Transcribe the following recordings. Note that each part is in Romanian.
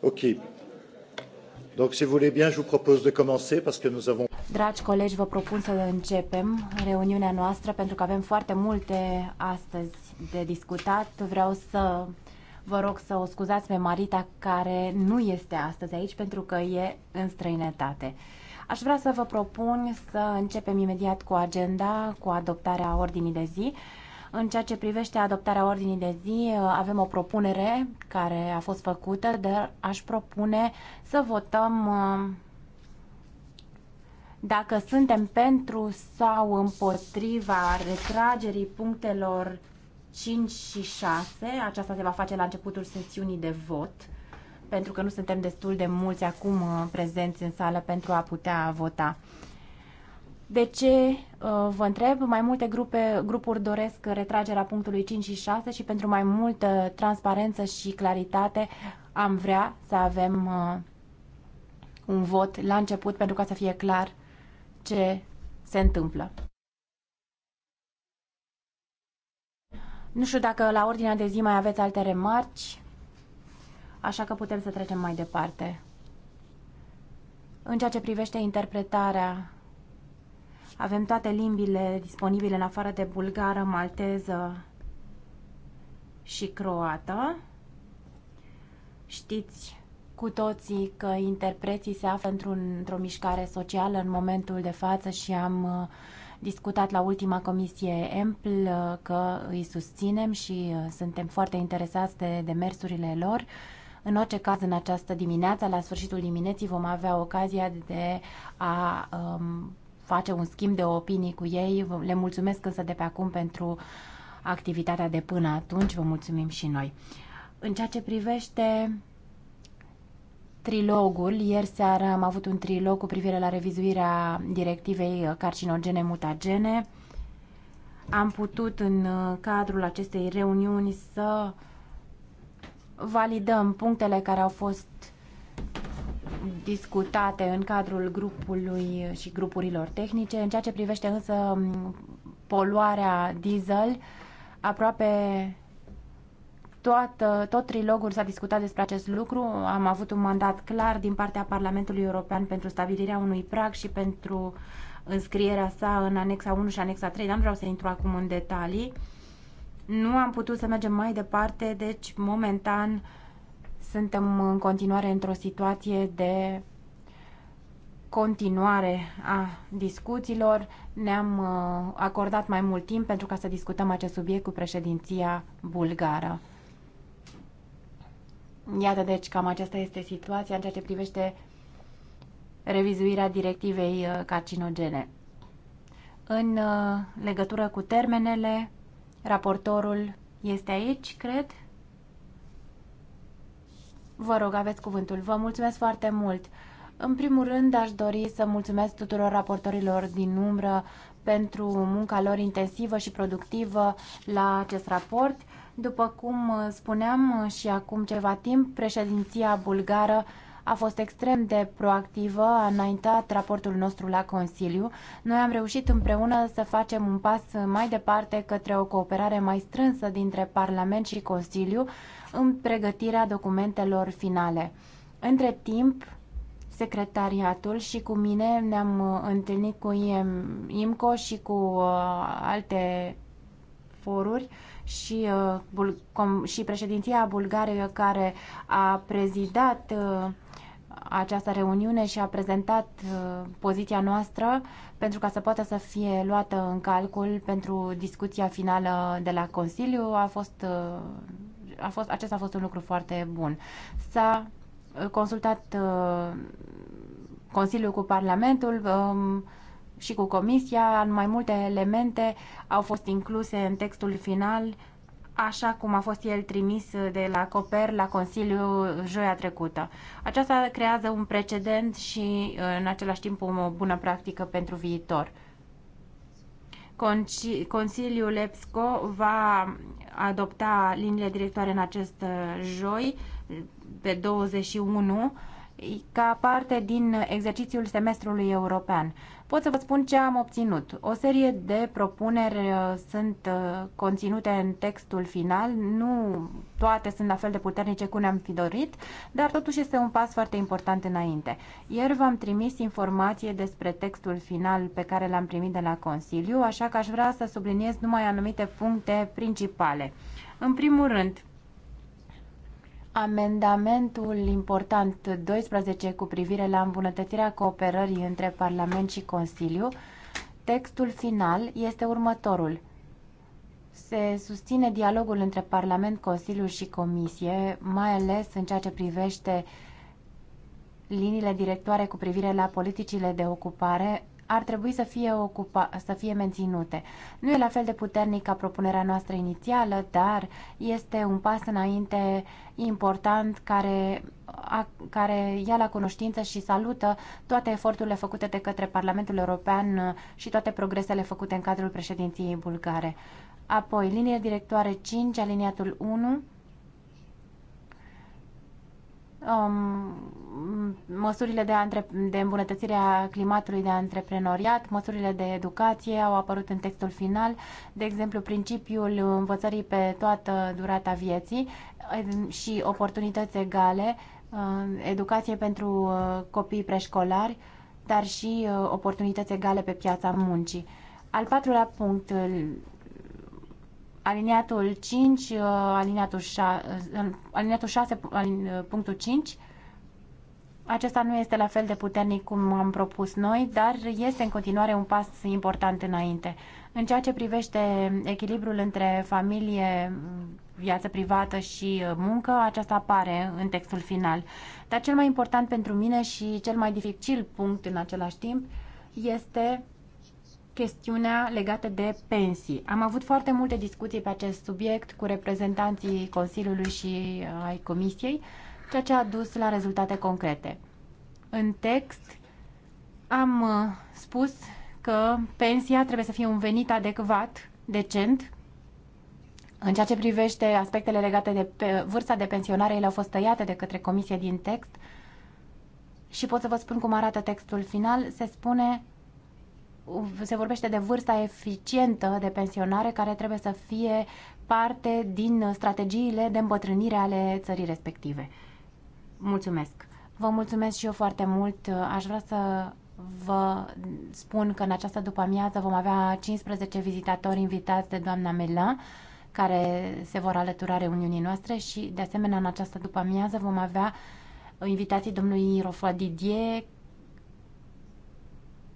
Ok. Donc, si vous voulez bien, je vous propose de commencer parce que nous avons... Dragi colegi, vă propun să începem reuniunea noastră pentru că avem foarte multe astăzi de discutat. Vreau să vă rog să o scuzați pe Marita care nu este astăzi aici pentru că e în străinătate. Aș vrea să vă propun să începem imediat cu agenda, cu adoptarea ordinii de zi. În ceea ce privește adoptarea ordinii de zi, avem o propunere care a fost făcută, dar aș propune să votăm uh, dacă suntem pentru sau împotriva retragerii punctelor 5 și 6. Aceasta se va face la începutul sesiunii de vot pentru că nu suntem destul de mulți acum uh, prezenți în sală pentru a putea vota. De ce uh, vă întreb? Mai multe grupe, grupuri doresc retragerea punctului 5 și 6 și pentru mai multă transparență și claritate am vrea să avem uh, un vot la început pentru ca să fie clar ce se întâmplă. Nu știu dacă la ordinea de zi mai aveți alte remarci, așa că putem să trecem mai departe. În ceea ce privește interpretarea avem toate limbile disponibile în afară de bulgară, malteză și croată. Știți cu toții că interpreții se află într-un, într mișcare socială în momentul de față și am uh, discutat la ultima comisie EMPL uh, că îi susținem și uh, suntem foarte interesați de demersurile lor. În orice caz, în această dimineață, la sfârșitul dimineții, vom avea ocazia de a um, face un schimb de opinii cu ei. Le mulțumesc însă de pe acum pentru activitatea de până atunci. Vă mulțumim și noi. În ceea ce privește trilogul, ieri seara am avut un trilog cu privire la revizuirea directivei carcinogene-mutagene. Am putut în cadrul acestei reuniuni să validăm punctele care au fost discutate în cadrul grupului și grupurilor tehnice. În ceea ce privește însă poluarea diesel, aproape tot, tot trilogul s-a discutat despre acest lucru. Am avut un mandat clar din partea Parlamentului European pentru stabilirea unui prag și pentru înscrierea sa în anexa 1 și anexa 3. N-am vreau să intru acum în detalii. Nu am putut să mergem mai departe, deci momentan uh, suntem în continuare într-o situație de continuare a discuțiilor. Ne-am uh, acordat mai mult timp pentru ca să discutăm acest subiect cu președinția bulgară. Iată, deci, cam aceasta este situația în ceea ce privește revizuirea directivei uh, carcinogene. În uh, legătură cu termenele, raportorul este aici, cred. Vă rog, aveți cuvântul. Vă mulțumesc foarte mult. În primul rând, aș dori să mulțumesc tuturor raportorilor din umbră pentru munca lor intensivă și productivă la acest raport. După cum spuneam și acum ceva timp, președinția bulgară a fost extrem de proactivă, a înaintat raportul nostru la Consiliu. Noi am reușit împreună să facem un pas mai departe către o cooperare mai strânsă dintre Parlament și Consiliu în pregătirea documentelor finale. Între timp, secretariatul și cu mine ne-am uh, întâlnit cu IMCO și cu uh, alte foruri și, uh, bul- com- și președinția bulgară care a prezidat uh, această reuniune și a prezentat uh, poziția noastră pentru ca să poată să fie luată în calcul pentru discuția finală de la Consiliu a fost uh, a fost, acesta a fost un lucru foarte bun. S-a uh, consultat uh, Consiliul cu Parlamentul um, și cu Comisia, mai multe elemente au fost incluse în textul final, așa cum a fost el trimis de la COPER la Consiliu joia trecută. Aceasta creează un precedent și, uh, în același timp, o bună practică pentru viitor. Consiliul EPSCO va adopta liniile directoare în acest uh, joi, pe 21, ca parte din exercițiul semestrului european. Pot să vă spun ce am obținut. O serie de propuneri uh, sunt uh, conținute în textul final, nu toate sunt la fel de puternice cum ne-am fi dorit, dar totuși este un pas foarte important înainte. Ieri v-am trimis informație despre textul final pe care l-am primit de la Consiliu, așa că aș vrea să subliniez numai anumite puncte principale. În primul rând, Amendamentul important 12 cu privire la îmbunătățirea cooperării între Parlament și Consiliu, textul final este următorul. Se susține dialogul între Parlament, Consiliu și Comisie, mai ales în ceea ce privește liniile directoare cu privire la politicile de ocupare ar trebui să fie, ocupa, să fie menținute. Nu e la fel de puternic ca propunerea noastră inițială, dar este un pas înainte important care, a, care ia la cunoștință și salută toate eforturile făcute de către Parlamentul European uh, și toate progresele făcute în cadrul președinției bulgare. Apoi, linie directoare 5, aliniatul 1, um, măsurile de, antre- de îmbunătățire a climatului de antreprenoriat, măsurile de educație au apărut în textul final, de exemplu principiul învățării pe toată durata vieții eh, și oportunități egale, uh, educație pentru uh, copii preșcolari, dar și uh, oportunități egale pe piața muncii. Al patrulea punct Aliniatul 5, uh, aliniatul 6, uh, aliniatul 6 uh, punctul 5, acesta nu este la fel de puternic cum am propus noi, dar este în continuare un pas important înainte. În ceea ce privește echilibrul între familie, viață privată și muncă, aceasta apare în textul final. Dar cel mai important pentru mine și cel mai dificil punct în același timp este chestiunea legată de pensii. Am avut foarte multe discuții pe acest subiect cu reprezentanții Consiliului și uh, ai Comisiei, ceea ce a dus la rezultate concrete. În text am uh, spus că pensia trebuie să fie un venit adecvat, decent. În ceea ce privește aspectele legate de vârsta de pensionare, ele au fost tăiate de către comisie din text și pot să vă spun cum arată textul final. Se spune se vorbește de vârsta eficientă de pensionare care trebuie să fie parte din strategiile de îmbătrânire ale țării respective. Mulțumesc! Vă mulțumesc și eu foarte mult. Aș vrea să vă spun că în această după-amiază vom avea 15 vizitatori invitați de doamna Melan care se vor alătura reuniunii noastre și, de asemenea, în această după-amiază vom avea invitații domnului Rofa Didier,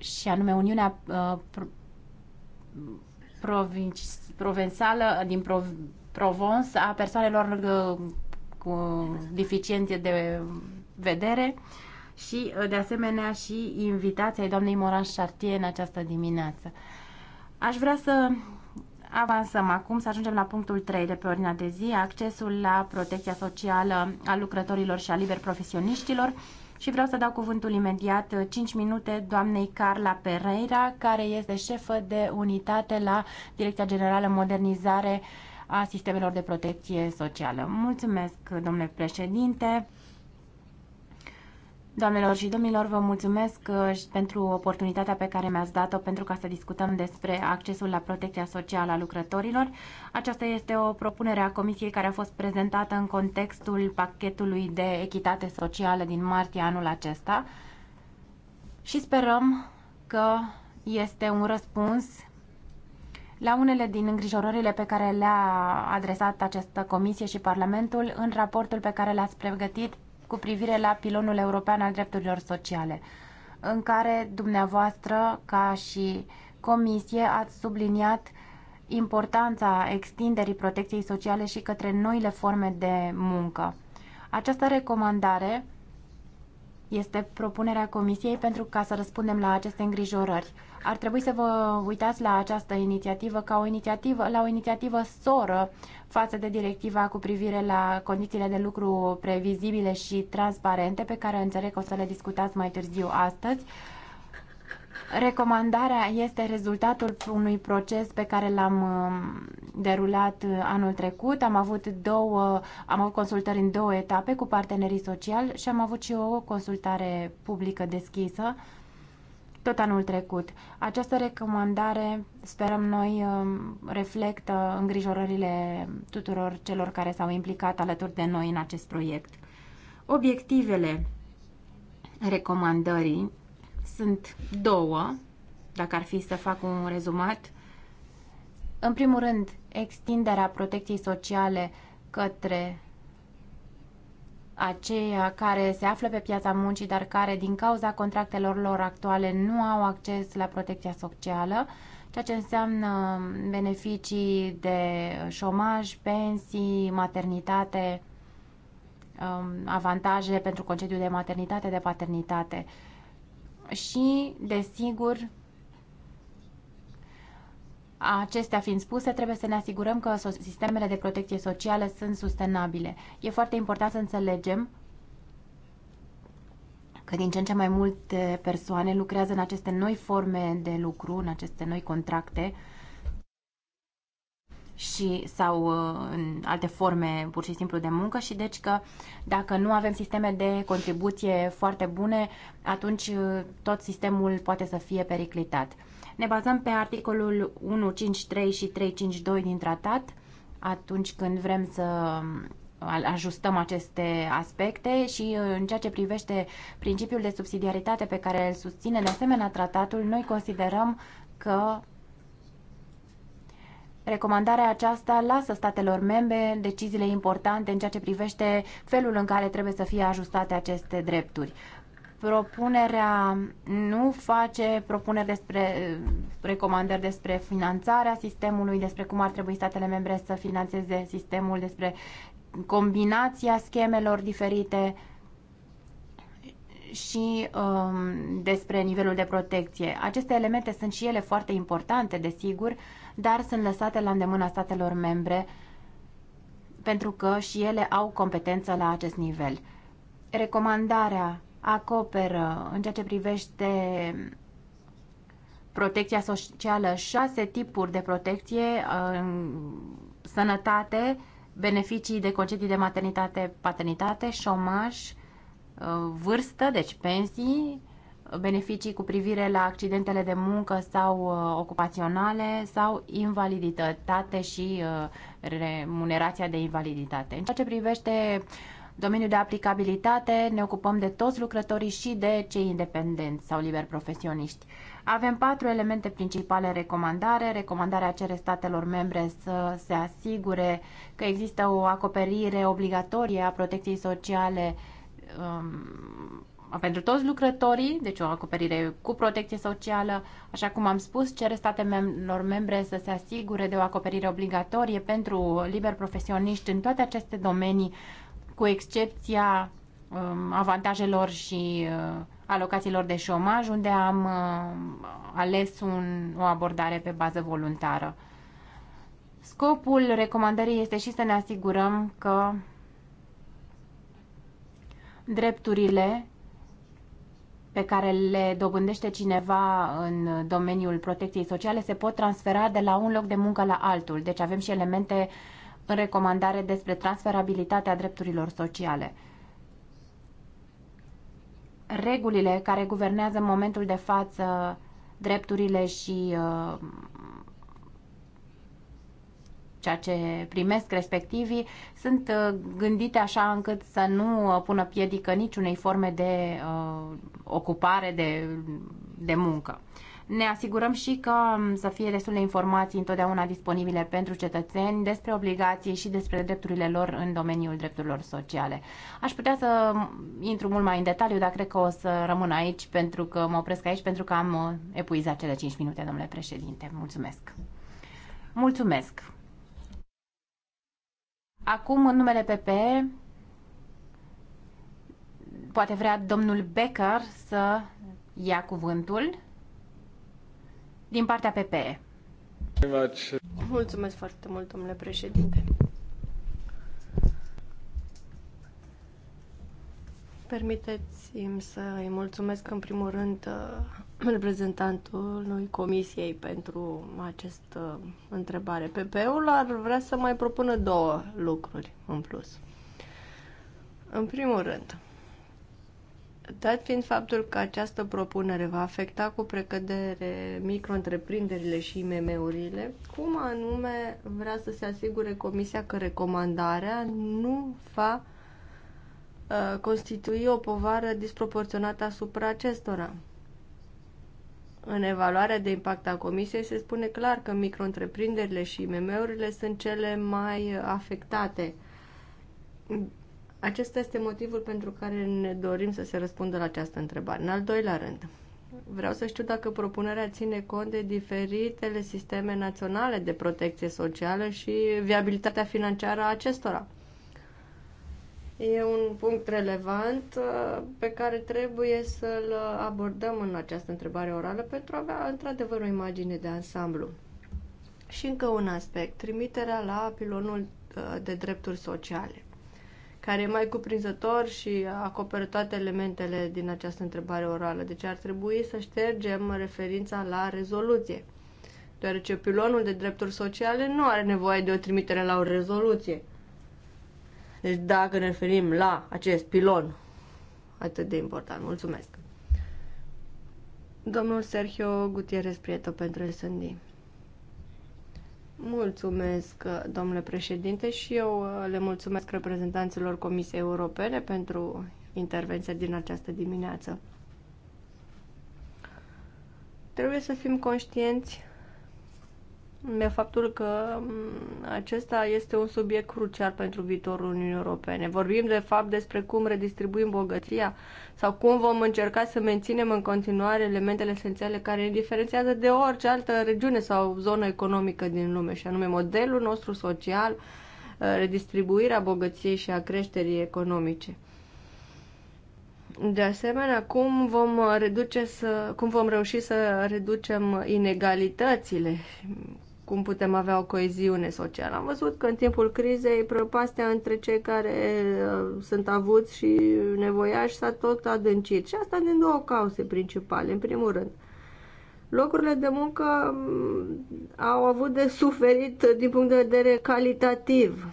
și anume Uniunea uh, Provențală din Prov Provence a persoanelor uh, cu deficiențe de vedere și uh, de asemenea și invitația doamnei Moran Chartier în această dimineață. Aș vrea să avansăm acum, să ajungem la punctul 3 de pe ordinea de zi, accesul la protecția socială a lucrătorilor și a liber profesioniștilor. Și vreau să dau cuvântul imediat 5 uh, minute doamnei Carla Pereira, care este șefă de unitate la Direcția Generală Modernizare a Sistemelor de Protecție Socială. Mulțumesc, domnule președinte! Doamnelor și domnilor, vă mulțumesc uh, pentru oportunitatea pe care mi-ați dat-o pentru ca să discutăm despre accesul la protecția socială a lucrătorilor. Aceasta este o propunere a Comisiei care a fost prezentată în contextul pachetului de echitate socială din martie anul acesta și sperăm că este un răspuns la unele din îngrijorările pe care le-a adresat această comisie și Parlamentul în raportul pe care l-ați pregătit cu privire la pilonul european al drepturilor sociale, în care dumneavoastră, ca și comisie, ați subliniat importanța extinderii protecției sociale și către noile forme de muncă. Această recomandare este propunerea Comisiei pentru ca să răspundem la aceste îngrijorări. Ar trebui să vă uitați la această inițiativă ca o inițiativă, la o inițiativă soră față de directiva cu privire la condițiile de lucru previzibile și transparente, pe care înțeleg că o să le discutați mai târziu astăzi. Recomandarea este rezultatul unui proces pe care l-am um, derulat uh, anul trecut. Am avut două, am avut consultări în două etape cu partenerii sociali și am avut și o consultare publică deschisă tot anul trecut. Această recomandare, sperăm noi, um, reflectă îngrijorările tuturor celor care s-au implicat alături de noi în acest proiect. Obiectivele recomandării sunt două, dacă ar fi să fac un rezumat. În primul rând, extinderea protecției sociale către aceia care se află pe piața muncii, dar care din cauza contractelor lor actuale nu au acces la protecția socială, ceea ce înseamnă beneficii de șomaj, pensii, maternitate, um, avantaje pentru concediu de maternitate, de paternitate și, desigur, Acestea fiind spuse, trebuie să ne asigurăm că sistemele de protecție socială sunt sustenabile. E foarte important să înțelegem că din ce în ce mai multe persoane lucrează în aceste noi forme de lucru, în aceste noi contracte și sau uh, în alte forme pur și simplu de muncă și deci că dacă nu avem sisteme de contribuție foarte bune, atunci uh, tot sistemul poate să fie periclitat. Ne bazăm pe articolul 153 și 352 din tratat atunci când vrem să um, ajustăm aceste aspecte și uh, în ceea ce privește principiul de subsidiaritate pe care îl susține de asemenea tratatul, noi considerăm că Recomandarea aceasta lasă statelor membre deciziile importante în ceea ce privește felul în care trebuie să fie ajustate aceste drepturi propunerea nu face propuneri despre recomandări despre finanțarea sistemului, despre cum ar trebui statele membre să finanțeze sistemul, despre combinația schemelor diferite și um, despre nivelul de protecție. Aceste elemente sunt și ele foarte importante, desigur, dar sunt lăsate la îndemâna statelor membre pentru că și ele au competență la acest nivel. Recomandarea acoperă, în ceea ce privește protecția socială, șase tipuri de protecție, uh, sănătate, beneficii de concedii de maternitate, paternitate, șomaj, uh, vârstă, deci pensii, beneficii cu privire la accidentele de muncă sau uh, ocupaționale sau invaliditate și remunerația de invaliditate. În ceea ce privește domeniul de aplicabilitate ne ocupăm de toți lucrătorii și de cei independenți sau liber profesioniști. Avem patru elemente principale recomandare. Recomandarea cere statelor membre să se asigure că există o acoperire obligatorie a protecției sociale um, pentru toți lucrătorii, deci o acoperire cu protecție socială, așa cum am spus, cere statelor membre să se asigure de o acoperire obligatorie pentru liber profesioniști în toate aceste domenii cu excepția um, avantajelor și uh, alocațiilor de șomaj, unde am uh, ales un, o abordare pe bază voluntară. Scopul recomandării este și să ne asigurăm că drepturile pe care le dobândește cineva în domeniul protecției sociale se pot transfera de la un loc de muncă la altul. Deci avem și elemente uh, în recomandare despre transferabilitatea drepturilor sociale. Regulile care guvernează în momentul de față drepturile și uh, ceea ce primesc respectivii sunt uh, gândite așa încât să nu uh, pună piedică niciunei forme de uh, ocupare, de, de muncă. Uh, ne asigurăm și că um, să fie de informații întotdeauna disponibile pentru cetățeni despre obligații și despre drepturile lor în domeniul drepturilor sociale. Aș putea să um, intru mult mai în detaliu, dar cred că o să rămân aici pentru că mă opresc aici pentru că am uh, epuizat cele 5 minute, domnule președinte. Mulțumesc! Mulțumesc! Acum, în numele PP, poate vrea domnul Becker să ia cuvântul din partea PPE. Mulțumesc foarte mult, domnule președinte. Permiteți-mi să îi mulțumesc în primul rând uh, reprezentantului Comisiei pentru această întrebare. PP-ul ar vrea să mai propună două lucruri în plus. În primul rând, Dat fiind faptul că această propunere va afecta cu precădere micro-întreprinderile și IMM-urile, cum anume vrea să se asigure Comisia că recomandarea nu va uh, constitui o povară disproporționată asupra acestora? În evaluarea de impact a Comisiei se spune clar că micro-întreprinderile și IMM-urile sunt cele mai afectate acesta este motivul pentru care ne dorim să se răspundă la această întrebare. În al doilea rând, vreau să știu dacă propunerea ține cont de diferitele sisteme naționale de protecție socială și viabilitatea financiară a acestora. E un punct relevant uh, pe care trebuie să-l abordăm în această întrebare orală pentru a avea într-adevăr o imagine de ansamblu. Și încă un aspect, trimiterea la pilonul uh, de drepturi sociale care e mai cuprinzător și acoperă toate elementele din această întrebare orală. Deci ar trebui să ștergem referința la rezoluție, deoarece pilonul de drepturi sociale nu are nevoie de o trimitere la o rezoluție. Deci dacă ne referim la acest pilon atât de important, mulțumesc. Domnul Sergio Gutierrez Prieto pentru SND. Mulțumesc, domnule președinte, și eu uh, le mulțumesc reprezentanților Comisiei Europene pentru intervenția din această dimineață. Trebuie să fim conștienți de faptul că acesta este un subiect crucial pentru viitorul Uniunii Europene. Vorbim de fapt despre cum redistribuim bogăția sau cum vom încerca să menținem în continuare elementele esențiale care ne diferențiază de orice altă regiune sau zonă economică din lume, și anume modelul nostru social, uh, redistribuirea bogăției și a creșterii economice. De asemenea, cum vom, reduce să, cum vom reuși să reducem inegalitățile, cum putem avea o coeziune socială. Am văzut că în timpul crizei prăpastea între cei care uh, sunt avuți și nevoiași s-a tot adâncit. Și asta din două cauze principale. În primul rând, locurile de muncă mm, au avut de suferit din punct de vedere calitativ.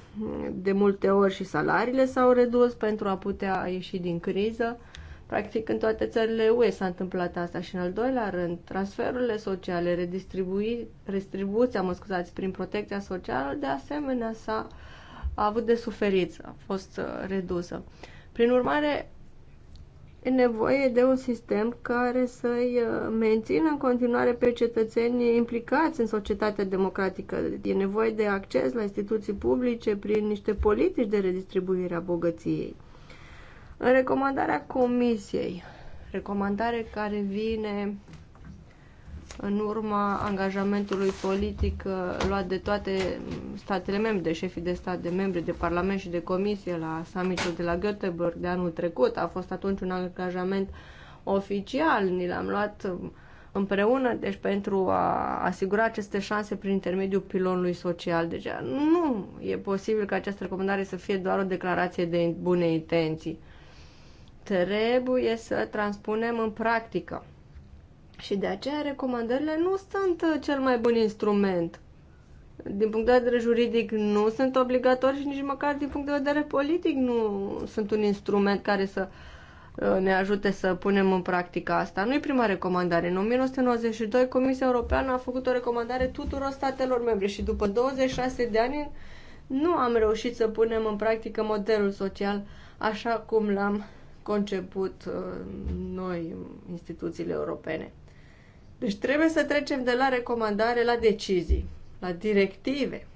De multe ori și salariile s-au redus pentru a putea ieși din criză Practic, în toate țările UE s-a întâmplat asta și, în al doilea rând, transferurile sociale, redistribuția, mă scuzați, prin protecția socială, de asemenea s-a a avut de suferit, a fost uh, redusă. Prin urmare, e nevoie de un sistem care să-i uh, mențină în continuare pe cetățenii implicați în societatea democratică. E nevoie de acces la instituții publice prin niște politici de redistribuire a bogăției. În recomandarea comisiei, recomandare care vine în urma angajamentului politic uh, luat de toate statele membre, de șefii de stat, de membri, de parlament și de comisie la summitul de la Göteborg de anul trecut. A fost atunci un angajament oficial, ni l-am luat um, împreună, deci pentru a asigura aceste șanse prin intermediul pilonului social. Deci nu e posibil ca această recomandare să fie doar o declarație de bune intenții trebuie să transpunem în practică. Și de aceea recomandările nu sunt uh, cel mai bun instrument. Din punct de vedere juridic nu sunt obligatorii și nici măcar din punct de vedere politic nu sunt un instrument care să uh, ne ajute să punem în practică asta. Nu e prima recomandare. În 1992 Comisia Europeană a făcut o recomandare tuturor statelor membre și după 26 de ani nu am reușit să punem în practică modelul social așa cum l-am conceput uh, noi instituțiile europene. Deci trebuie să trecem de la recomandare la decizii, la directive,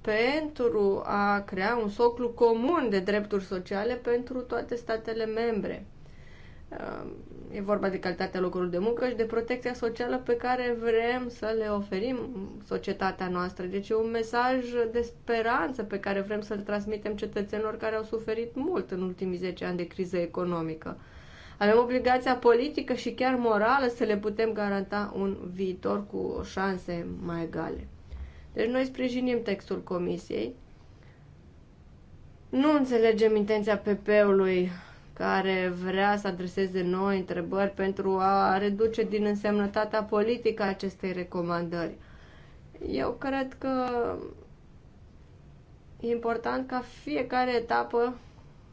pentru a crea un soclu comun de drepturi sociale pentru toate statele membre. Ehm, e vorba de calitatea locurilor de muncă și de protecția socială pe care vrem să le oferim societatea noastră. Deci e un mesaj de speranță pe care vrem să-l transmitem cetățenilor care au suferit mult în ultimii 10 ani de criză economică. Avem obligația politică și chiar morală să le putem garanta un viitor cu șanse mai egale. Deci noi sprijinim textul comisiei. Nu înțelegem intenția PP-ului care vrea să adreseze noi întrebări pentru a reduce din însemnătatea politică acestei recomandări. Eu cred că e important ca fiecare etapă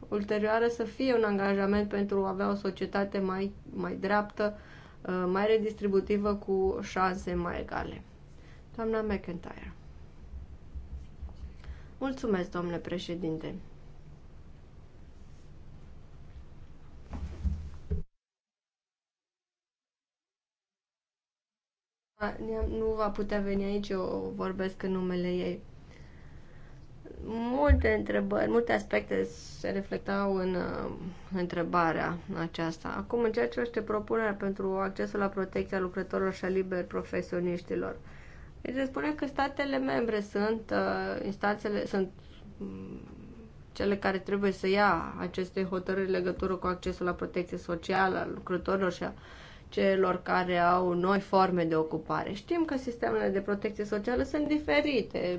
ulterioară să fie un angajament pentru a avea o societate mai, mai dreaptă, uh, mai redistributivă, cu șanse mai egale. Doamna McIntyre. Mulțumesc, domnule președinte. nu va putea veni aici, eu vorbesc în numele ei. Multe întrebări, multe aspecte se reflectau în uh, întrebarea aceasta. Acum, în ceea ce este propunerea pentru accesul la protecția lucrătorilor și a liber profesioniștilor, deci se spune că statele membre sunt uh, instanțele, sunt mm, cele care trebuie să ia aceste hotărâri legătură cu accesul la protecție socială a lucrătorilor și a uh, celor care au noi forme de ocupare. Știm că sistemele de protecție socială sunt diferite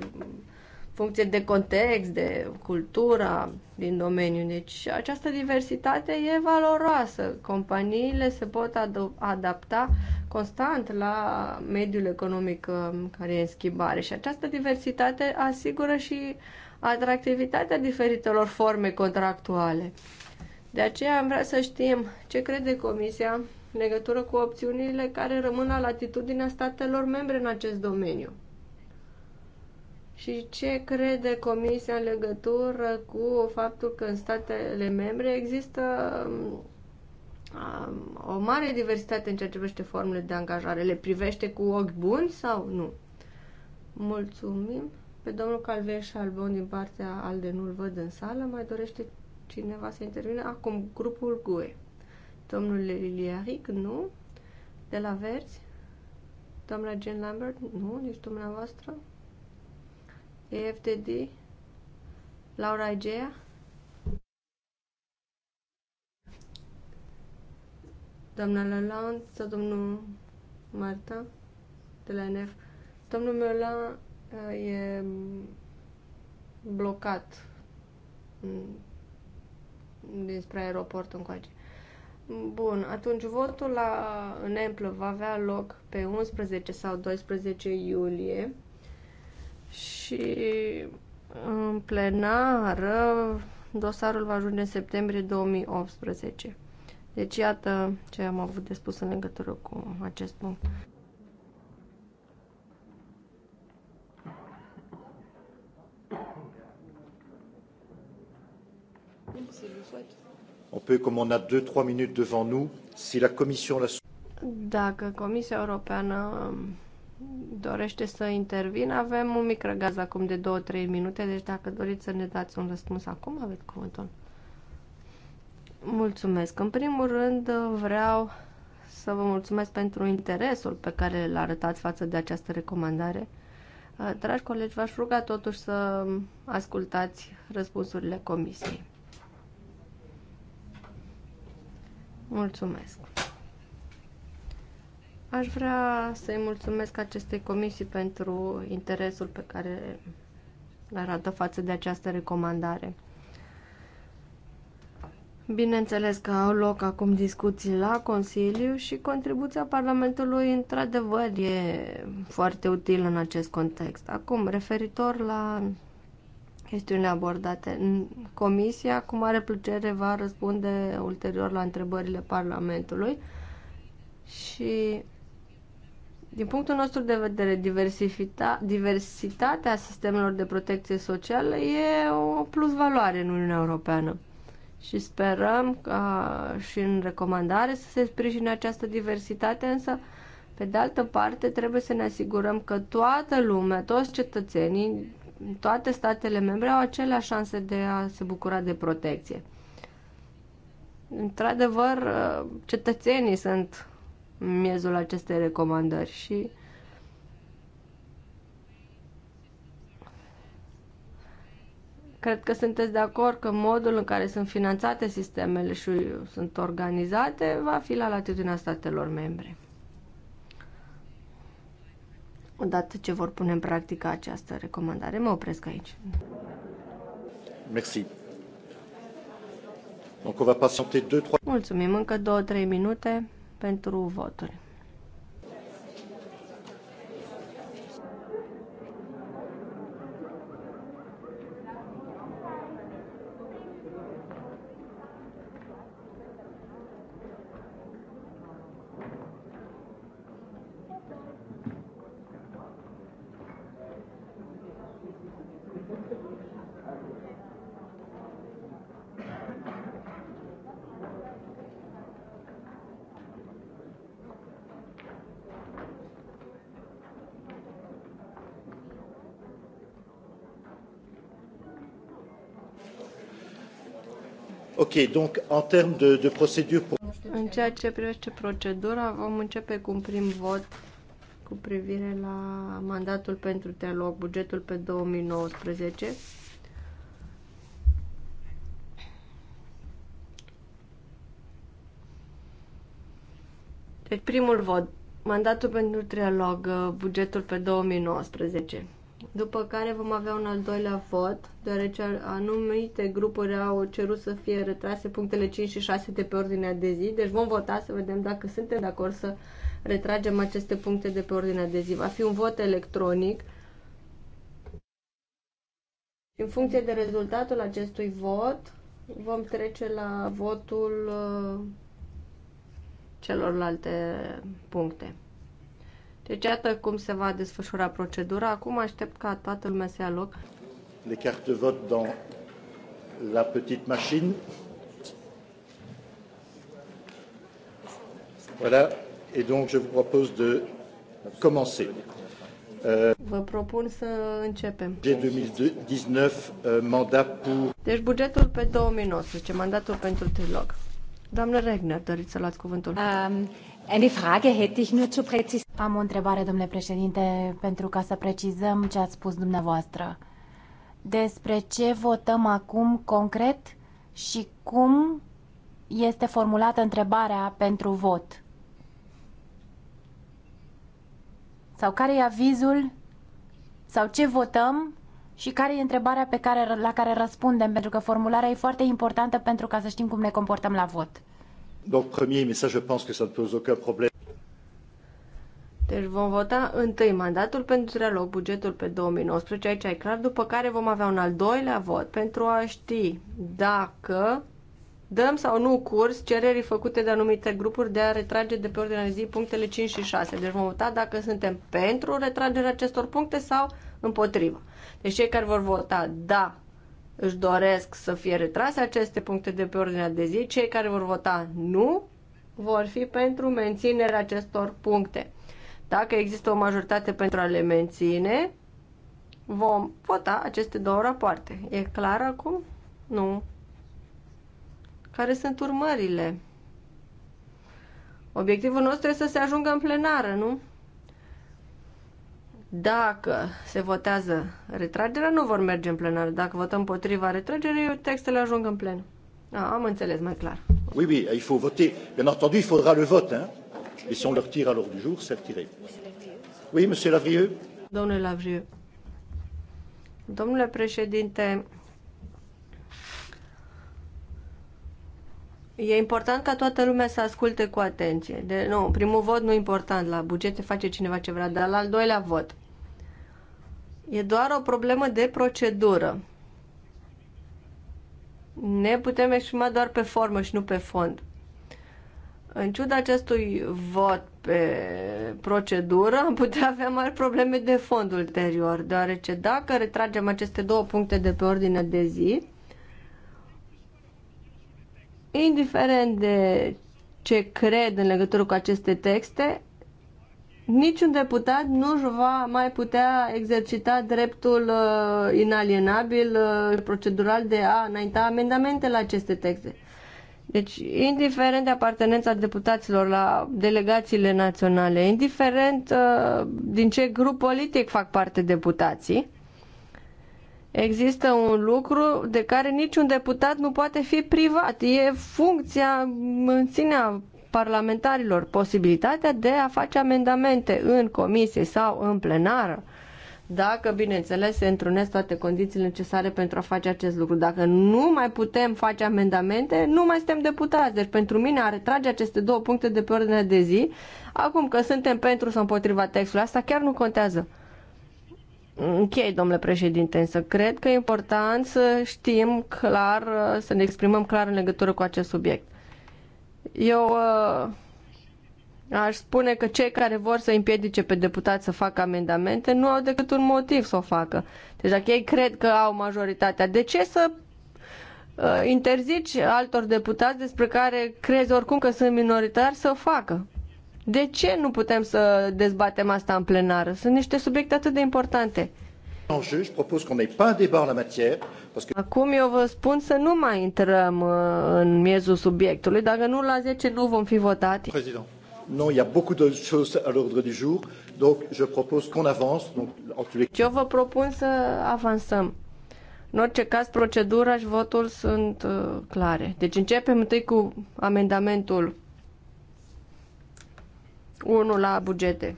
funcție de context, de cultura din domeniu. Deci această diversitate e valoroasă. Companiile se pot ad- adapta constant la mediul economic um, care e în schimbare și această diversitate asigură și atractivitatea diferitelor forme contractuale. De aceea am vrea să știm ce crede Comisia în legătură cu opțiunile care rămân la latitudinea statelor membre în acest domeniu. Și ce crede Comisia în legătură cu faptul că în statele membre există um, o mare diversitate în ceea ce privește formele de angajare? Le privește cu ochi buni sau nu? Mulțumim. Pe domnul Calveș Albon din partea ALDE nu-l văd în sală. Mai dorește cineva să intervine? Acum, grupul GUE. Domnul Liliaric, nu. De la Verzi? Doamna Jean Lambert, nu, nici dumneavoastră. EFTD? Laura Igea, Doamna Lalande sau domnul Marta de la NF? Domnul meu la uh, e blocat despre aeroport încoace. Bun, atunci votul la Nemplă va avea loc pe 11 sau 12 iulie și în plenară dosarul va ajunge în septembrie 2018. Deci iată ce am avut de spus în legătură cu acest punct. Si vous On peut, comme on a minutes devant nous, si la Commission la... Dacă Comisia Europeană um, dorește să intervină, avem un mic răgaz acum de 2-3 minute, deci dacă doriți să ne dați un răspuns acum, aveți cuvântul. Mulțumesc. În primul rând vreau să vă mulțumesc pentru interesul pe care l arătați față de această recomandare. Uh, dragi colegi, v-aș ruga totuși să ascultați răspunsurile comisiei. Mulțumesc! Aș vrea să-i mulțumesc acestei comisii pentru interesul pe care îl arată față de această recomandare. Bineînțeles că au loc acum discuții la Consiliu și contribuția Parlamentului într-adevăr e foarte utilă în acest context. Acum, referitor la chestiunile abordate. Comisia, cu mare plăcere, va răspunde ulterior la întrebările Parlamentului și din punctul nostru de vedere, diversitatea sistemelor de protecție socială e o plus valoare în Uniunea Europeană și sperăm ca și în recomandare să se sprijine această diversitate, însă pe de altă parte trebuie să ne asigurăm că toată lumea, toți cetățenii toate statele membre au aceleași șanse de a se bucura de protecție. Într-adevăr, uh, cetățenii sunt în miezul acestei recomandări și cred că sunteți de acord că modul în care sunt finanțate sistemele și sunt organizate va fi la latitudinea statelor membre odată ce vor pune în practică această recomandare. Mă opresc aici. Merci. Mulțumim încă 2-3 minute pentru voturi. Ok, donc en termes de, de procédure... Pour... În ceea ce privește procedura, vom începe cu un prim vot cu privire la mandatul pentru dialog, bugetul pe 2019. Deci primul vot, mandatul pentru trialog, bugetul pe 2019 după care vom avea un al doilea vot, deoarece anumite grupuri au cerut să fie retrase punctele 5 și 6 de pe ordinea de zi, deci vom vota să vedem dacă suntem de acord să retragem aceste puncte de pe ordinea de zi. Va fi un vot electronic. În funcție de rezultatul acestui vot, vom trece la votul uh, celorlalte puncte. Deci iată cum se va desfășura procedura. Acum aștept ca toată lumea să ia loc. carte cartes vote dans la petite machine. Voilà, et donc je vous propose de commencer. Euh, Vă propun să începem. 2019, euh, mandat pour... Deci bugetul pe 2019, mandatul pentru trilog. Doamnă Regner, doriți să luați cuvântul. Um, am o întrebare, domnule președinte, pentru ca să precizăm ce ați spus dumneavoastră. Despre ce votăm acum concret și cum este formulată întrebarea pentru vot? Sau care e avizul? Sau ce votăm? Și care e întrebarea pe care, la care răspundem? Pentru că formularea e foarte importantă pentru ca să știm cum ne comportăm la vot. Donc, premier, mais ça, je pense que ça ne pose aucun problème. Deci vom vota întâi mandatul pentru trialog, bugetul pe 2019, aici e clar, după care vom avea un al doilea vot pentru a ști dacă dăm sau nu curs cererii făcute de anumite grupuri de a retrage de pe ordinea de zi punctele 5 și 6. Deci vom vota dacă suntem pentru retragerea acestor puncte sau împotrivă. Deci cei care vor vota da își doresc să fie retrase aceste puncte de pe ordinea de zi, cei care vor vota nu vor fi pentru menținerea acestor puncte. Dacă există o majoritate pentru a le menține, vom vota aceste două rapoarte. E clar acum? Nu. Care sunt urmările? Obiectivul nostru este să se ajungă în plenară, nu? Dacă se votează retragerea, nu vor merge în plenar. Dacă votăm împotriva retragerii, textele ajung în plen. Ah, am înțeles mai clar. Oui, oui, il faut voter. Bien entendu, il faudra le vote. Hein? Et si on le retire à l'ordre du jour, c'est retiré. Oui, monsieur Lavrieux. Domnule Lavrieux. Domnule președinte, E important ca toată lumea să asculte cu atenție. De, nu, primul vot nu e important, la bugete face cineva ce vrea, dar la al doilea vot. E doar o problemă de procedură. Ne putem exprima doar pe formă și nu pe fond. În ciuda acestui vot pe procedură, am putea avea mari probleme de fond ulterior, deoarece dacă retragem aceste două puncte de pe ordinea de zi, indiferent de ce cred în legătură cu aceste texte, niciun deputat nu își va mai putea exercita dreptul uh, inalienabil, uh, procedural de a înainta amendamente la aceste texte. Deci, indiferent de apartenența deputaților la delegațiile naționale, indiferent uh, din ce grup politic fac parte deputații, Există un lucru de care niciun deputat nu poate fi privat. E funcția în sine a parlamentarilor posibilitatea de a face amendamente în comisie sau în plenară dacă, bineînțeles, se întrunesc toate condițiile necesare pentru a face acest lucru. Dacă nu mai putem face amendamente, nu mai suntem deputați. Deci, pentru mine, a retrage aceste două puncte de pe ordinea de zi, acum că suntem pentru sau împotriva textului, asta chiar nu contează. Închei, domnule președinte, însă cred că e important să știm clar, să ne exprimăm clar în legătură cu acest subiect. Eu uh, aș spune că cei care vor să împiedice pe deputați să facă amendamente nu au decât un motiv să o facă. Deci dacă ei cred că au majoritatea, de ce să uh, interzici altor deputați despre care crezi oricum că sunt minoritari să o facă? De ce nu putem să dezbatem asta în plenară? Sunt niște subiecte atât de importante. Acum eu vă spun să nu mai intrăm uh, în miezul subiectului. Dacă nu, la 10 nu vom fi votati. Président. Non, il y a beaucoup de choses à l'ordre du jour, donc je propose qu'on avance. Donc, en tous les... Eu vă propun să avansăm. În orice caz, procedura și votul sunt uh, clare. Deci începem întâi cu amendamentul 1 la bugete.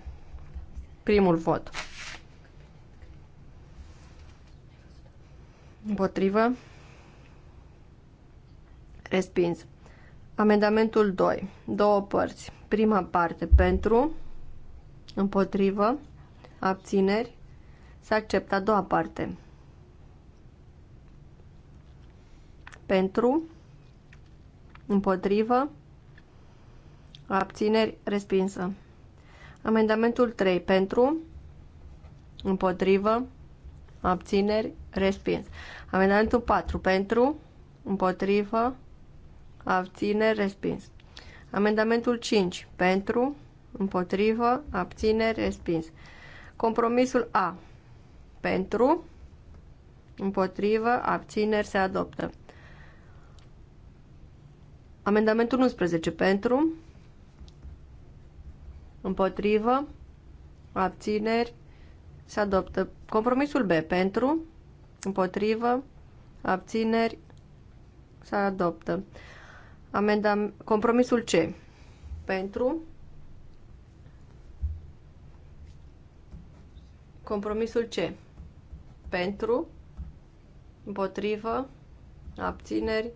Primul vot. Împotrivă. Respins. Amendamentul 2. Două părți. Prima parte pentru, împotrivă, abțineri. s-a acceptat. doua parte. Pentru, împotrivă, abțineri, respinsă. Amendamentul 3. Pentru, împotrivă, abțineri, Respins. Amendamentul 4. Pentru, împotrivă, abține, respins. Amendamentul 5. Pentru, împotrivă, abține, respins. Compromisul A. Pentru, împotrivă, abțineri, se adoptă. Amendamentul 11. Pentru, împotrivă, abțineri, se adoptă. Compromisul B. Pentru, Împotrivă. Abțineri. Se adoptă. Amendam compromisul C. Pentru. Compromisul C. Pentru. Împotrivă. Abțineri.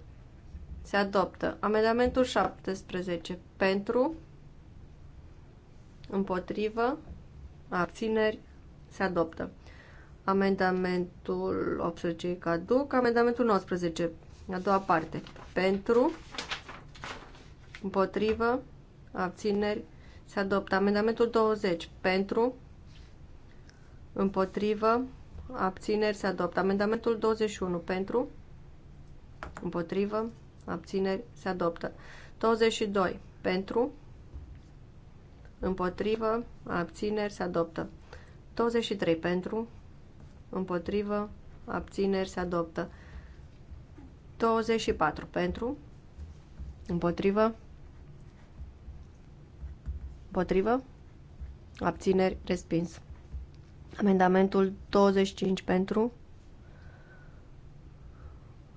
Se adoptă. Amendamentul 17. Pentru. Împotrivă. Abțineri. Se adoptă. Amendamentul 18 caduc. Amendamentul 19, a doua parte. Pentru, împotrivă, abțineri, se adoptă. Amendamentul 20, pentru, împotrivă, abțineri, se adoptă. Amendamentul 21, pentru, împotrivă, abțineri, se adoptă. 22, pentru, împotrivă, abțineri, se adoptă. 23 pentru, împotrivă, abțineri se adoptă. 24 pentru, împotrivă, împotrivă, abțineri respins. Amendamentul 25 pentru,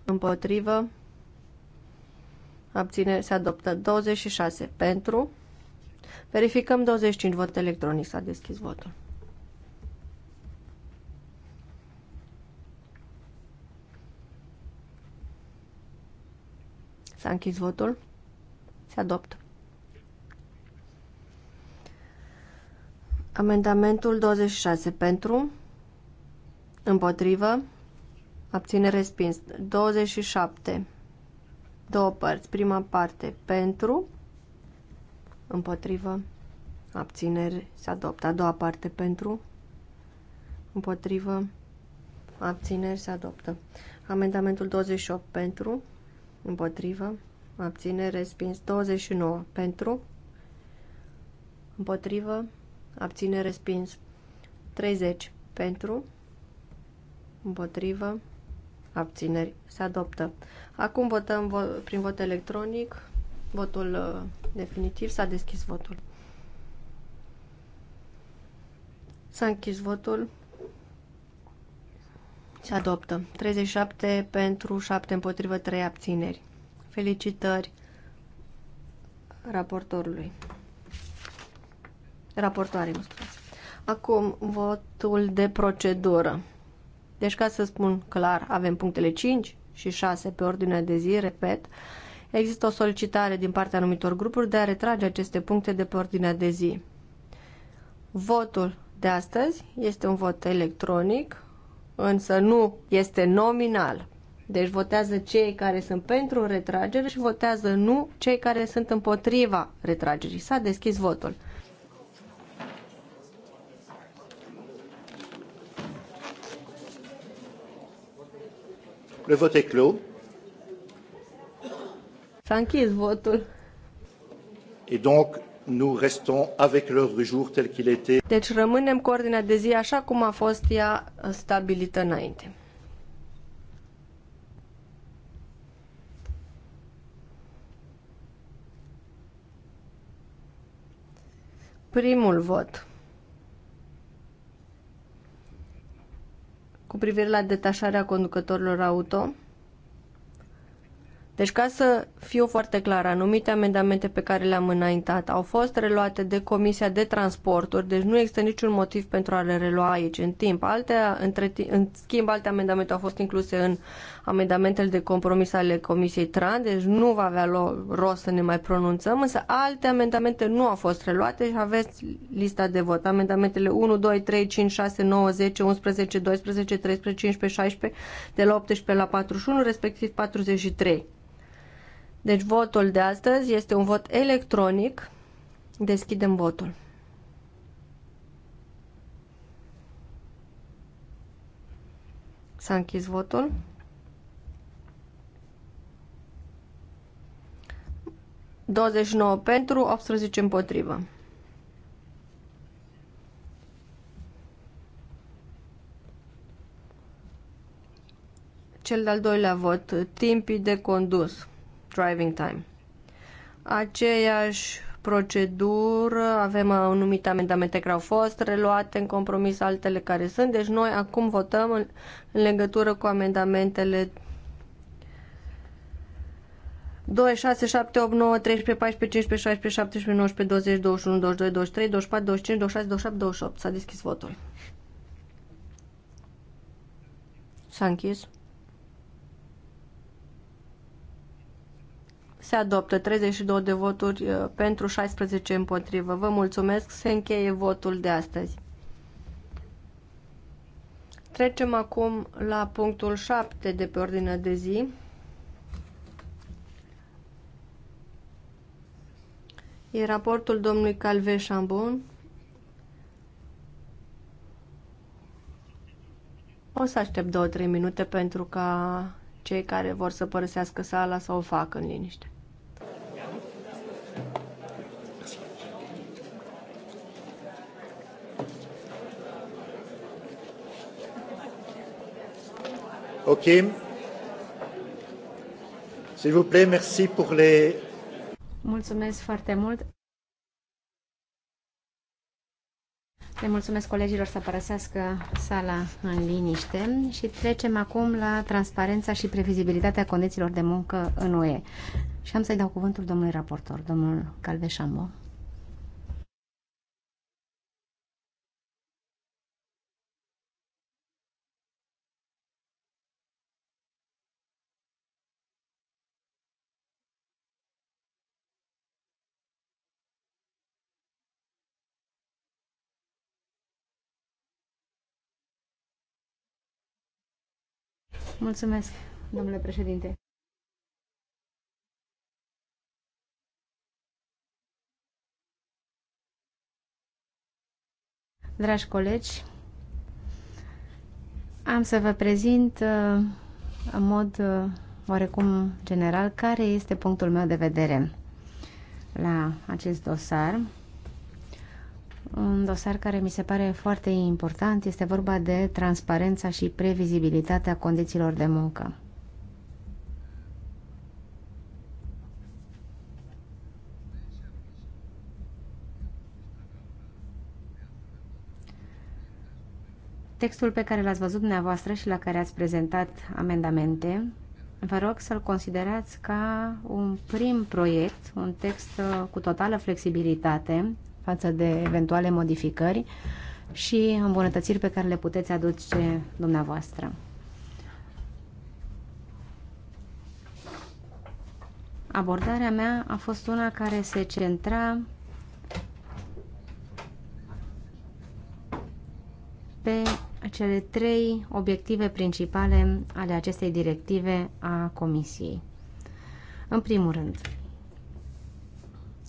împotrivă, abțineri se adoptă. 26 pentru, verificăm 25 vot electronic, s-a deschis votul. S-a închis votul. Se adoptă. Amendamentul 26 pentru, împotrivă, abține respins. 27, două părți, prima parte pentru, împotrivă, abțineri, se adoptă. A doua parte pentru, împotrivă, abțineri, se adoptă. Amendamentul 28 pentru, împotrivă, abține, respins. 29 pentru, împotrivă, abține, respins. 30 pentru, împotrivă, abțineri, se adoptă. Acum votăm vo prin vot electronic, votul uh, definitiv, s-a deschis votul. S-a închis votul. Se adoptă. 37 pentru, 7 împotrivă, 3 abțineri. Felicitări raportorului. Raportoare, mă spuneți. Acum, votul de procedură. Deci, ca să spun clar, avem punctele 5 și 6 pe ordinea de zi, repet, există o solicitare din partea anumitor grupuri de a retrage aceste puncte de pe ordinea de zi. Votul de astăzi este un vot electronic, însă nu este nominal. Deci votează cei care sunt pentru retragere și votează nu cei care sunt împotriva retragerii. S-a deschis votul. Le vot est clos. S-a închis votul. Et donc, restons avec l'ordre du jour tel qu'il était. Deci rămânem cu ordinea de zi așa cum a fost ea stabilită înainte. Primul vot. Cu privire la detașarea conducătorilor auto, deci, ca să fiu foarte clar, anumite amendamente pe care le-am înaintat au fost reluate de Comisia de Transporturi, deci nu există niciun motiv pentru a le relua aici în timp. Alte, între, în schimb, alte amendamente au fost incluse în amendamentele de compromis ale Comisiei TRAN, deci nu va avea rost să ne mai pronunțăm, însă alte amendamente nu au fost reluate și aveți lista de vot. Amendamentele 1, 2, 3, 5, 6, 9, 10, 11, 12, 13, 15, 16, de la 18 la 41, respectiv 43. Deci votul de astăzi este un vot electronic. Deschidem votul. S-a închis votul. Douăzeci nouă pentru, 18 împotrivă. Cel de-al doilea vot, timpii de condus driving time. Aceeași procedură, avem uh, anumite amendamente care au fost reluate în compromis, altele care sunt, deci noi acum votăm în, în legătură cu amendamentele 2, 6, 7, 8, 9, 13, 14, 15, 16, 17, 19, 20, 21, 22, 23, 24, 25, 26, 27, 28. S-a deschis votul. S-a închis. se adoptă 32 de voturi uh, pentru 16 împotrivă. Vă mulțumesc, se încheie votul de astăzi. Trecem acum la punctul 7 de pe ordinea de zi. E raportul domnului Calve Chambon. O să aștept 2-3 minute pentru ca cei care vor să părăsească sala să o facă în liniște. Ok. S'il vous plaît, merci pour les... Mulțumesc foarte mult. Le mulțumesc colegilor să părăsească sala în liniște și trecem acum la transparența și previzibilitatea condițiilor de muncă în UE. Și am să-i dau cuvântul domnului raportor, domnul Calveșambo. Mulțumesc, domnule președinte. Dragi colegi, am să vă prezint uh, în mod uh, oarecum general care este punctul meu de vedere la acest dosar un dosar care mi se pare foarte important. Este vorba de transparența și previzibilitatea condițiilor de muncă. Textul pe care l-ați văzut dumneavoastră și la care ați prezentat amendamente, vă rog să-l considerați ca un prim proiect, un text uh, cu totală flexibilitate, față de eventuale modificări și îmbunătățiri pe care le puteți aduce dumneavoastră. Abordarea mea a fost una care se centra pe cele trei obiective principale ale acestei directive a Comisiei. În primul rând,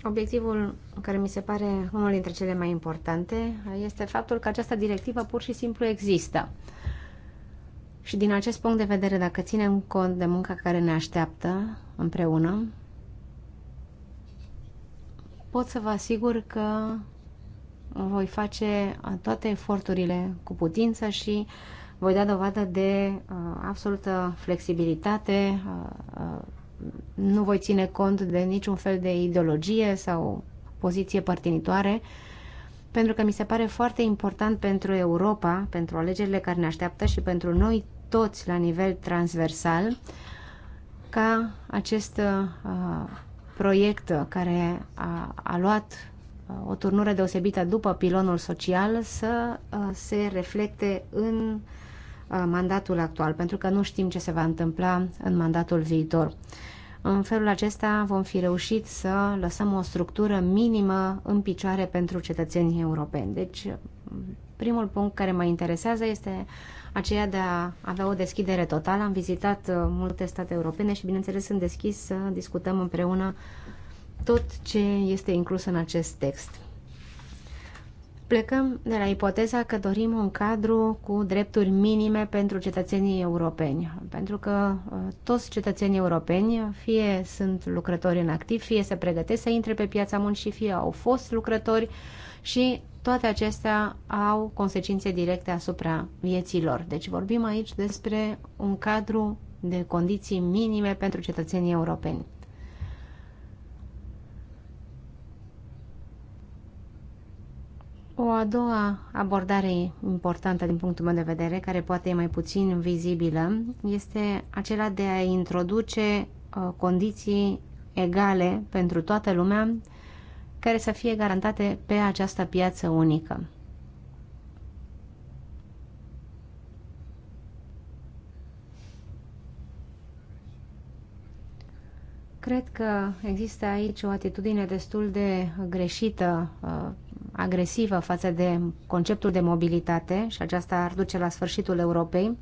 Obiectivul care mi se pare unul dintre cele mai importante este faptul că această directivă pur și simplu există. Și din acest punct de vedere, dacă ținem cont de munca care ne așteaptă împreună, pot să vă asigur că voi face toate eforturile cu putință și voi da dovadă de uh, absolută flexibilitate, uh, uh, nu voi ține cont de niciun fel de ideologie sau poziție părtinitoare, pentru că mi se pare foarte important pentru Europa, pentru alegerile care ne așteaptă și pentru noi toți la nivel transversal, ca acest uh, proiect care a, a luat uh, o turnură deosebită după pilonul social să uh, se reflecte în uh, Uh, mandatul actual, pentru că nu știm ce se va întâmpla în mandatul viitor. În felul acesta vom fi reușit să lăsăm o structură minimă în picioare pentru cetățenii europeni. Deci, primul punct care mă interesează este aceea de a avea o deschidere totală. Am vizitat uh, multe state europene și, bineînțeles, sunt deschis să discutăm împreună tot ce este inclus în acest text. Plecăm de la ipoteza că dorim un cadru cu drepturi minime pentru cetățenii europeni, pentru că uh, toți cetățenii europeni fie sunt lucrători în activ, fie se pregătesc să intre pe piața muncii, fie au fost lucrători și toate acestea au consecințe directe asupra vieților. Deci vorbim aici despre un cadru de condiții minime pentru cetățenii europeni. O a doua abordare importantă din punctul meu de vedere, care poate e mai puțin vizibilă, este acela de a introduce uh, condiții egale pentru toată lumea care să fie garantate pe această piață unică. Cred că există aici o atitudine destul de greșită uh, agresivă față de conceptul de mobilitate și aceasta ar duce la sfârșitul Europei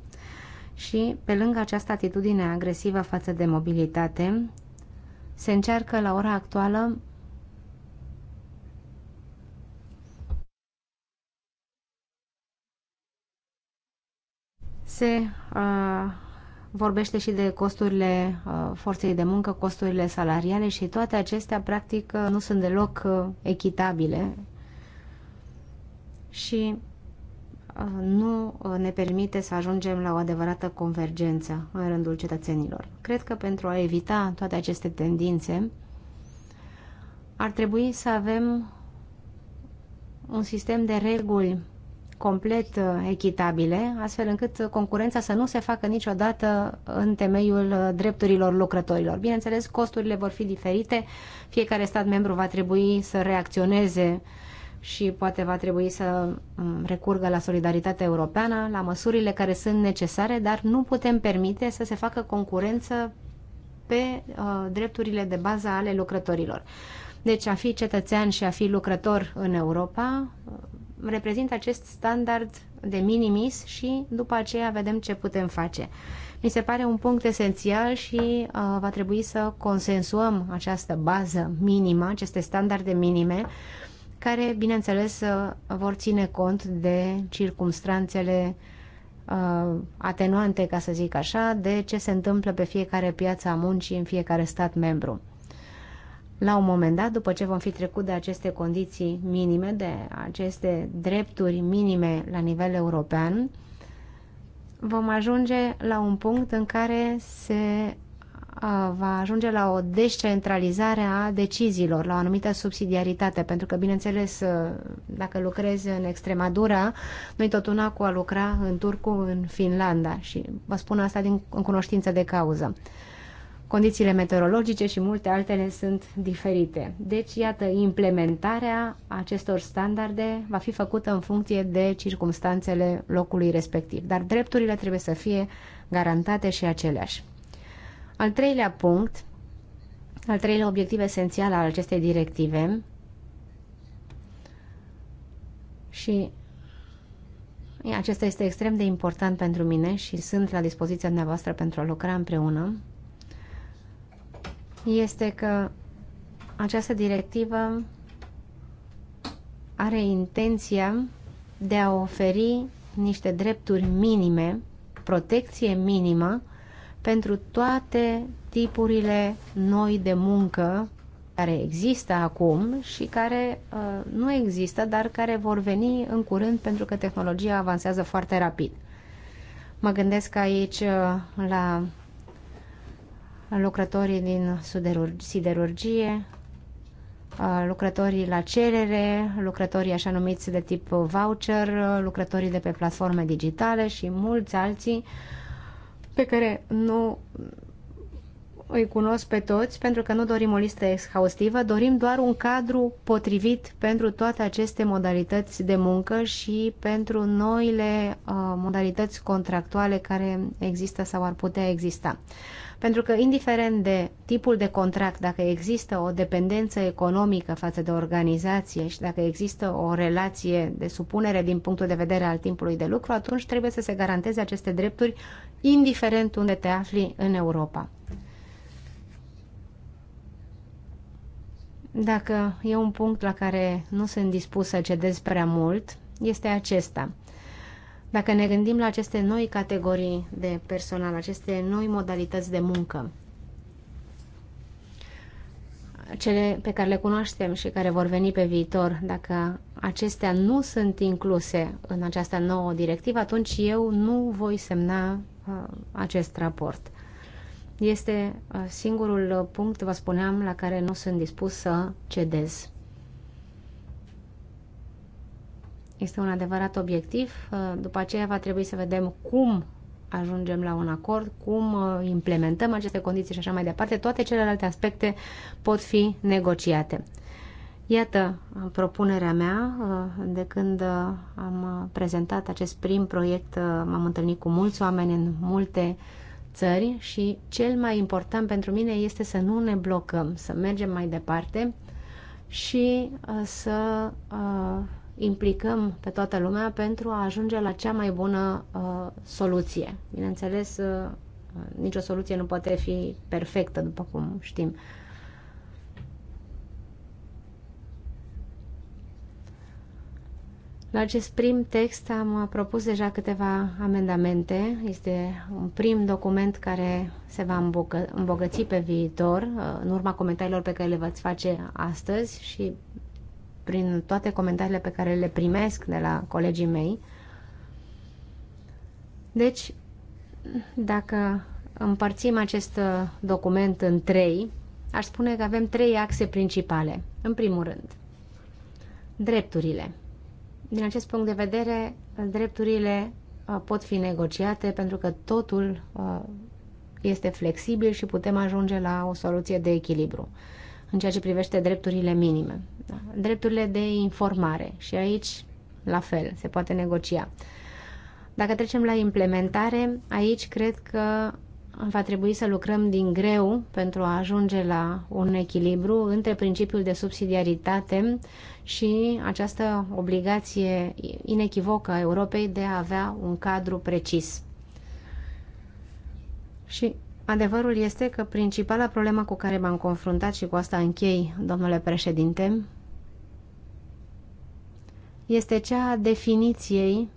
și pe lângă această atitudine agresivă față de mobilitate se încearcă la ora actuală se uh, vorbește și de costurile uh, forței de muncă, costurile salariale și toate acestea practic uh, nu sunt deloc uh, echitabile și uh, nu uh, ne permite să ajungem la o adevărată convergență în rândul cetățenilor. Cred că pentru a evita toate aceste tendințe, ar trebui să avem un sistem de reguli complet uh, echitabile, astfel încât concurența să nu se facă niciodată în temeiul drepturilor lucrătorilor. Bineînțeles, costurile vor fi diferite, fiecare stat membru va trebui să reacționeze și poate va trebui să mm, recurgă la solidaritatea europeană, la măsurile care sunt necesare, dar nu putem permite să se facă concurență pe uh, drepturile de bază ale lucrătorilor. Deci a fi cetățean și a fi lucrător în Europa uh, reprezintă acest standard de minimis și după aceea vedem ce putem face. Mi se pare un punct esențial și uh, va trebui să consensuăm această bază minimă, aceste standarde minime, uh, care, bineînțeles, uh, vor ține cont de circumstanțele uh, atenuante, ca să zic așa, de ce se întâmplă pe fiecare piață a muncii în fiecare stat membru. La un moment dat, după ce vom fi trecut de aceste condiții minime, de aceste drepturi minime la nivel european, vom ajunge la un punct în care se va ajunge la o descentralizare a deciziilor, la o anumită subsidiaritate, pentru că, bineînțeles, dacă lucrezi în Extremadura, nu-i tot una cu a lucra în Turcu, în Finlanda și vă spun asta din, în cunoștință de cauză. Condițiile meteorologice și multe altele sunt diferite. Deci, iată, implementarea acestor standarde va fi făcută în funcție de circumstanțele locului respectiv, dar drepturile trebuie să fie garantate și aceleași. Al treilea punct, al treilea obiectiv esențial al acestei directive și acesta este extrem de important pentru mine și sunt la dispoziția dumneavoastră pentru a lucra împreună, este că această directivă are intenția de a oferi niște drepturi minime, protecție minimă pentru toate tipurile noi de muncă care există acum și care uh, nu există, dar care vor veni în curând pentru că tehnologia avansează foarte rapid. Mă gândesc aici uh, la lucrătorii din siderurgie, uh, lucrătorii la cerere, lucrătorii așa numiți de tip voucher, lucrătorii de pe platforme digitale și mulți alții uh, pe care nu îi cunosc pe toți, pentru că nu dorim o listă exhaustivă, dorim doar un cadru potrivit pentru toate aceste modalități de muncă și pentru noile uh, modalități contractuale care există sau ar putea exista. Pentru că, indiferent de tipul de contract, dacă există o dependență economică față de organizație și dacă există o relație de supunere din punctul de vedere al timpului de lucru, atunci trebuie să se garanteze aceste drepturi indiferent unde te afli în Europa. Dacă e un punct la care nu sunt dispus să cedez prea mult, este acesta. Dacă ne gândim la aceste noi categorii de personal, aceste noi modalități de muncă, cele pe care le cunoaștem și care vor veni pe viitor, dacă acestea nu sunt incluse în această nouă directivă, atunci eu nu voi semna Uh, acest raport. Este uh, singurul uh, punct, vă spuneam, la care nu sunt dispus să cedez. Este un adevărat obiectiv. După aceea va trebui să vedem cum ajungem la un acord, cum implementăm aceste condiții și așa mai departe. Toate celelalte aspecte pot fi negociate. Iată uh, propunerea mea. Uh, de când uh, am prezentat acest prim proiect, m-am întâlnit cu mulți oameni în multe țări și cel mai important pentru mine este să nu ne blocăm, să mergem mai departe și să implicăm pe toată lumea pentru a ajunge la cea mai bună soluție. Bineînțeles, nicio soluție nu poate fi perfectă, după cum știm. La acest prim text am uh, propus deja câteva amendamente. Este un prim document care se va îmbogă îmbogăți pe viitor, uh, în urma comentariilor pe care le veți face astăzi și prin toate comentariile pe care le primesc de la colegii mei. Deci, dacă împărțim acest uh, document în trei, aș spune că avem trei axe principale. În primul rând, drepturile din acest punct de vedere, drepturile uh, pot fi negociate pentru că totul uh, este flexibil și putem ajunge la o soluție de echilibru în ceea ce privește drepturile minime. Da. Drepturile de informare și aici la fel, se poate negocia. Dacă trecem la implementare, aici cred că va trebui să lucrăm din greu pentru a ajunge la un echilibru între principiul de subsidiaritate și această obligație inechivocă a Europei de a avea un cadru precis. Și adevărul este că principala problemă cu care m-am confruntat și cu asta închei, domnule președinte, este cea a definiției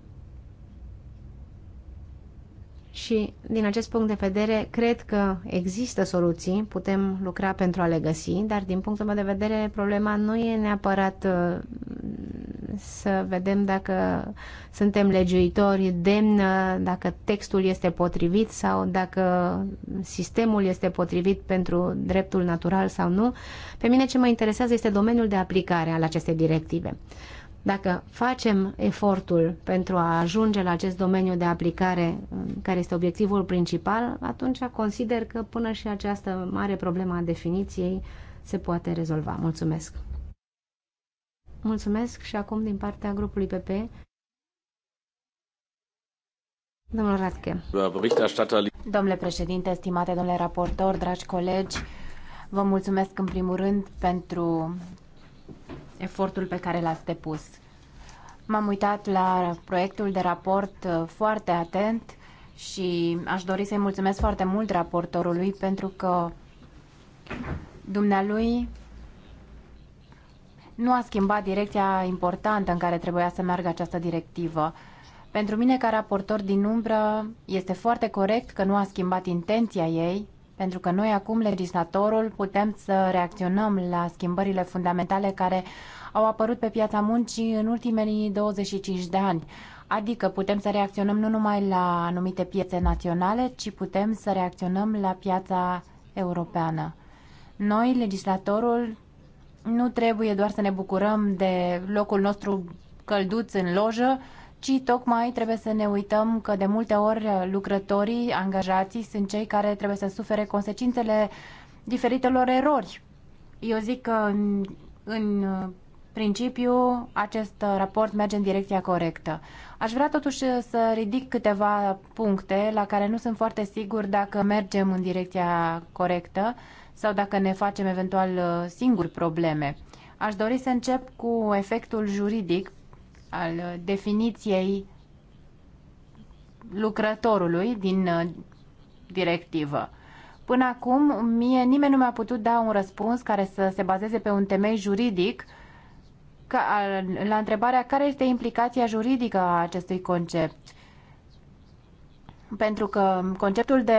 și din acest punct de vedere, cred că există soluții, putem lucra pentru a le găsi, dar din punctul meu de vedere, problema nu e neapărat uh, să vedem dacă suntem legiuitori demn, uh, dacă textul este potrivit sau dacă sistemul este potrivit pentru dreptul natural sau nu. Pe mine ce mă interesează este domeniul de aplicare al acestei directive. Dacă facem efortul pentru a ajunge la acest domeniu de aplicare, um, care este obiectivul principal, atunci consider că până și această mare problemă a definiției se poate rezolva. Mulțumesc! Mulțumesc și acum din partea grupului PP. Domnul Radke. Domnule președinte, stimate domnule raportor, dragi colegi, vă mulțumesc în primul rând pentru efortul pe care l-ați depus. M-am uitat la proiectul de raport uh, foarte atent și aș dori să-i mulțumesc foarte mult raportorului pentru că dumnealui nu a schimbat direcția importantă în care trebuia să meargă această directivă. Pentru mine, ca raportor din umbră, este foarte corect că nu a schimbat intenția ei pentru că noi acum, legislatorul, putem să reacționăm la schimbările fundamentale care au apărut pe piața muncii în ultimele 25 de ani. Adică putem să reacționăm nu numai la anumite piețe naționale, ci putem să reacționăm la piața europeană. Noi, legislatorul, nu trebuie doar să ne bucurăm de locul nostru călduț în lojă, ci tocmai trebuie să ne uităm că de multe ori lucrătorii, angajații sunt cei care trebuie să sufere consecințele diferitelor erori. Eu zic că în, în principiu acest raport merge în direcția corectă. Aș vrea totuși să ridic câteva puncte la care nu sunt foarte sigur dacă mergem în direcția corectă sau dacă ne facem eventual uh, singuri probleme. Aș dori să încep cu efectul juridic al definiției lucrătorului din uh, directivă. Până acum, mie nimeni nu mi-a putut da un răspuns care să se bazeze pe un temei juridic ca, uh, la întrebarea care este implicația juridică a acestui concept. Pentru că conceptul de,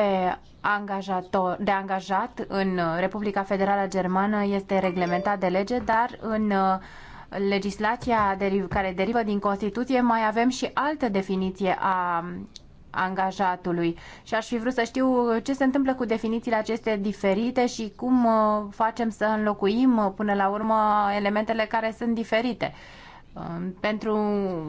angajator, de angajat în uh, Republica Federală Germană este reglementat de lege, dar în uh, legislația care derivă din Constituție, mai avem și altă definiție a angajatului și aș fi vrut să știu ce se întâmplă cu definițiile acestea diferite și cum uh, facem să înlocuim uh, până la urmă elementele care sunt diferite. Um, pentru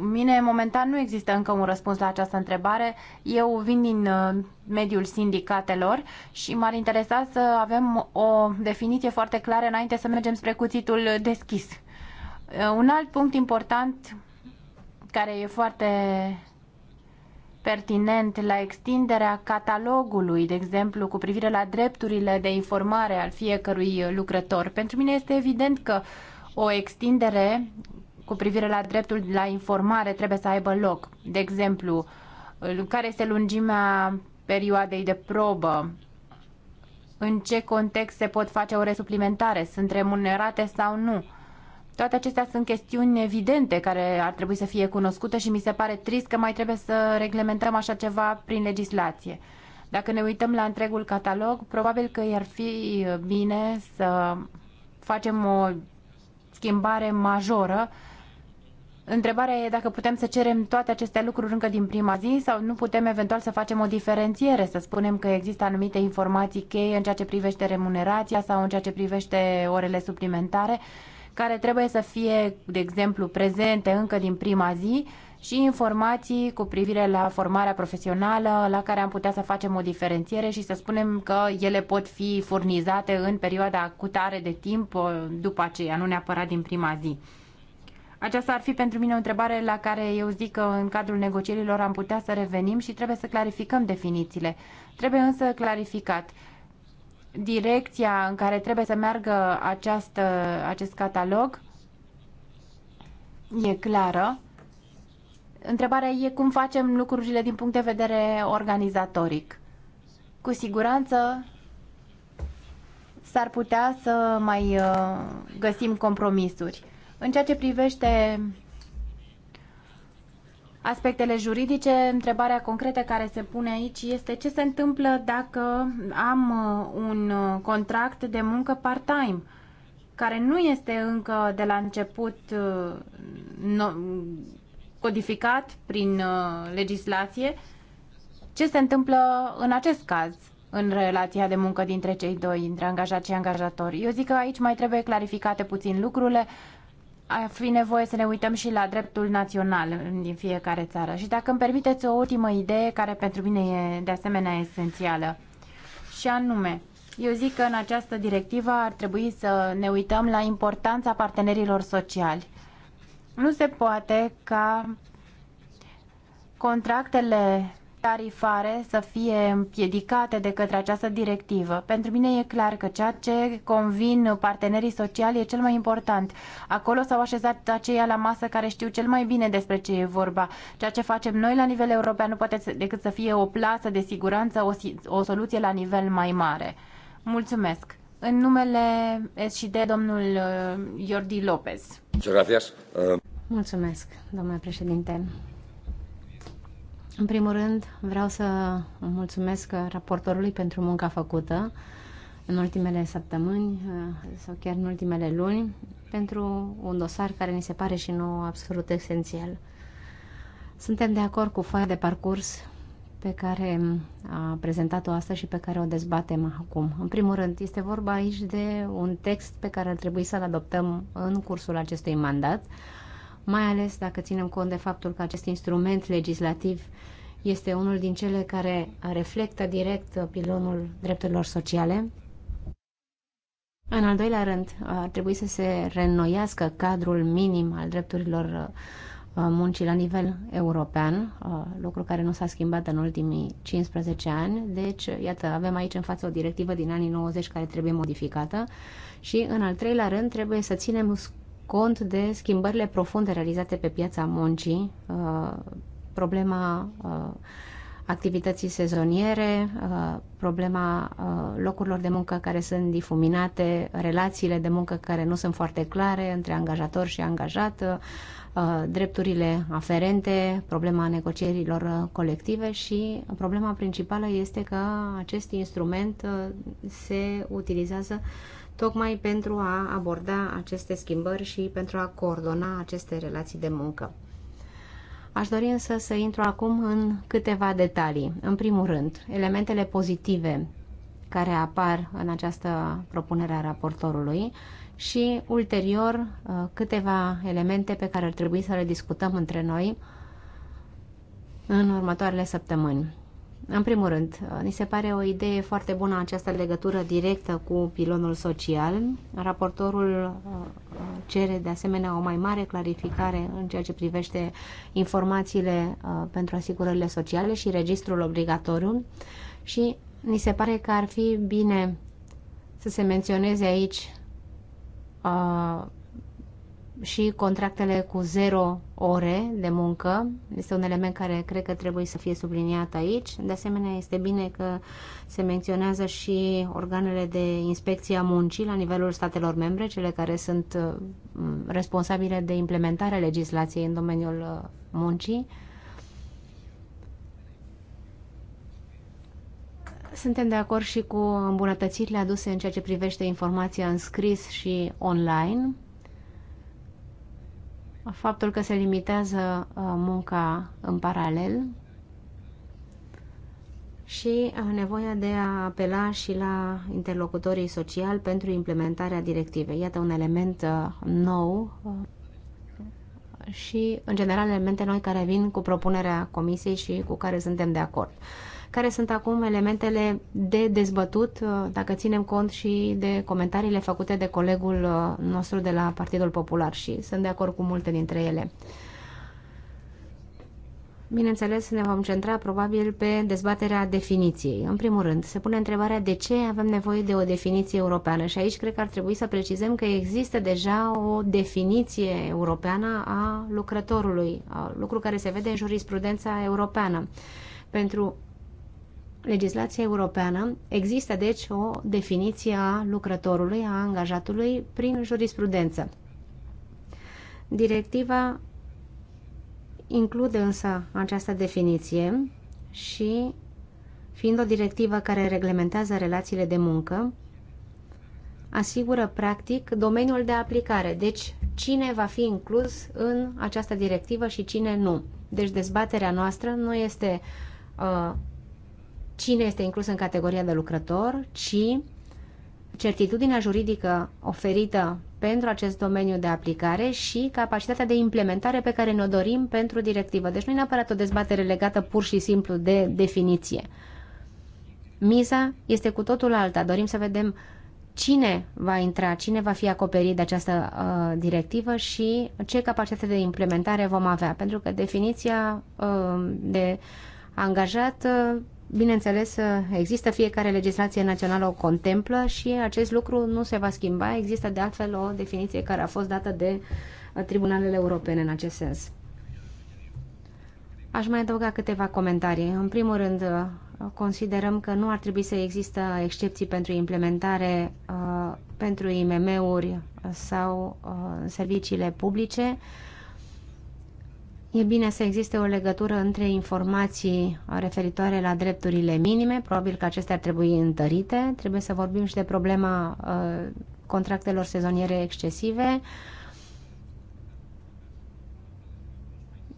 mine, momentan, nu există încă un răspuns la această întrebare. Eu vin din uh, mediul sindicatelor și m-ar interesa să avem o definiție foarte clară înainte să mergem spre cuțitul deschis. Uh, un alt punct important care e foarte pertinent la extinderea catalogului, de exemplu, cu privire la drepturile de informare al fiecărui lucrător. Pentru mine este evident că o extindere cu privire la dreptul la informare trebuie să aibă loc. De exemplu, uh, care este lungimea perioadei de probă, în ce context se pot face ore suplimentare, sunt remunerate sau nu. Toate acestea sunt chestiuni evidente care ar trebui să fie cunoscute și mi se pare trist că mai trebuie să reglementăm așa ceva prin legislație. Dacă ne uităm la întregul catalog, probabil că ar fi bine să facem o schimbare majoră. Întrebarea e dacă putem să cerem toate aceste lucruri încă din prima zi sau nu putem eventual să facem o diferențiere, să spunem că există anumite informații cheie în ceea ce privește remunerația sau în ceea ce privește orele suplimentare care trebuie să fie, de exemplu, prezente încă din prima zi și informații cu privire la formarea profesională la care am putea să facem o diferențiere și să spunem că ele pot fi furnizate în perioada acutare de timp după aceea, nu neapărat din prima zi. Aceasta ar fi pentru mine o întrebare la care eu zic că în cadrul negocierilor am putea să revenim și trebuie să clarificăm definițiile. Trebuie însă clarificat direcția în care trebuie să meargă această, acest catalog e clară. Întrebarea e cum facem lucrurile din punct de vedere organizatoric. Cu siguranță s-ar putea să mai uh, găsim compromisuri. În ceea ce privește aspectele juridice, întrebarea concretă care se pune aici este ce se întâmplă dacă am uh, un uh, contract de muncă part-time care nu este încă de la început uh, codificat prin legislație, ce se întâmplă în acest caz în relația de muncă dintre cei doi, între angajat și angajator. Eu zic că aici mai trebuie clarificate puțin lucrurile, a fi nevoie să ne uităm și la dreptul național din fiecare țară. Și dacă îmi permiteți o ultimă idee care pentru mine e de asemenea esențială, și anume, eu zic că în această directivă ar trebui să ne uităm la importanța partenerilor sociali. Nu se poate ca contractele tarifare să fie împiedicate de către această directivă. Pentru mine e clar că ceea ce convin partenerii sociali e cel mai important. Acolo s-au așezat aceia la masă care știu cel mai bine despre ce e vorba. Ceea ce facem noi la nivel european nu poate decât să fie o plasă de siguranță, o, o soluție la nivel mai mare. Mulțumesc! În numele SD, domnul uh, Jordi Lopez. Mulțumesc, domnule președinte. În primul rând, vreau să mulțumesc raportorului pentru munca făcută în ultimele săptămâni uh, sau chiar în ultimele luni pentru un dosar care ni se pare și nou absolut esențial. Suntem de acord cu foaia de parcurs pe care a prezentat-o asta și pe care o dezbatem acum. În primul rând, este vorba aici de un text pe care ar trebui să-l adoptăm în cursul acestui mandat, mai ales dacă ținem cont de faptul că acest instrument legislativ este unul din cele care reflectă direct pilonul drepturilor sociale. În al doilea rând, ar trebui să se reînnoiască cadrul minim al drepturilor muncii la nivel european, lucru care nu s-a schimbat în ultimii 15 ani. Deci, iată, avem aici în față o directivă din anii 90 care trebuie modificată și, în al treilea rând, trebuie să ținem cont de schimbările profunde realizate pe piața muncii, uh, problema uh, activității sezoniere, uh, problema locurilor de muncă care sunt difuminate, relațiile de muncă care nu sunt foarte clare între angajator și angajat, drepturile aferente, problema negocierilor colective și problema principală este că acest instrument se utilizează tocmai pentru a aborda aceste schimbări și pentru a coordona aceste relații de muncă. Aș dori însă să intru acum în câteva detalii. În primul rând, elementele pozitive care apar în această propunere a raportorului și ulterior uh, câteva elemente pe care ar trebui să le discutăm între noi în următoarele săptămâni. În primul rând, ni se pare o idee foarte bună această legătură directă cu pilonul social. Raportorul uh, cere de asemenea o mai mare clarificare în ceea ce privește informațiile uh, pentru asigurările sociale și registrul obligatoriu și ni se pare că ar fi bine să se menționeze aici uh, și contractele cu zero ore de muncă. Este un element care cred că trebuie să fie subliniat aici. De asemenea, este bine că se menționează și organele de inspecție a muncii la nivelul statelor membre, cele care sunt mm, responsabile de implementarea legislației în domeniul uh, muncii. Suntem de acord și cu îmbunătățirile aduse în ceea ce privește informația în scris și online faptul că se limitează uh, munca în paralel și uh, nevoia de a apela și la interlocutorii sociali pentru implementarea directivei. Iată un element uh, nou și, în general, elemente noi care vin cu propunerea Comisiei și cu care suntem de acord care sunt acum elementele de dezbătut, uh, dacă ținem cont și de comentariile făcute de colegul uh, nostru de la Partidul Popular și sunt de acord cu multe dintre ele. Bineînțeles, ne vom centra probabil pe dezbaterea definiției. În primul rând, se pune întrebarea de ce avem nevoie de o definiție europeană și aici cred că ar trebui să precizăm că există deja o definiție europeană a lucrătorului, lucru care se vede în jurisprudența europeană. Pentru legislația europeană există deci o definiție a lucrătorului, a angajatului prin jurisprudență. Directiva include însă această definiție și, fiind o directivă care reglementează relațiile de muncă, asigură practic domeniul de aplicare, deci cine va fi inclus în această directivă și cine nu. Deci dezbaterea noastră nu este uh, cine este inclus în categoria de lucrător, ci certitudinea juridică oferită pentru acest domeniu de aplicare și capacitatea de implementare pe care ne-o dorim pentru directivă. Deci nu e neapărat o dezbatere legată pur și simplu de definiție. Miza este cu totul alta. Dorim să vedem cine va intra, cine va fi acoperit de această uh, directivă și ce capacitate de implementare vom avea. Pentru că definiția uh, de angajat uh, Bineînțeles, există fiecare legislație națională o contemplă și acest lucru nu se va schimba. Există de altfel o definiție care a fost dată de tribunalele europene în acest sens. Aș mai adăuga câteva comentarii. În primul rând, considerăm că nu ar trebui să există excepții pentru implementare uh, pentru IMM-uri sau uh, serviciile publice. E bine să existe o legătură între informații referitoare la drepturile minime, probabil că acestea ar trebui întărite. Trebuie să vorbim și de problema uh, contractelor sezoniere excesive, uh,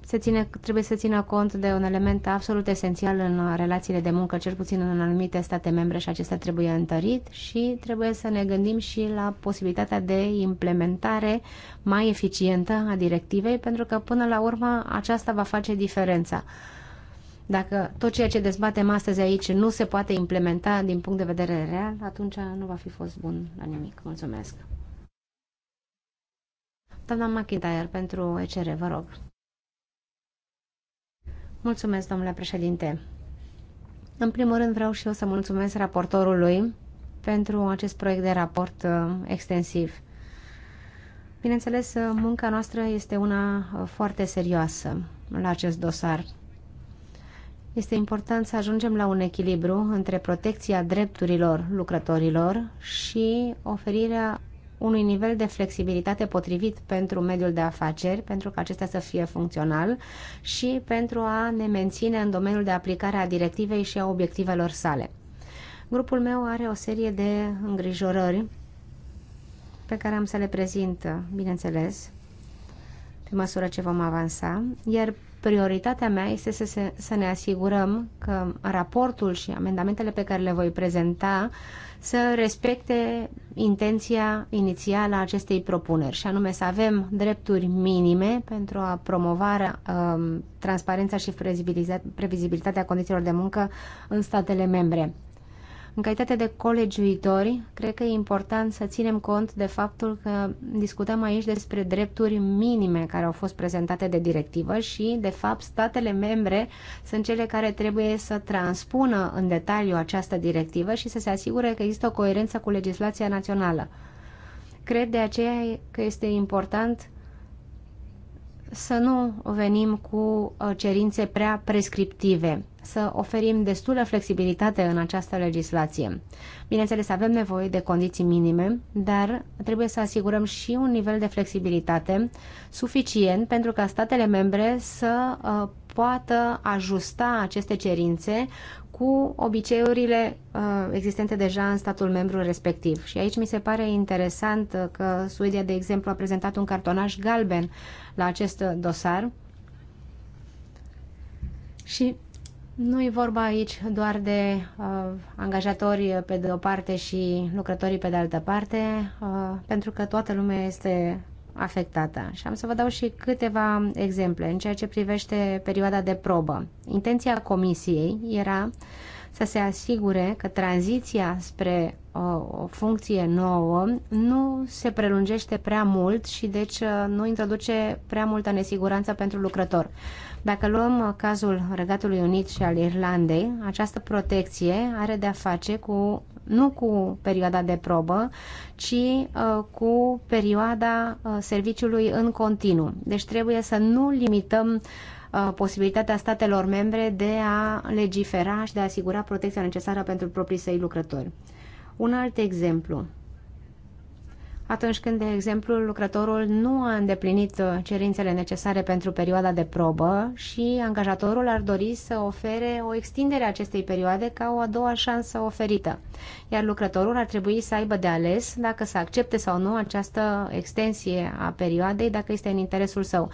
se ține, trebuie să țină cont de un element absolut esențial în relațiile de muncă, cel puțin în anumite state membre și acesta trebuie întărit și trebuie să ne gândim și la posibilitatea de implementare mai eficientă a directivei, pentru că până la urmă aceasta va face diferența. Dacă tot ceea ce dezbatem astăzi aici nu se poate implementa din punct de vedere real, atunci nu va fi fost bun la nimic. Mulțumesc! Doamna McIntyre, pentru ECR, vă rog. Mulțumesc, domnule președinte. În primul rând vreau și eu să mulțumesc raportorului pentru acest proiect de raport uh, extensiv. Bineînțeles, uh, munca noastră este una uh, foarte serioasă la acest dosar. Este important să ajungem la un echilibru între protecția drepturilor lucrătorilor și oferirea unui nivel de flexibilitate potrivit pentru mediul de afaceri, pentru ca acesta să fie funcțional și pentru a ne menține în domeniul de aplicare a directivei și a obiectivelor sale. Grupul meu are o serie de îngrijorări pe care am să le prezint, bineînțeles, pe măsură ce vom avansa, iar prioritatea mea este să, se, să ne asigurăm că raportul și amendamentele pe care le voi prezenta să respecte intenția inițială a acestei propuneri, și anume să avem drepturi minime pentru a promova uh, transparența și previzibilitatea condițiilor de muncă în statele membre. În calitate de colegiuitori, cred că e important să ținem cont de faptul că discutăm aici despre drepturi minime care au fost prezentate de directivă și, de fapt, statele membre sunt cele care trebuie să transpună în detaliu această directivă și să se asigure că există o coerență cu legislația națională. Cred de aceea că este important să nu venim cu uh, cerințe prea prescriptive să oferim destulă flexibilitate în această legislație. Bineînțeles, avem nevoie de condiții minime, dar trebuie să asigurăm și un nivel de flexibilitate suficient pentru ca statele membre să uh, poată ajusta aceste cerințe cu obiceiurile uh, existente deja în statul membru respectiv. Și aici mi se pare interesant că Suedia, de exemplu, a prezentat un cartonaș galben la acest dosar. Și nu e vorba aici doar de uh, angajatori pe de o parte și lucrătorii pe de altă parte, uh, pentru că toată lumea este afectată. Și am să vă dau și câteva exemple în ceea ce privește perioada de probă. Intenția comisiei era să se asigure că tranziția spre o, uh, o funcție nouă nu se prelungește prea mult și deci uh, nu introduce prea multă nesiguranță pentru lucrător. Dacă luăm uh, cazul Regatului Unit și al Irlandei, această protecție are de-a face cu, nu cu perioada de probă, ci uh, cu perioada uh, serviciului în continuu. Deci trebuie să nu limităm uh, posibilitatea statelor membre de a legifera și de a asigura protecția necesară pentru proprii săi lucrători. Un alt exemplu atunci când, de exemplu, lucrătorul nu a îndeplinit uh, cerințele necesare pentru perioada de probă și angajatorul ar dori să ofere o extindere a acestei perioade ca o a doua șansă oferită. Iar lucrătorul ar trebui să aibă de ales dacă să accepte sau nu această extensie a perioadei, dacă este în interesul său.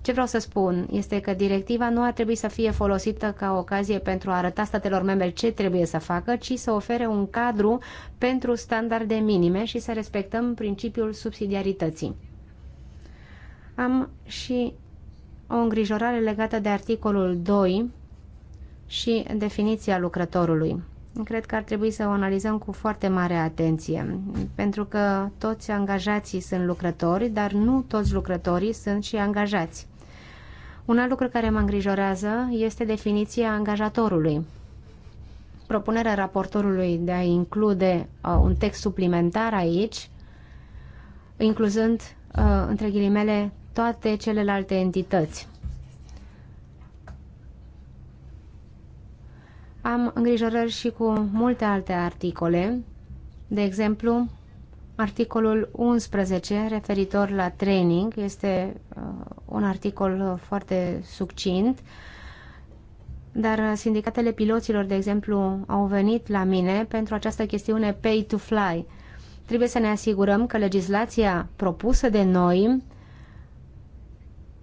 Ce vreau să spun este că directiva nu ar trebui să fie folosită ca ocazie pentru a arăta statelor membre ce trebuie să facă, ci să ofere un cadru pentru standarde minime și să respectăm principiul subsidiarității. Am și o îngrijorare legată de articolul 2 și definiția lucrătorului cred că ar trebui să o analizăm cu foarte mare atenție, pentru că toți angajații sunt lucrători, dar nu toți lucrătorii sunt și angajați. Un alt lucru care mă îngrijorează este definiția angajatorului. Propunerea raportorului de a include uh, un text suplimentar aici, incluzând, uh, între ghilimele, toate celelalte entități. Am îngrijorări și cu multe alte articole, de exemplu, articolul 11 referitor la training este uh, un articol uh, foarte succint dar uh, sindicatele piloților, de exemplu, au venit la mine pentru această chestiune pay to fly. Trebuie să ne asigurăm că legislația propusă de noi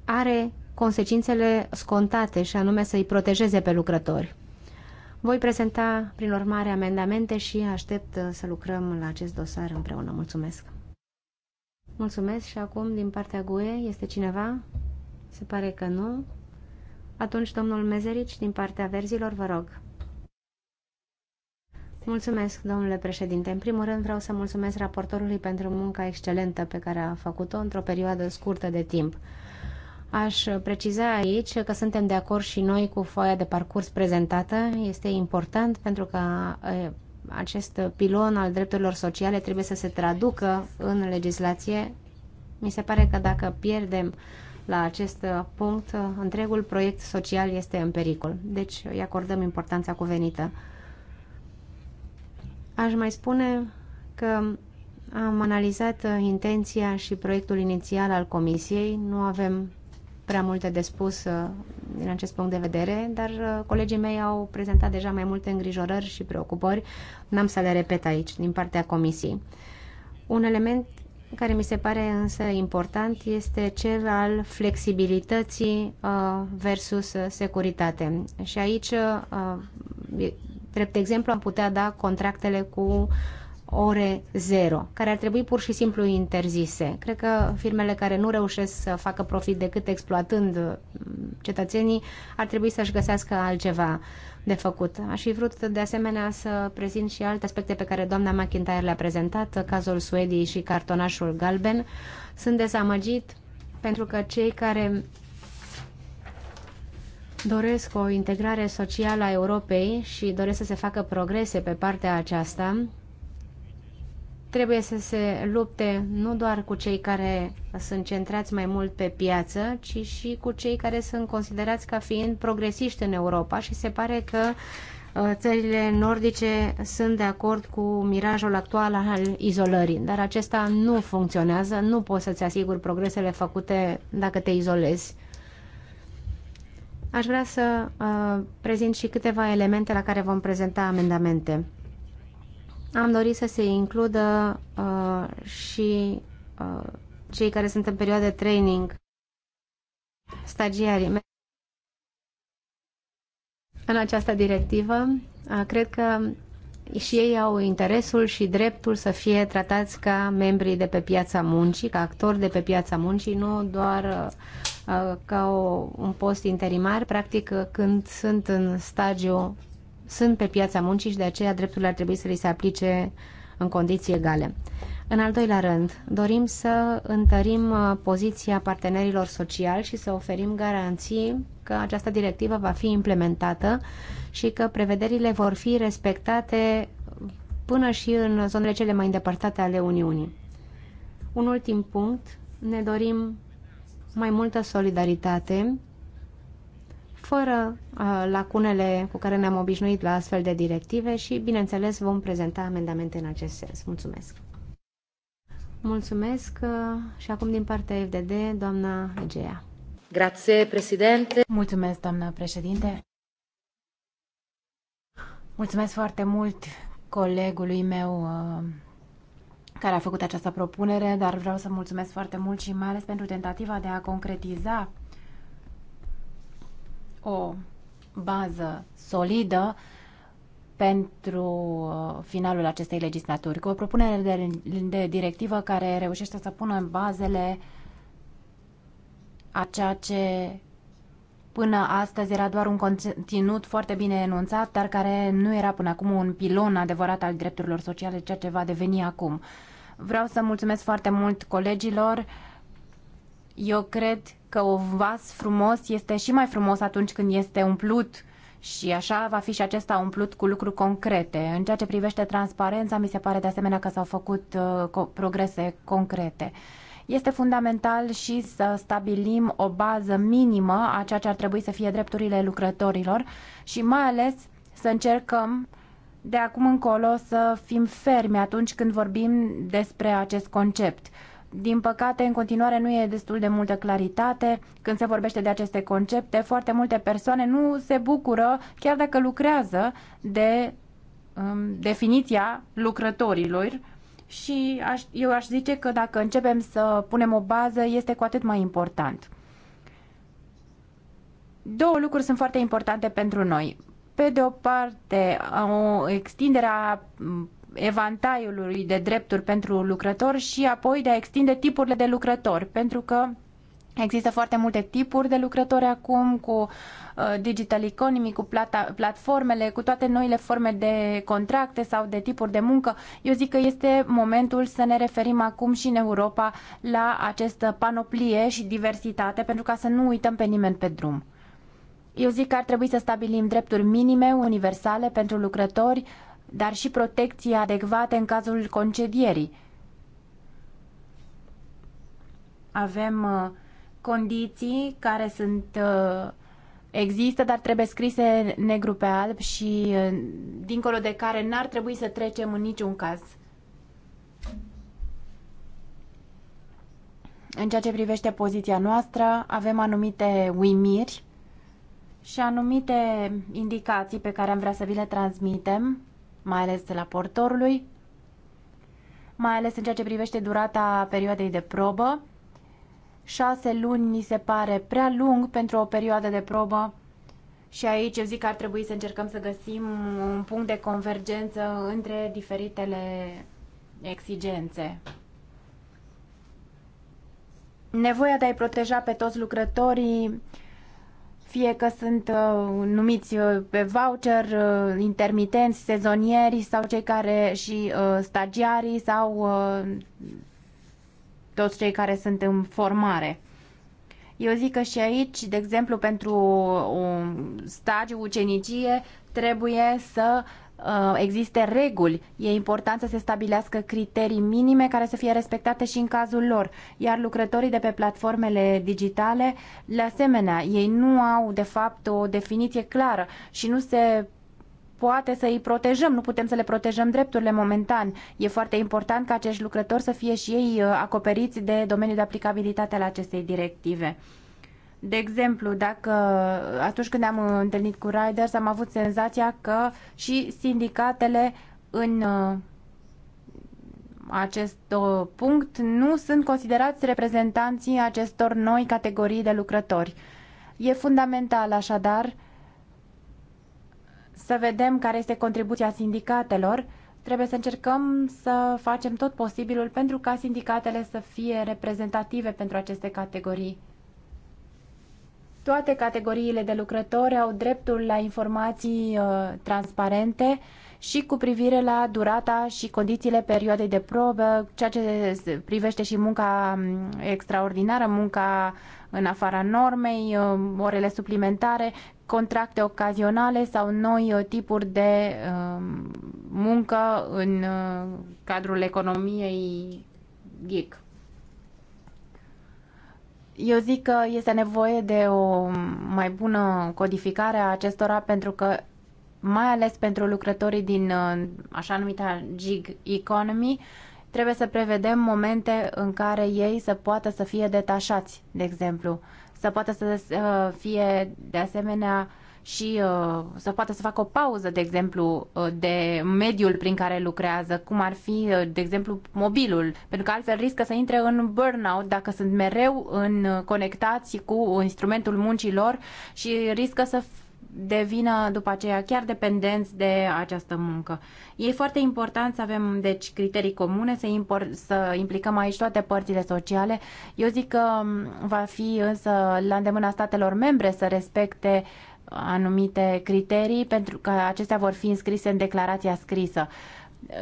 are consecințele scontate și anume să i protejeze pe lucrători. Voi prezenta, prin urmare, amendamente și aștept uh, să lucrăm la acest dosar împreună. Mulțumesc! Mulțumesc și acum, din partea GUE, este cineva? Se pare că nu. Atunci, domnul Mezerici, din partea verzilor, vă rog. Mulțumesc, domnule președinte. În primul rând vreau să mulțumesc raportorului pentru munca excelentă pe care a făcut-o într-o perioadă scurtă de timp. Aș preciza aici că suntem de acord și noi cu foaia de parcurs prezentată. Este important pentru că acest pilon al drepturilor sociale trebuie să se traducă în legislație. Mi se pare că dacă pierdem la acest punct, întregul proiect social este în pericol. Deci îi acordăm importanța cuvenită. Aș mai spune că am analizat intenția și proiectul inițial al Comisiei. Nu avem prea multe de spus uh, din acest punct de vedere, dar uh, colegii mei au prezentat deja mai multe îngrijorări și preocupări. N-am să le repet aici, din partea comisiei. Un element care mi se pare însă important este cel al flexibilității uh, versus securitate. Și aici, drept exemplu, am putea da contractele cu uh, ore zero, care ar trebui pur și simplu interzise. Cred că firmele care nu reușesc să facă profit decât exploatând mm, cetățenii ar trebui să-și găsească altceva de făcut. Aș fi vrut de asemenea să prezint și alte aspecte pe care doamna McIntyre le-a prezentat, cazul Suediei și cartonașul galben. Sunt dezamăgit pentru că cei care doresc o integrare socială a Europei și doresc să se facă progrese pe partea aceasta, trebuie să se lupte nu doar cu cei care sunt centrați mai mult pe piață, ci și cu cei care sunt considerați ca fiind progresiști în Europa și se pare că uh, țările nordice sunt de acord cu mirajul actual al izolării, dar acesta nu funcționează, nu poți să-ți asiguri progresele făcute dacă te izolezi. Aș vrea să uh, prezint și câteva elemente la care vom prezenta amendamente am dorit să se includă uh, și uh, cei care sunt în perioada de training, stagiarii. În această directivă, uh, cred că și ei au interesul și dreptul să fie tratați ca membrii de pe piața muncii, ca actori de pe piața muncii, nu doar uh, uh ca o, un post interimar, practic uh, când sunt în stagiu sunt pe piața muncii și de aceea drepturile ar trebui să li se aplice în condiții egale. În al doilea rând, dorim să întărim uh, poziția partenerilor sociali și să oferim garanții că această directivă va fi implementată și că prevederile vor fi respectate până și în zonele cele mai îndepărtate ale Uniunii. Un ultim punct, ne dorim mai multă solidaritate fără uh, lacunele cu care ne-am obișnuit la astfel de directive și, bineînțeles, vom prezenta amendamente în acest sens. Mulțumesc! Mulțumesc uh, și acum din partea FDD, doamna Egea. Grație, președinte! Mulțumesc, doamna președinte! Mulțumesc foarte mult colegului meu uh, care a făcut această propunere, dar vreau să mulțumesc foarte mult și mai ales pentru tentativa de a concretiza o bază solidă pentru uh, finalul acestei legislaturi, cu o propunere de, de directivă care reușește să pună în bazele a ceea ce până astăzi era doar un conținut foarte bine enunțat, dar care nu era până acum un pilon adevărat al drepturilor sociale, ceea ce va deveni acum. Vreau să mulțumesc foarte mult colegilor. Eu cred că o vas frumos este și mai frumos atunci când este umplut și așa va fi și acesta umplut cu lucruri concrete. În ceea ce privește transparența, mi se pare de asemenea că s-au făcut uh, progrese concrete. Este fundamental și să stabilim o bază minimă a ceea ce ar trebui să fie drepturile lucrătorilor și mai ales să încercăm de acum încolo să fim fermi atunci când vorbim despre acest concept. Din păcate, în continuare nu e destul de multă claritate când se vorbește de aceste concepte. Foarte multe persoane nu se bucură, chiar dacă lucrează, de um, definiția lucrătorilor. Și aș, eu aș zice că dacă începem să punem o bază, este cu atât mai important. Două lucruri sunt foarte importante pentru noi. Pe de o parte, o extindere a evantaiului de drepturi pentru lucrători și apoi de a extinde tipurile de lucrători, pentru că Există foarte multe tipuri de lucrători acum cu uh, digital economy, cu plata, platformele, cu toate noile forme de contracte sau de tipuri de muncă. Eu zic că este momentul să ne referim acum și în Europa la această panoplie și diversitate pentru ca să nu uităm pe nimeni pe drum. Eu zic că ar trebui să stabilim drepturi minime, universale pentru lucrători, dar și protecții adecvate în cazul concedierii. Avem uh, condiții care sunt uh, există, dar trebuie scrise negru pe alb și uh, dincolo de care n-ar trebui să trecem în niciun caz. În ceea ce privește poziția noastră, avem anumite uimiri și anumite indicații pe care am vrea să vi le transmitem mai ales portorului, mai ales în ceea ce privește durata perioadei de probă. Șase luni mi se pare prea lung pentru o perioadă de probă și aici eu zic că ar trebui să încercăm să găsim un punct de convergență între diferitele exigențe. Nevoia de a-i proteja pe toți lucrătorii fie că sunt uh, numiți uh, pe voucher, uh, intermitenți, sezonieri sau cei care și uh, stagiarii sau uh, toți cei care sunt în formare. Eu zic că și aici, de exemplu, pentru un stagiu ucenicie, trebuie să Uh, existe reguli. E important să se stabilească criterii minime care să fie respectate și în cazul lor. Iar lucrătorii de pe platformele digitale, de asemenea, ei nu au de fapt o definiție clară și nu se poate să îi protejăm, nu putem să le protejăm drepturile momentan. E foarte important ca acești lucrători să fie și ei uh, acoperiți de domeniul de aplicabilitate al acestei directive. De exemplu, dacă atunci când am întâlnit cu riders, am avut senzația că și sindicatele în uh, acest uh, punct nu sunt considerați reprezentanții acestor noi categorii de lucrători. E fundamental așadar să vedem care este contribuția sindicatelor. Trebuie să încercăm să facem tot posibilul pentru ca sindicatele să fie reprezentative pentru aceste categorii toate categoriile de lucrători au dreptul la informații uh, transparente și cu privire la durata și condițiile perioadei de probă, ceea ce privește și munca um, extraordinară, munca în afara normei, um, orele suplimentare, contracte ocazionale sau noi uh, tipuri de um, muncă în uh, cadrul economiei gig. Eu zic că este nevoie de o mai bună codificare a acestora pentru că mai ales pentru lucrătorii din uh, așa numita gig economy, trebuie să prevedem momente în care ei să poată să fie detașați, de exemplu, să poată să uh, fie de asemenea și uh, să poată să facă o pauză, de exemplu, uh, de mediul prin care lucrează, cum ar fi, uh, de exemplu, mobilul, pentru că altfel riscă să intre în burnout dacă sunt mereu în uh, conectați cu instrumentul muncilor și riscă să devină după aceea chiar dependenți de această muncă. E foarte important să avem, deci, criterii comune, să, impor- să implicăm aici toate părțile sociale. Eu zic că um, va fi însă la îndemâna statelor membre să respecte uh, anumite criterii pentru că acestea vor fi înscrise în declarația scrisă.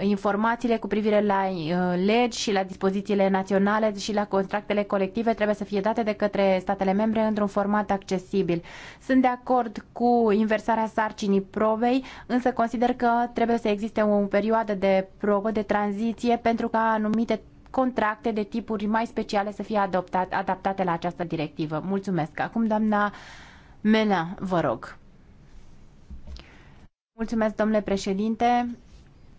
Informațiile cu privire la uh, legi și la dispozițiile naționale și la contractele colective trebuie să fie date de către statele membre într-un format accesibil. Sunt de acord cu inversarea sarcinii probei, însă consider că trebuie să existe o perioadă de probă, de tranziție, pentru ca anumite contracte de tipuri mai speciale să fie adoptat, adaptate la această directivă. Mulțumesc. Acum, doamna Mela, vă rog. Mulțumesc, domnule președinte.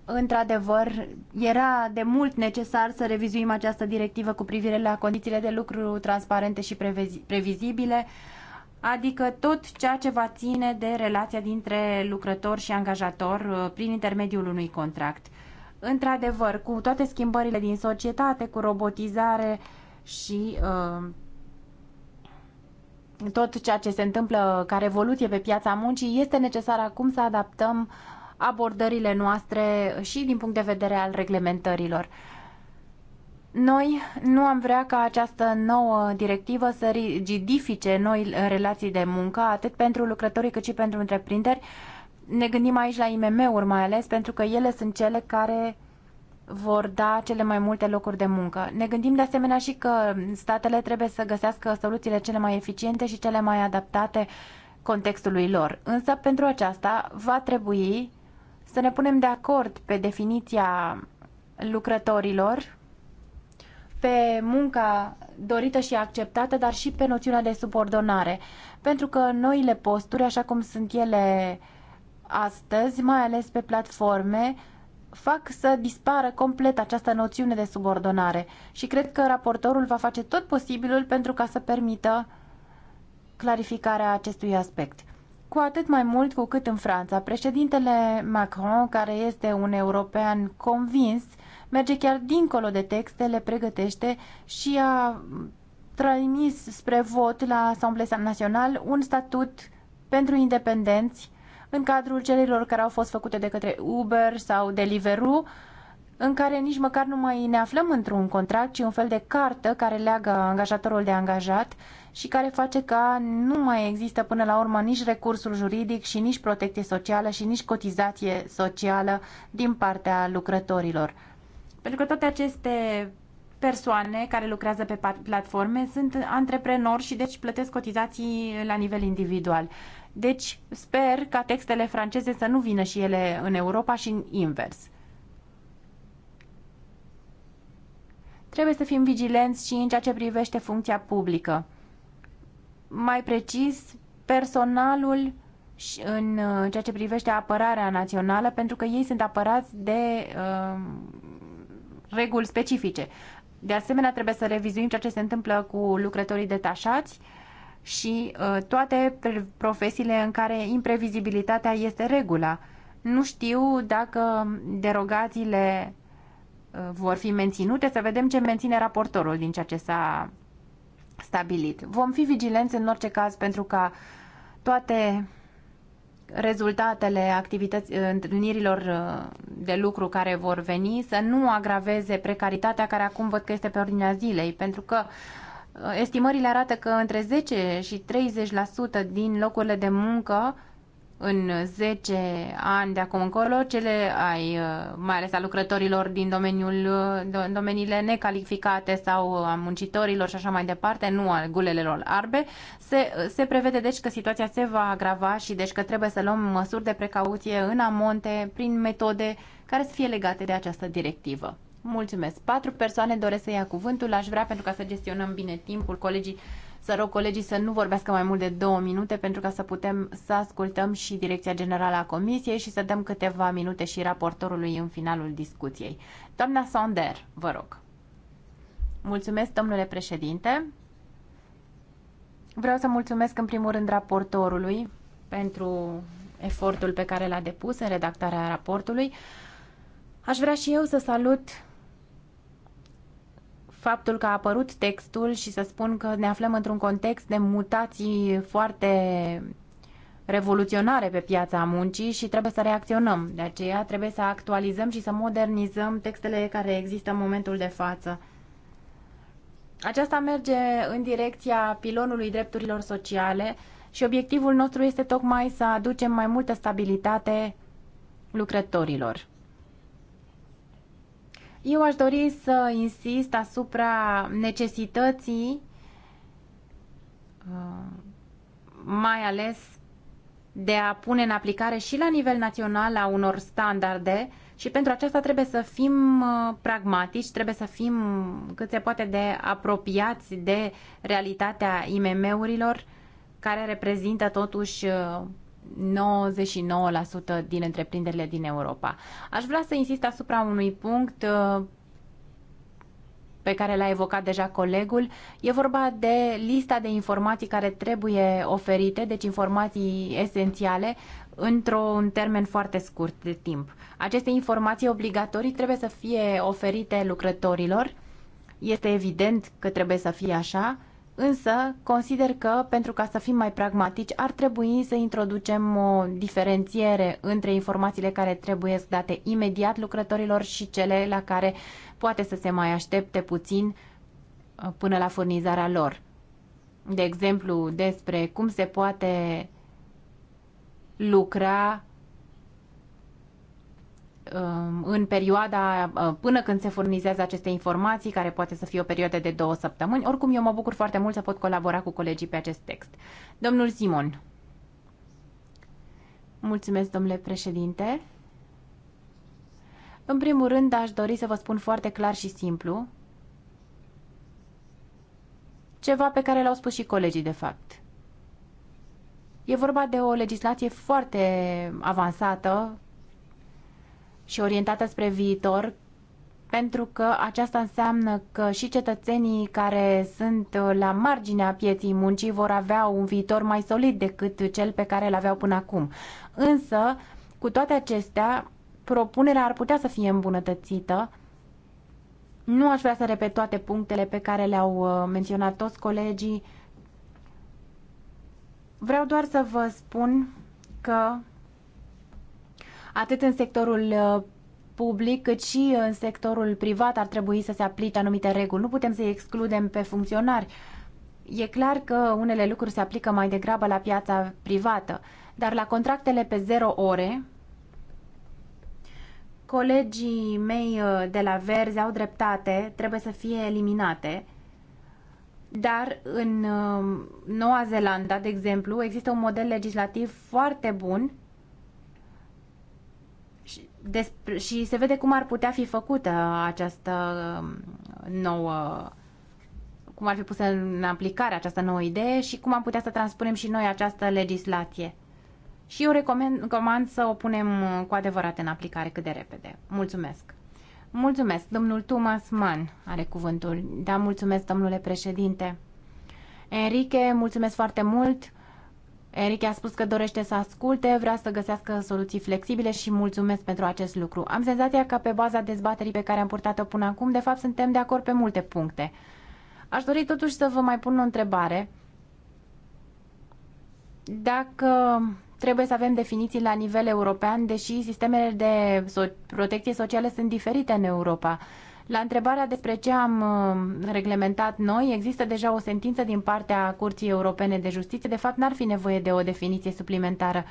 Într-adevăr, era de mult necesar să revizuim această directivă cu privire la condițiile de lucru transparente și previzibile, adică tot ceea ce va ține de relația dintre lucrător și angajator uh, prin intermediul unui contract. Într-adevăr, cu toate schimbările din societate, cu robotizare și uh, tot ceea ce se întâmplă ca revoluție pe piața muncii, este necesar acum să adaptăm abordările noastre și din punct de vedere al reglementărilor. Noi nu am vrea ca această nouă directivă să rigidifice noi relații de muncă, atât pentru lucrătorii cât și pentru întreprinderi. Ne gândim aici la IMM-uri mai ales, pentru că ele sunt cele care vor da cele mai multe locuri de muncă. Ne gândim de asemenea și că statele trebuie să găsească soluțiile cele mai eficiente și cele mai adaptate contextului lor. Însă, pentru aceasta, va trebui să ne punem de acord pe definiția lucrătorilor, pe munca dorită și acceptată, dar și pe noțiunea de subordonare. Pentru că noile posturi, așa cum sunt ele astăzi, mai ales pe platforme, uh, fac să dispară complet această noțiune de subordonare și cred că raportorul va face tot posibilul pentru ca să permită clarificarea acestui aspect. Cu atât mai mult cu cât în Franța, președintele Macron, care este un european convins, merge chiar dincolo de texte, le pregătește și a trimis spre vot la Asamblea Națională un statut pentru independenți în cadrul cererilor care au fost făcute de către Uber sau Deliveroo, în care nici măcar nu mai ne aflăm într-un contract, ci un fel de cartă care leagă angajatorul de angajat și care face ca nu mai există până la urmă nici recursul juridic și nici protecție socială și nici cotizație socială din partea lucrătorilor. Pentru că toate aceste persoane care lucrează pe platforme sunt antreprenori și deci plătesc cotizații la nivel individual. Deci sper ca textele franceze să nu vină și ele în Europa și în invers. Trebuie să fim vigilenți și în ceea ce privește funcția publică. Mai precis, personalul în uh, ceea ce privește apărarea națională, pentru că ei sunt apărați de uh, reguli specifice. De asemenea, trebuie să revizuim ceea ce se întâmplă cu lucrătorii detașați, și uh, toate profesiile în care imprevizibilitatea este regula. Nu știu dacă derogațiile uh, vor fi menținute, să vedem ce menține raportorul din ceea ce s-a stabilit. Vom fi vigilenți în orice caz pentru ca toate rezultatele activități, uh, întâlnirilor de lucru care vor veni să nu agraveze precaritatea care acum văd că este pe ordinea zilei, pentru că Estimările arată că între 10 și 30% din locurile de muncă în 10 ani de acum încolo, cele ai, uh, mai ales a lucrătorilor din domeniul, uh, domeniile necalificate sau a muncitorilor și așa mai departe, nu al gulelelor arbe, se, uh, se prevede deci că situația se va agrava și deci că trebuie să luăm măsuri de precauție în amonte prin metode care să fie legate de această directivă. Mulțumesc. Patru persoane doresc să ia cuvântul. Aș vrea, pentru ca să gestionăm bine timpul, colegii, să rog colegii să nu vorbească mai mult de două minute, pentru ca să putem să ascultăm și Direcția Generală a Comisiei și să dăm câteva minute și raportorului în finalul discuției. Doamna Sonder, vă rog. Mulțumesc, domnule președinte. Vreau să mulțumesc în primul rând raportorului pentru efortul pe care l-a depus în redactarea raportului. Aș vrea și eu să salut faptul că a apărut textul și să spun că ne aflăm într-un context de mutații foarte revoluționare pe piața muncii și trebuie să reacționăm. De aceea trebuie să actualizăm și să modernizăm textele care există în momentul de față. Aceasta merge în direcția pilonului drepturilor sociale și obiectivul nostru este tocmai să aducem mai multă stabilitate lucrătorilor. Eu aș dori să insist asupra necesității, uh, mai ales de a pune în aplicare și la nivel național a unor standarde și pentru aceasta trebuie să fim uh, pragmatici, trebuie să fim cât se poate de apropiați de realitatea IMM-urilor, care reprezintă totuși uh, 99% din întreprinderile din Europa. Aș vrea să insist asupra unui punct uh, pe care l-a evocat deja colegul. E vorba de lista de informații care trebuie oferite, deci informații esențiale, într-un termen foarte scurt de timp. Aceste informații obligatorii trebuie să fie oferite lucrătorilor. Este evident că trebuie să fie așa Însă, consider că, pentru ca să fim mai pragmatici, ar trebui să introducem o diferențiere între informațiile care trebuie date imediat lucrătorilor și cele la care poate să se mai aștepte puțin uh, până la furnizarea lor. De exemplu, despre cum se poate lucra Um, în perioada uh, până când se furnizează aceste informații, care poate să fie o perioadă de două săptămâni. Oricum, eu mă bucur foarte mult să pot colabora cu colegii pe acest text. Domnul Simon. Mulțumesc, domnule președinte. În primul rând, aș dori să vă spun foarte clar și simplu ceva pe care l-au spus și colegii, de fapt. E vorba de o legislație foarte avansată, și orientată spre viitor, pentru că aceasta înseamnă că și cetățenii care sunt la marginea pieții muncii vor avea un viitor mai solid decât cel pe care îl aveau până acum. Însă, cu toate acestea, propunerea ar putea să fie îmbunătățită. Nu aș vrea să repet toate punctele pe care le-au uh, menționat toți colegii. Vreau doar să vă spun că atât în sectorul uh, public cât și în sectorul privat ar trebui să se aplice anumite reguli. Nu putem să-i excludem pe funcționari. E clar că unele lucruri se aplică mai degrabă la piața privată, dar la contractele pe zero ore, colegii mei uh, de la Verzi au dreptate, trebuie să fie eliminate. Dar în uh, Noua Zeelandă, de exemplu, există un model legislativ foarte bun despre, și se vede cum ar putea fi făcută această um, nouă cum ar fi pusă în aplicare această nouă idee și cum am putea să transpunem și noi această legislație. Și eu recomand, recomand să o punem cu adevărat în aplicare cât de repede. Mulțumesc! Mulțumesc! Domnul Thomas Mann are cuvântul. Da, mulțumesc, domnule președinte. Enrique, mulțumesc foarte mult! Eric a spus că dorește să asculte, vrea să găsească soluții flexibile și mulțumesc pentru acest lucru. Am senzația că pe baza dezbaterii pe care am purtat-o până acum, de fapt suntem de acord pe multe puncte. Aș dori totuși să vă mai pun o întrebare. Dacă trebuie să avem definiții la nivel european, deși sistemele de protecție socială sunt diferite în Europa, la întrebarea despre ce am uh, reglementat noi, există deja o sentință din partea Curții Europene de Justiție. De fapt, n-ar fi nevoie de o definiție suplimentară.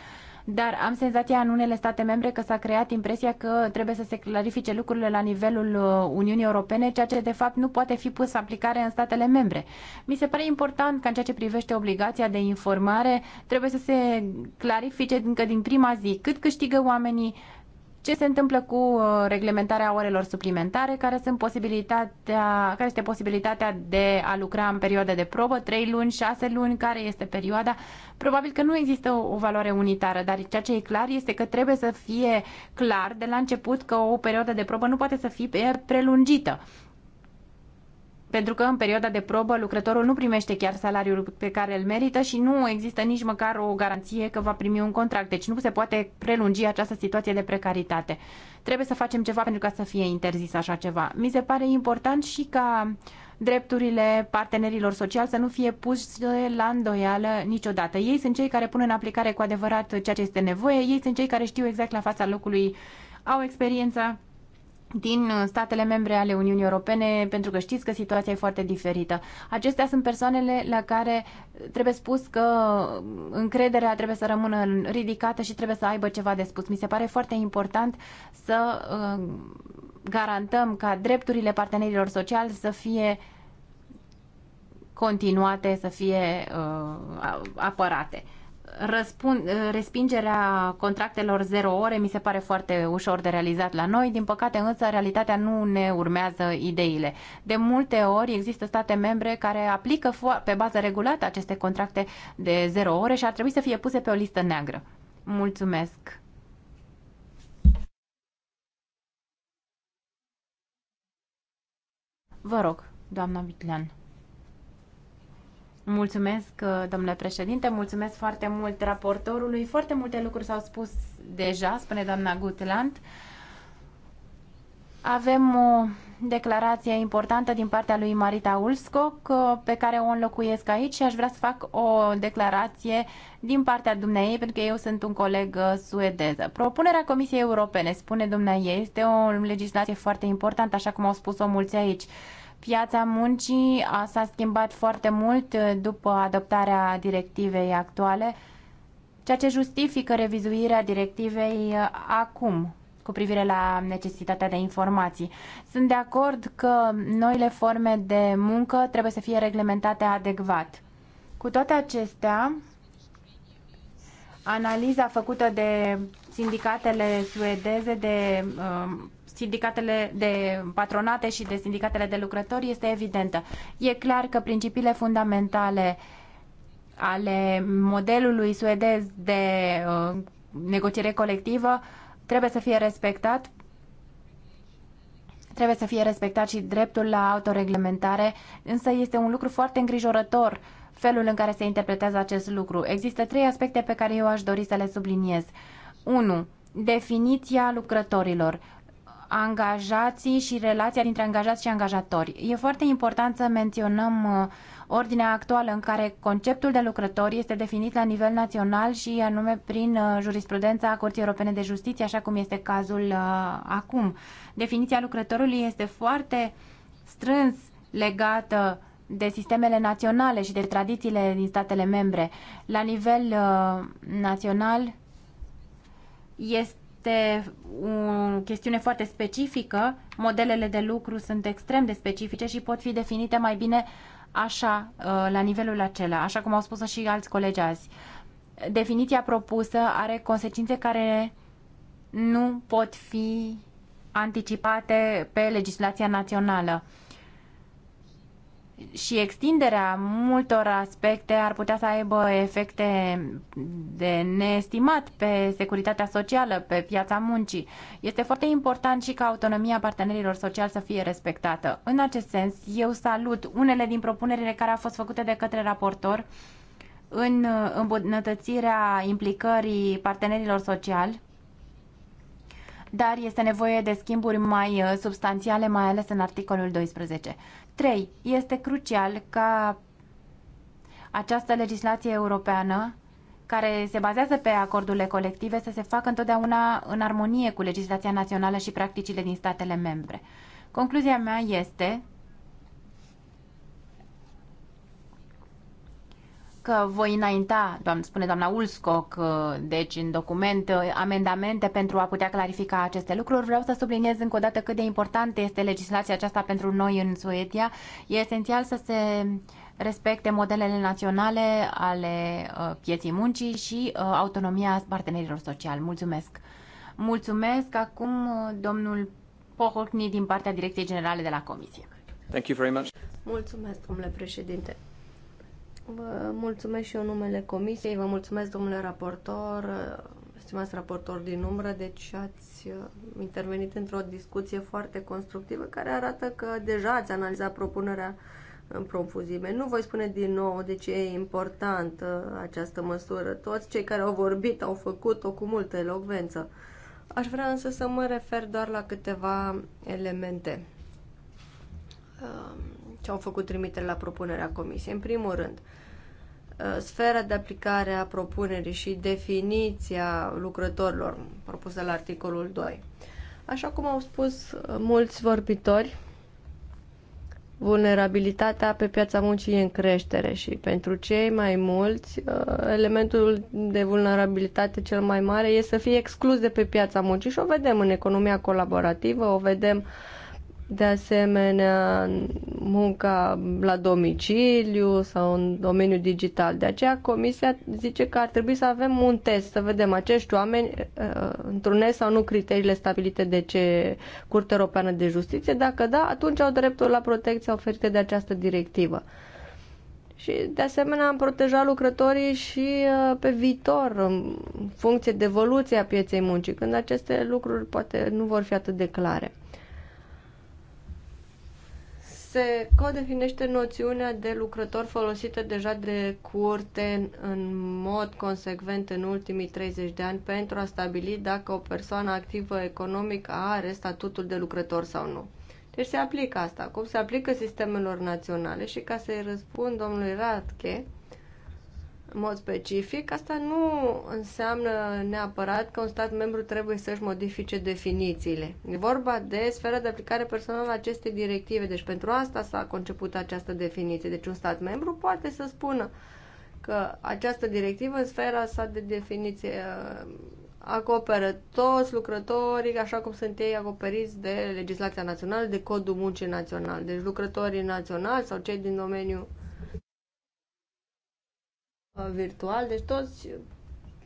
Dar am senzația în unele state membre că s-a creat impresia că trebuie să se clarifice lucrurile la nivelul uh, Uniunii Europene, ceea ce de fapt nu poate fi pus aplicare în statele membre. Mi se pare important că în ceea ce privește obligația de informare trebuie să se clarifice încă din prima zi cât câștigă oamenii, ce se întâmplă cu uh, reglementarea orelor suplimentare, care, sunt posibilitatea, care este posibilitatea de a lucra în perioade de probă, 3 luni, 6 luni, care este perioada? Probabil că nu există o, o valoare unitară, dar ceea ce e clar este că trebuie să fie clar de la început că o perioadă de probă nu poate să fie prelungită pentru că în perioada de probă lucrătorul nu primește chiar salariul pe care îl merită și nu există nici măcar o garanție că va primi un contract. Deci nu se poate prelungi această situație de precaritate. Trebuie să facem ceva pentru ca să fie interzis așa ceva. Mi se pare important și ca drepturile partenerilor sociali să nu fie puse la îndoială niciodată. Ei sunt cei care pun în aplicare cu adevărat ceea ce este nevoie, ei sunt cei care știu exact la fața locului, au experiența din statele membre ale Uniunii Europene, pentru că știți că situația e foarte diferită. Acestea sunt persoanele la care trebuie spus că încrederea trebuie să rămână ridicată și trebuie să aibă ceva de spus. Mi se pare foarte important să uh, garantăm ca drepturile partenerilor sociali să fie continuate, să fie uh, apărate respingerea contractelor zero ore mi se pare foarte ușor de realizat la noi, din păcate însă realitatea nu ne urmează ideile. De multe ori există state membre care aplică pe bază regulată aceste contracte de zero ore și ar trebui să fie puse pe o listă neagră. Mulțumesc! Vă rog, doamna Viclean. Mulțumesc, uh, domnule președinte, mulțumesc foarte mult raportorului. Foarte multe lucruri s-au spus deja, spune doamna Gutland. Avem o declarație importantă din partea lui Marita Ulskog, uh, pe care o înlocuiesc aici și aș vrea să fac o declarație din partea dumneei pentru că eu sunt un coleg uh, suedez. Propunerea Comisiei Europene, spune dumneai, este o legislație foarte importantă, așa cum au spus-o mulți aici. Piața muncii s-a schimbat foarte mult după adoptarea directivei actuale, ceea ce justifică revizuirea directivei acum cu privire la necesitatea de informații. Sunt de acord că noile forme de muncă trebuie să fie reglementate adecvat. Cu toate acestea, analiza făcută de sindicatele suedeze de uh, sindicatele de patronate și de sindicatele de lucrători este evidentă. E clar că principiile fundamentale ale modelului suedez de uh, negociere colectivă trebuie să fie respectat. Trebuie să fie respectat și dreptul la autoreglementare, însă este un lucru foarte îngrijorător felul în care se interpretează acest lucru. Există trei aspecte pe care eu aș dori să le subliniez. 1. Definiția lucrătorilor angajații și relația dintre angajați și angajatori. E foarte important să menționăm uh, ordinea actuală în care conceptul de lucrător este definit la nivel național și anume prin uh, jurisprudența Curții Europene de Justiție, așa cum este cazul uh, acum. Definiția lucrătorului este foarte strâns legată de sistemele naționale și de tradițiile din statele membre. La nivel național este este o chestiune foarte specifică, modelele de lucru sunt extrem de specifice și pot fi definite mai bine așa, uh, la nivelul acela, așa cum au spus și alți colegi azi. Definiția propusă are consecințe care nu pot fi anticipate pe legislația națională și extinderea multor aspecte ar putea să aibă efecte de neestimat pe securitatea socială, pe piața muncii. Este foarte important și ca autonomia partenerilor sociali să fie respectată. În acest sens, eu salut unele din propunerile care au fost făcute de către raportor în îmbunătățirea implicării partenerilor sociali dar este nevoie de schimburi mai uh, substanțiale, mai ales în articolul 12. 3. Este crucial ca această legislație europeană care se bazează pe acordurile colective să se facă întotdeauna în armonie cu legislația națională și practicile din statele membre. Concluzia mea este că voi înainta, doamne, spune doamna Ulscoc, uh, deci în document, uh, amendamente pentru a putea clarifica aceste lucruri. Vreau să subliniez încă o dată cât de importantă este legislația aceasta pentru noi în Suedia. E esențial să se respecte modelele naționale ale uh, pieții muncii și autonomia partenerilor sociali. Mulțumesc! Mulțumesc acum domnul Pohocni din partea Direcției Generale de la Comisie. Thank you very much. Mulțumesc, domnule președinte. Vă mulțumesc și eu numele comisiei, vă mulțumesc domnule raportor, stimați raportor din umbră, deci ați uh, intervenit într-o discuție foarte constructivă care arată că deja ați analizat propunerea în profuzime. Nu voi spune din nou de ce e importantă această măsură. Toți cei care au vorbit au făcut-o cu multă elogvență. Aș vrea însă să mă refer doar la câteva elemente. Um ce au făcut trimitere la propunerea comisiei. În primul rând, ă, sfera de aplicare a propunerii și definiția lucrătorilor propusă la articolul 2. Așa cum au spus ă, mulți vorbitori, vulnerabilitatea pe piața muncii e în creștere și pentru cei mai mulți, ă, elementul de vulnerabilitate cel mai mare e să fie exclus de pe piața muncii și o vedem în economia colaborativă, o vedem uh, de asemenea munca la domiciliu sau în domeniul digital. De aceea comisia zice că ar trebui să avem un test, să vedem acești oameni uh, întrunesc sau nu criteriile stabilite de ce Curtea Europeană de Justiție. Dacă da, atunci au dreptul la protecția oferită de această directivă. Și, de asemenea, am proteja lucrătorii și uh, pe viitor, în funcție de evoluția pieței muncii, când aceste lucruri poate nu vor fi atât de clare se codefinește noțiunea de lucrător folosită deja de curte în mod consecvent în ultimii 30 de ani pentru a stabili dacă o persoană activă economică are statutul de lucrător sau nu. Deci se aplică asta, cum se aplică sistemelor naționale și ca să-i răspund domnului Ratke, în mod specific, asta nu înseamnă neapărat că un stat membru trebuie să-și modifice definițiile. E vorba de sfera de aplicare personală a acestei directive, deci pentru asta s-a conceput această definiție. Deci un stat membru poate să spună că această directivă în sfera sa de definiție uh, acoperă toți lucrătorii așa cum sunt ei acoperiți de legislația națională, de codul muncii național. Deci lucrătorii naționali sau cei din domeniul Uh, virtual, deci toți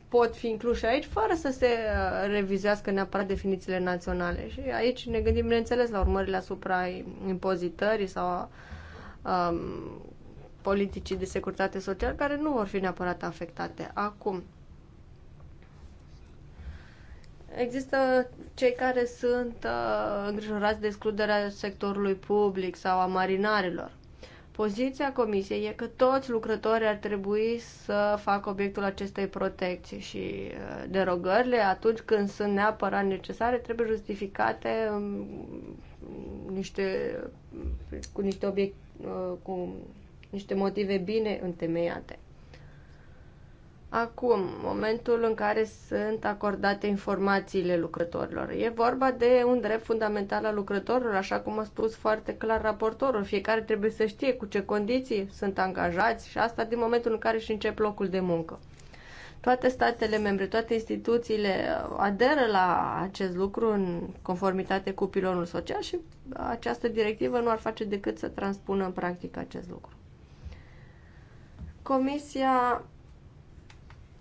pot fi incluși aici fără să se uh, revizească neapărat definițiile naționale. Și aici ne gândim, bineînțeles, la urmările asupra impozitării sau a, um, politicii de securitate socială, care nu vor fi neapărat afectate. Acum, Există cei care sunt uh, îngrijorați de excluderea sectorului public sau a marinarilor. Poziția comisiei e că toți lucrătorii ar trebui să facă obiectul acestei protecții și uh, derogările, atunci când sunt neapărat necesare, trebuie justificate um, niște, cu, niște obiect, uh, cu niște motive bine întemeiate acum, momentul în care sunt acordate informațiile lucrătorilor. E vorba de un drept fundamental al lucrătorilor, așa cum a spus foarte clar raportorul. Fiecare trebuie să știe cu ce condiții sunt angajați și asta din momentul în care își încep locul de muncă. Toate statele membre, toate instituțiile aderă la acest lucru în conformitate cu pilonul social și această directivă nu ar face decât să transpună în practică acest lucru. Comisia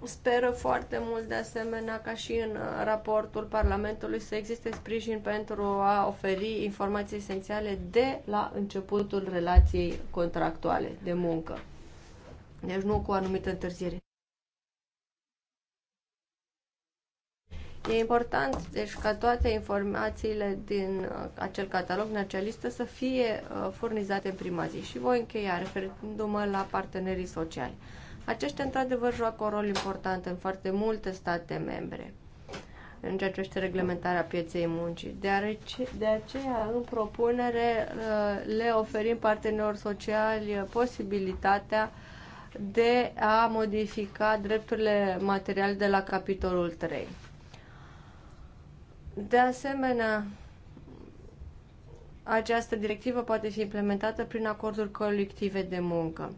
speră foarte mult de asemenea ca și în uh, raportul Parlamentului să existe sprijin pentru a oferi informații esențiale de la începutul relației contractuale de muncă. Deci nu cu anumită întârziere. E important, deci, ca toate informațiile din uh, acel catalog, din acea listă, să fie uh, furnizate în prima zi. Și voi încheia referindu-mă la partenerii sociali. Aceștia, într-adevăr, joacă un rol important în foarte multe state membre în ceea ce este reglementarea pieței muncii. Deoarece, de aceea, în propunere, uh, le oferim partenerilor sociali uh, posibilitatea de a modifica drepturile materiale de la capitolul 3. De asemenea, această directivă poate fi implementată prin acorduri colective de muncă.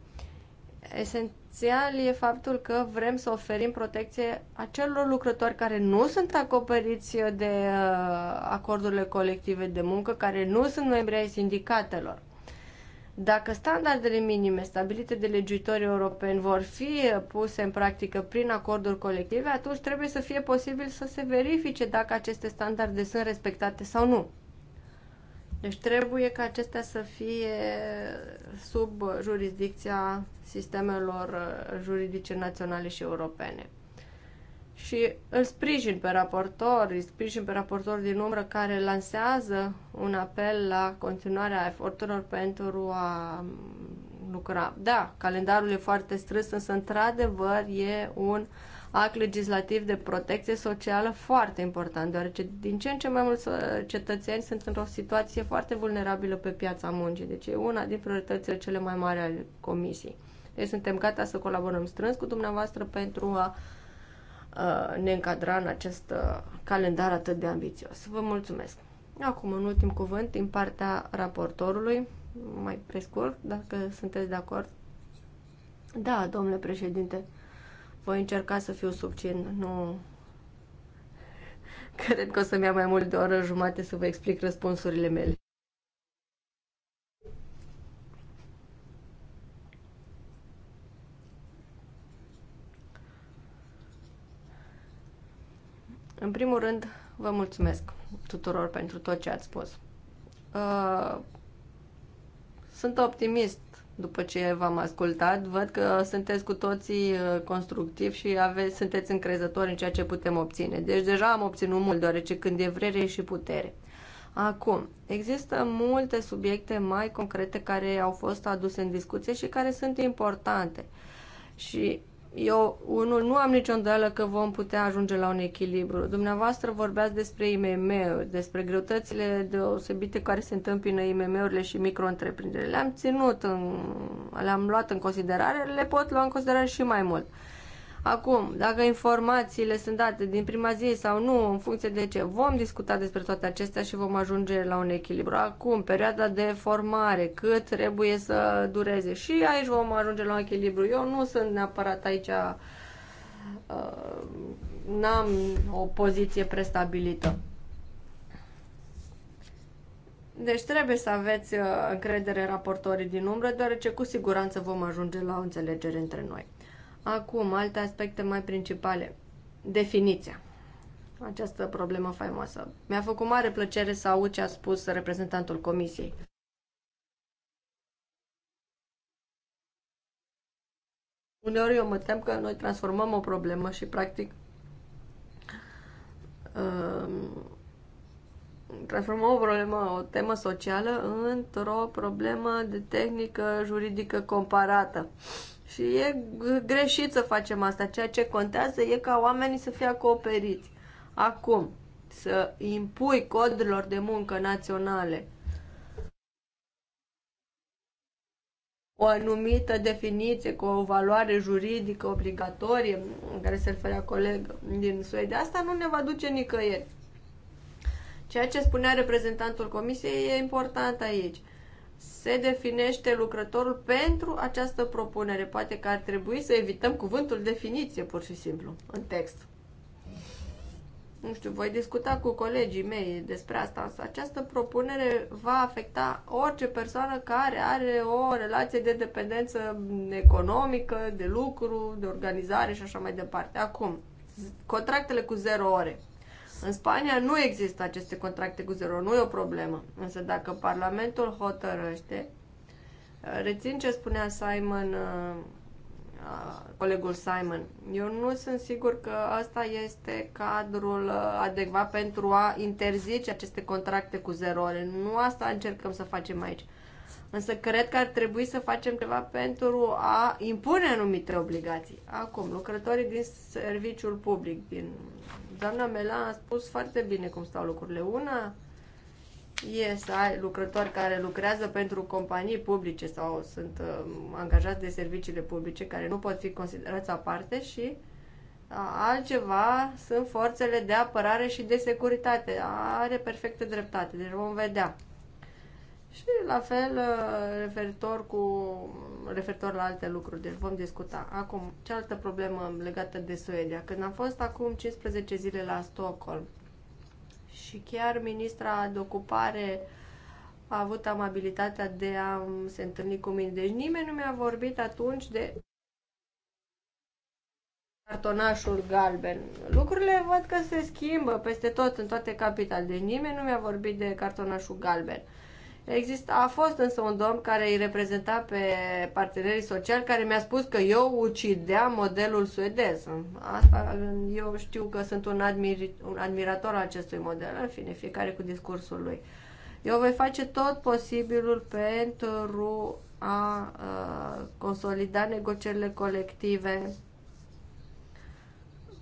Esent esențial e faptul că vrem să oferim protecție acelor lucrători care nu sunt acoperiți de uh, acordurile colective de muncă, care nu sunt membri ai sindicatelor. Dacă standardele minime stabilite de legiuitorii europeni vor fi puse în practică prin acorduri colective, atunci trebuie să fie posibil să se verifice dacă aceste standarde sunt respectate sau nu. Deci trebuie ca acestea să fie sub jurisdicția sistemelor uh, juridice naționale și europene. Și îl sprijin pe raportor, îl sprijin pe raportor din umbră care lansează un apel la continuarea eforturilor pentru a um, lucra. Da, calendarul e foarte strâns, însă într-adevăr e un uh, act legislativ de protecție socială foarte important, deoarece din ce în ce mai mulți uh, cetățeni sunt într-o situație foarte vulnerabilă pe piața muncii. Deci e una din prioritățile cele mai mari ale Comisiei. Deci suntem gata să colaborăm strâns cu dumneavoastră pentru a uh, ne încadra în acest uh, calendar atât de ambițios. Vă mulțumesc! Acum, un ultim cuvânt din partea raportorului, mai prescurt, dacă sunteți de acord. Da, domnule președinte, voi încerca să fiu subțin, nu... Cred că o să-mi ia mai mult de o oră jumate să vă explic răspunsurile mele. În primul rând, vă mulțumesc tuturor pentru tot ce ați spus. Uh, sunt optimist după ce v-am ascultat. Văd că sunteți cu toții uh, constructivi și aveți, sunteți încrezători în ceea ce putem obține. Deci deja am obținut mult, deoarece când e vrere și putere. Acum, există multe subiecte mai concrete care au fost aduse în discuție și care sunt importante. Și eu, nu, nu am nicio îndoială că vom putea ajunge la un echilibru. Dumneavoastră vorbeați despre imm despre greutățile deosebite care se întâmpină IMM-urile și micro-întreprinderile. Le-am ținut, în, le-am luat în considerare, le pot lua în considerare și mai mult. Acum, dacă informațiile sunt date din prima zi sau nu, în funcție de ce, vom discuta despre toate acestea și vom ajunge la un echilibru. Acum, perioada de formare, cât trebuie să dureze și aici vom ajunge la un echilibru. Eu nu sunt neapărat aici, uh, n-am o poziție prestabilită. Deci trebuie să aveți uh, încredere în raportorii din umbră, deoarece cu siguranță vom ajunge la o înțelegere între noi. Acum, alte aspecte mai principale. Definiția. Această problemă faimoasă. Mi-a făcut mare plăcere să aud ce a spus reprezentantul comisiei. Uneori eu mă tem că noi transformăm o problemă și practic um, transformăm o problemă, o temă socială într-o problemă de tehnică juridică comparată. Uh, și e greșit să facem asta. Ceea ce contează e ca oamenii să fie acoperiți. Acum, să impui codurilor de muncă naționale o anumită definiție cu o valoare juridică obligatorie, în care se referea coleg din Suedia, asta nu ne va duce nicăieri. Ceea ce spunea reprezentantul comisiei e important aici se definește lucrătorul pentru această propunere. Poate că ar trebui să evităm cuvântul definiție, pur și simplu, în text. Nu știu, voi discuta cu colegii mei despre asta, însă această propunere va afecta orice persoană care are o relație de dependență economică, de lucru, de organizare și așa mai departe. Acum, contractele cu zero ore. În Spania nu există aceste contracte cu zero, nu e o problemă. Însă dacă Parlamentul hotărăște, uh, rețin ce spunea Simon, uh, colegul Simon, eu nu sunt sigur că asta este cadrul uh, adecvat pentru a interzice aceste contracte cu zero Nu asta încercăm să facem aici. Însă cred că ar trebui să facem ceva pentru a impune anumite obligații. Acum, lucrătorii din serviciul public, din Doamna Mela a spus foarte bine cum stau lucrurile. Una e să ai lucrători care lucrează pentru companii publice sau sunt uh, angajați de serviciile publice care nu pot fi considerați aparte și uh, altceva sunt forțele de apărare și de securitate. Are perfectă dreptate, deci vom vedea. Și la fel, uh, referitor cu referitor la alte lucruri, deci vom discuta. Acum, cealaltă problemă legată de Suedia. Când am fost acum 15 zile la Stockholm și chiar ministra de ocupare a avut amabilitatea de a se întâlni cu mine. Deci nimeni nu mi-a vorbit atunci de cartonașul galben. Lucrurile văd că se schimbă peste tot, în toate capitale. Deci nimeni nu mi-a vorbit de cartonașul galben. Există. a fost însă un domn care îi reprezenta pe partenerii sociali care mi-a spus că eu ucideam modelul suedez. Asta, eu știu că sunt un, admir, un admirator al acestui model, în fine, fiecare cu discursul lui. Eu voi face tot posibilul pentru a, a uh, consolida negocierile colective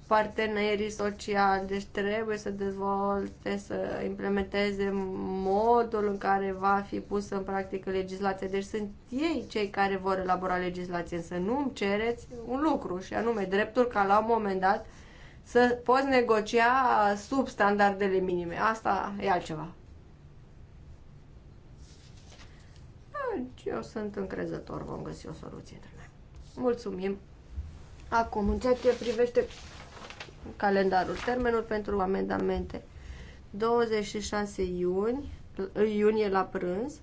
partenerii sociali, deci trebuie să dezvolte, să implementeze modul în care va fi pusă în practică legislația. Deci sunt ei cei care vor elabora legislație, însă nu îmi cereți un lucru și anume dreptul ca la un moment dat să poți negocia sub standardele minime. Asta e altceva. Deci eu sunt încrezător, vom găsi o soluție între noi. Mulțumim! Acum, în ceea ce privește calendarul, termenul pentru amendamente 26 iuni, iunie la prânz,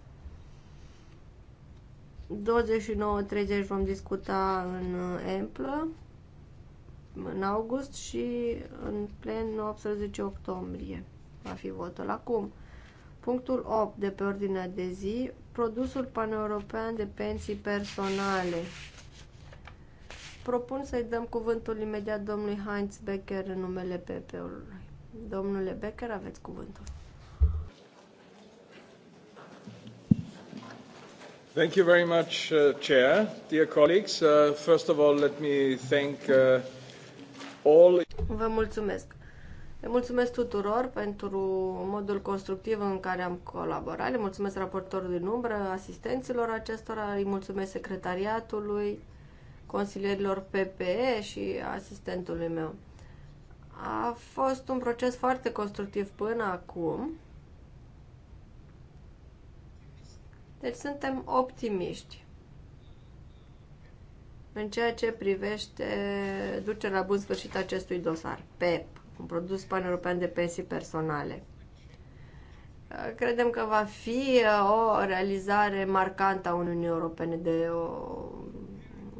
29-30 vom discuta în Emplă, uh, în august și în plen 18 octombrie va fi votul. Acum, punctul 8 de pe ordinea de zi, produsul paneuropean de pensii personale propun să-i dăm cuvântul imediat domnului Heinz Becker în numele PP-ului. Domnule Becker, aveți cuvântul. Thank you very much, uh, Chair. Dear colleagues, uh, first of all, let me thank uh, all... Vă mulțumesc. Le mulțumesc tuturor pentru modul constructiv în care am colaborat. Le mulțumesc raportorului din umbră, asistenților acestora, îi mulțumesc secretariatului, consilierilor PPE și asistentului meu. A fost un proces foarte constructiv până acum. Deci suntem optimiști în ceea ce privește ducerea la bun sfârșit acestui dosar, PEP, un produs pan-european de pensii personale. Credem că va fi uh, o realizare marcantă a Uniunii Europene de o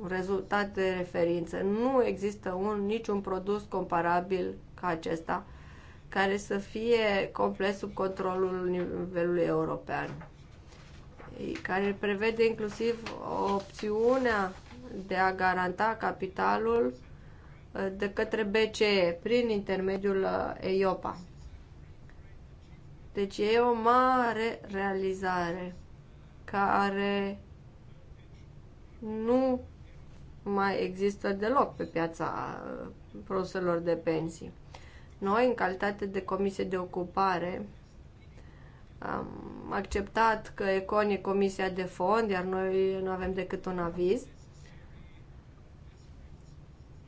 rezultat de referință. Nu există un, niciun produs comparabil ca acesta care să fie complet sub controlul nivelului european, care prevede inclusiv opțiunea de a garanta capitalul uh, de către BCE prin intermediul uh, EIOPA. Deci e o mare realizare care nu mai există deloc pe piața uh, produselor de pensii. Noi, în calitate de comisie de ocupare, am acceptat că Econ e comisia de fond, iar noi nu avem decât un aviz.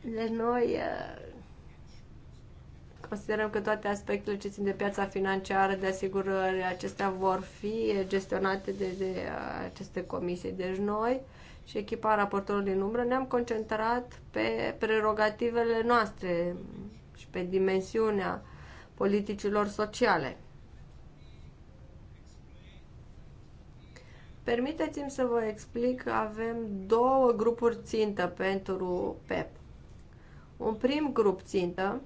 De noi uh, considerăm că toate aspectele ce țin de piața financiară, de asigurări, acestea vor fi gestionate de, de uh, aceste comisii. Deci noi și echipa raportorului din umbră, ne-am concentrat pe prerogativele noastre și pe dimensiunea politicilor sociale. Permiteți-mi să vă explic că avem două grupuri țintă pentru PEP. Un prim grup țintă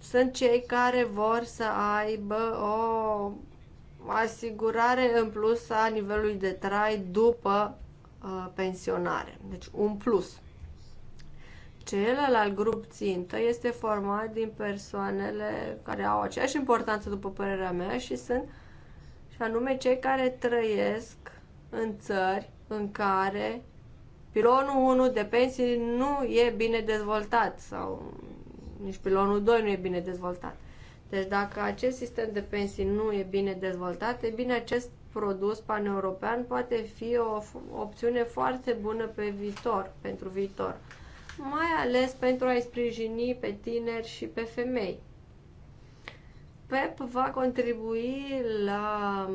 sunt cei care vor să aibă o asigurare în plus a nivelului de trai după Uh, pensionare, deci un plus. Celălalt grup țintă este format din persoanele care au aceeași importanță, după părerea mea, și sunt, și anume, cei care trăiesc în țări în care pilonul 1 de pensii nu e bine dezvoltat sau nici pilonul 2 nu e bine dezvoltat. Deci dacă acest sistem de pensii nu e bine dezvoltat, e bine acest produs paneuropean poate fi o opțiune foarte bună pe viitor, pentru viitor, mai ales pentru a-i sprijini pe tineri și pe femei. PEP va contribui la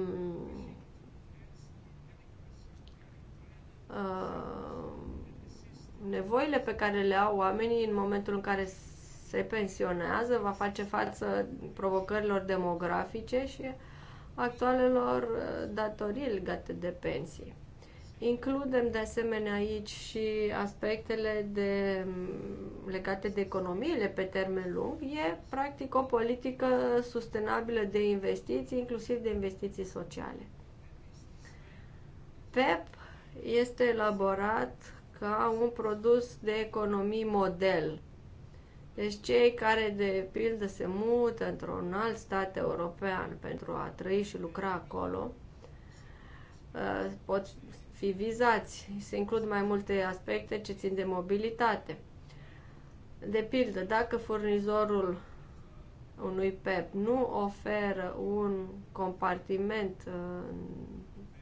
uh, nevoile pe care le au oamenii în momentul în care se pensionează, va face față provocărilor demografice și uh, actualelor uh, datorii legate de pensii. Includem de asemenea aici și aspectele de, mm, legate de economiile pe termen lung. E practic o politică sustenabilă de investiții, inclusiv de investiții sociale. PEP este elaborat ca un produs de economii model deci cei care, de pildă, se mută într-un alt stat european pentru a trăi și lucra acolo, uh, pot fi vizați. Se includ mai multe aspecte ce țin de mobilitate. De pildă, dacă furnizorul unui PEP nu oferă un compartiment uh,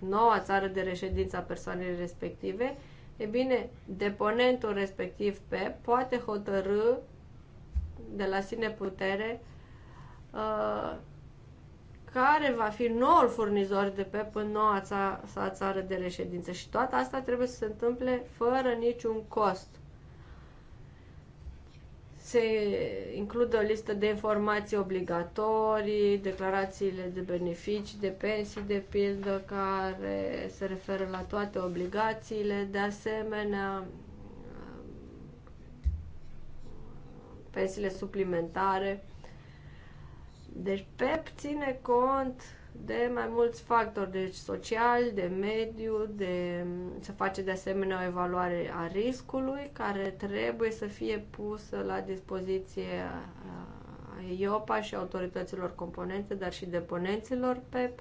în noua țară de reședință a persoanei respective, e bine, deponentul respectiv PEP poate hotărâ de la sine putere, uh, care va fi noul furnizor de pe până noua ța, sa țară de reședință. Și toată asta trebuie să se întâmple fără niciun cost. Se include o listă de informații obligatorii, declarațiile de beneficii, de pensii, de pildă, care se referă la toate obligațiile. De asemenea, pensiile suplimentare. Deci PEP ține cont de mai mulți factori, deci social, de mediu, de, se face de asemenea o evaluare a riscului care trebuie să fie pusă la dispoziție IOPA și autorităților componente, dar și deponenților PEP.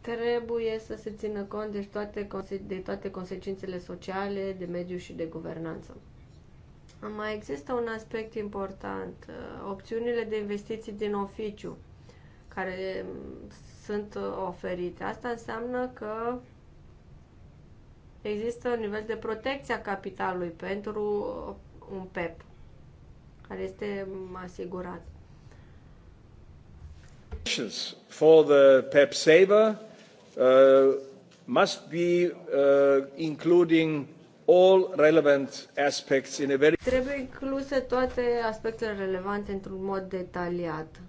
Trebuie să se țină cont de toate, de toate consecințele sociale, de mediu și de guvernanță. Mai există un aspect important, uh, opțiunile de investiții din oficiu care mm, sunt uh, oferite. Asta înseamnă că există un nivel de protecție a capitalului pentru uh, un PEP care este mm, asigurat. For the PEP saver uh, must be uh, including all relevant aspects in a very... Trebuie incluse toate aspectele relevante într-un mod detaliat.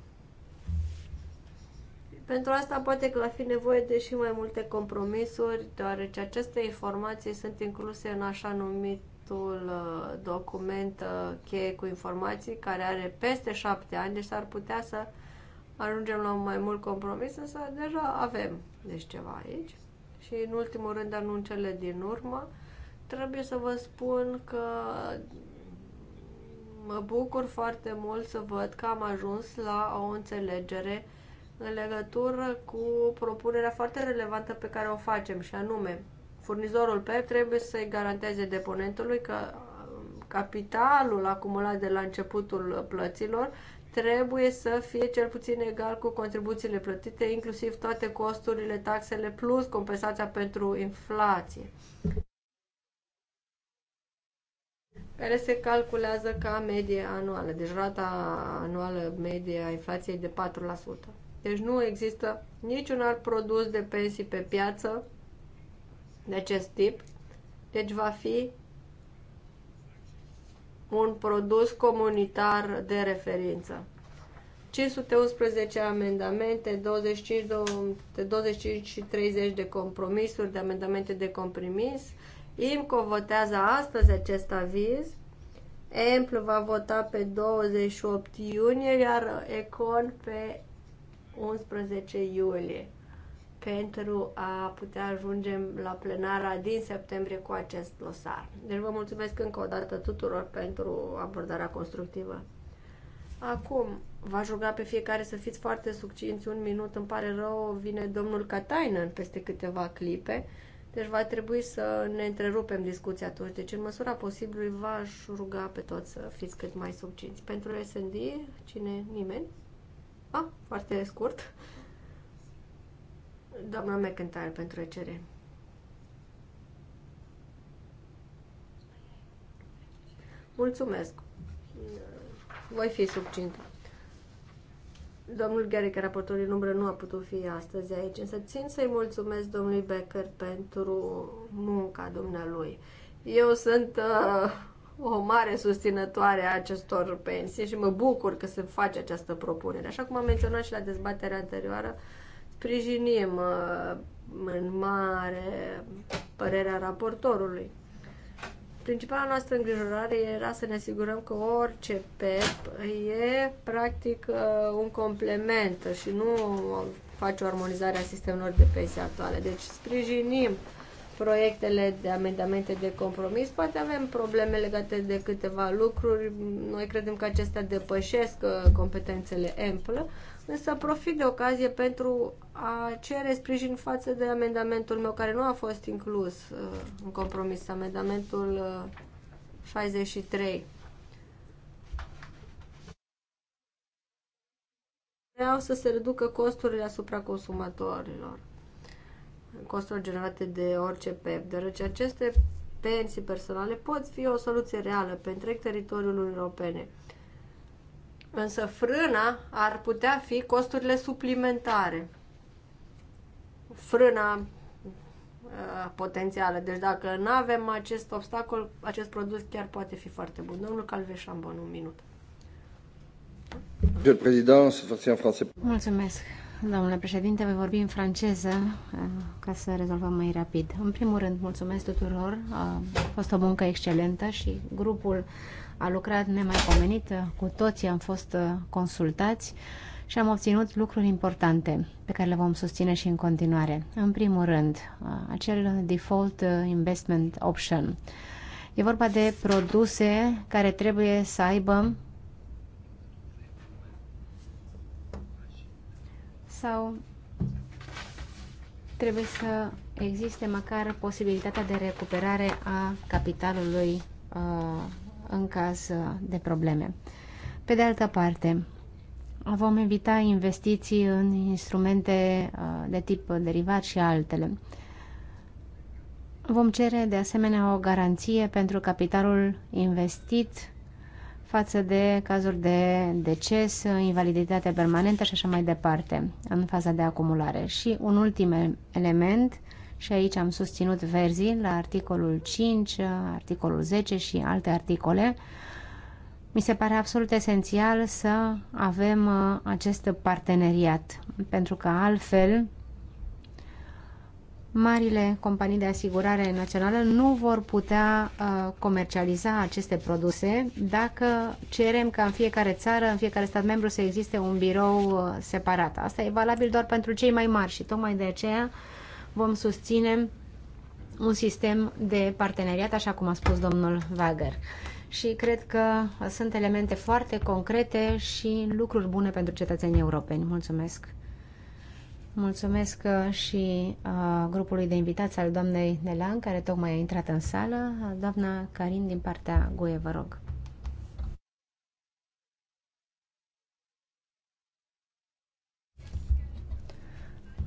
Pentru asta poate că va fi nevoie de și mai multe compromisuri, deoarece aceste informații sunt incluse în așa numitul uh, document uh, cheie cu informații care are peste șapte ani, deci ar putea să ajungem la un mai mult compromis, însă deja avem deci ceva aici. Și în ultimul rând, anunțele din urmă, Trebuie să vă spun că mă bucur foarte mult să văd că am ajuns la o înțelegere în legătură cu propunerea foarte relevantă pe care o facem și anume furnizorul PEP trebuie să-i garanteze deponentului că um, capitalul acumulat de la începutul plăților trebuie să fie cel puțin egal cu contribuțiile plătite, inclusiv toate costurile, taxele plus compensația pentru inflație care se calculează ca medie anuală, deci rata anuală medie a inflației de 4%. Deci nu există niciun alt produs de pensii pe piață de acest tip, deci va fi un produs comunitar de referință. 511 amendamente, 25, 25 și 30 de compromisuri, de amendamente de compromis, IMCO votează astăzi acest aviz. Emplu va vota pe 28 iunie, iar Econ pe 11 iulie pentru a putea ajunge la plenara din septembrie cu acest dosar. Deci vă mulțumesc încă o dată tuturor pentru abordarea constructivă. Acum, v-aș ruga pe fiecare să fiți foarte succinți, un minut, îmi pare rău, vine domnul Katainen peste câteva clipe. Deci va trebui să ne întrerupem discuția atunci. Deci, în măsura posibilului, v-aș ruga pe toți să fiți cât mai subcinți. Pentru SND cine? Nimeni? Ah, foarte scurt. Doamna McIntyre pentru ECR. Mulțumesc. Voi fi subcintă. Domnul Gheric, raportorul în umbră, nu a putut fi astăzi aici, însă țin să-i mulțumesc domnului Becker pentru munca dumnealui. Eu sunt uh, o mare susținătoare a acestor pensii și mă bucur că se face această propunere. Așa cum am menționat și la dezbaterea anterioară, sprijinim uh, în mare părerea raportorului. Principala noastră îngrijorare era să ne asigurăm că orice PEP e practic uh, un complement și nu face o armonizare a sistemelor de pensii actuale. Deci sprijinim proiectele de amendamente de compromis. Poate avem probleme legate de câteva lucruri. Noi credem că acestea depășesc uh, competențele ample, însă profit de ocazie pentru a cere sprijin față de amendamentul meu care nu a fost inclus uh, în compromis, amendamentul 63. Uh, Vreau să se reducă costurile asupra consumatorilor, costurile generate de orice PEP, deoarece aceste pensii personale pot fi o soluție reală pe întreg teritoriul Uniunii Europene Însă frâna ar putea fi costurile suplimentare. Frâna uh, potențială. Deci dacă nu avem acest obstacol, acest produs chiar poate fi foarte bun. Domnul Calveșambon, un minut. Mulțumesc, domnule președinte. Voi vorbi în franceză uh, ca să rezolvăm mai rapid. În primul rând, mulțumesc tuturor. A fost o muncă excelentă și grupul a lucrat nemaipomenit, cu toții am fost uh, consultați și am obținut lucruri importante pe care le vom susține și în continuare. În primul rând, uh, acel default uh, investment option. E vorba de produse care trebuie să aibă sau trebuie să existe măcar posibilitatea de recuperare a capitalului în caz uh, de probleme. Pe de altă parte, vom evita investiții în instrumente uh, de tip derivat și altele. Vom cere de asemenea o garanție pentru capitalul investit față de cazuri de deces, invaliditate permanentă și așa mai departe în faza de acumulare. Și un ultim element și aici am susținut verzii la articolul 5, articolul 10 și alte articole. Mi se pare absolut esențial să avem uh, acest parteneriat, pentru că altfel marile companii de asigurare națională nu vor putea uh, comercializa aceste produse dacă cerem ca în fiecare țară, în fiecare stat membru să existe un birou uh, separat. Asta e valabil doar pentru cei mai mari și tocmai de aceea vom susține un sistem de parteneriat, așa cum a spus domnul Wager. Și cred că sunt elemente foarte concrete și lucruri bune pentru cetățenii europeni. Mulțumesc! Mulțumesc uh, și uh, grupului de invitați al doamnei Nelan, care tocmai a intrat în sală, doamna Karin din partea GUE, vă rog.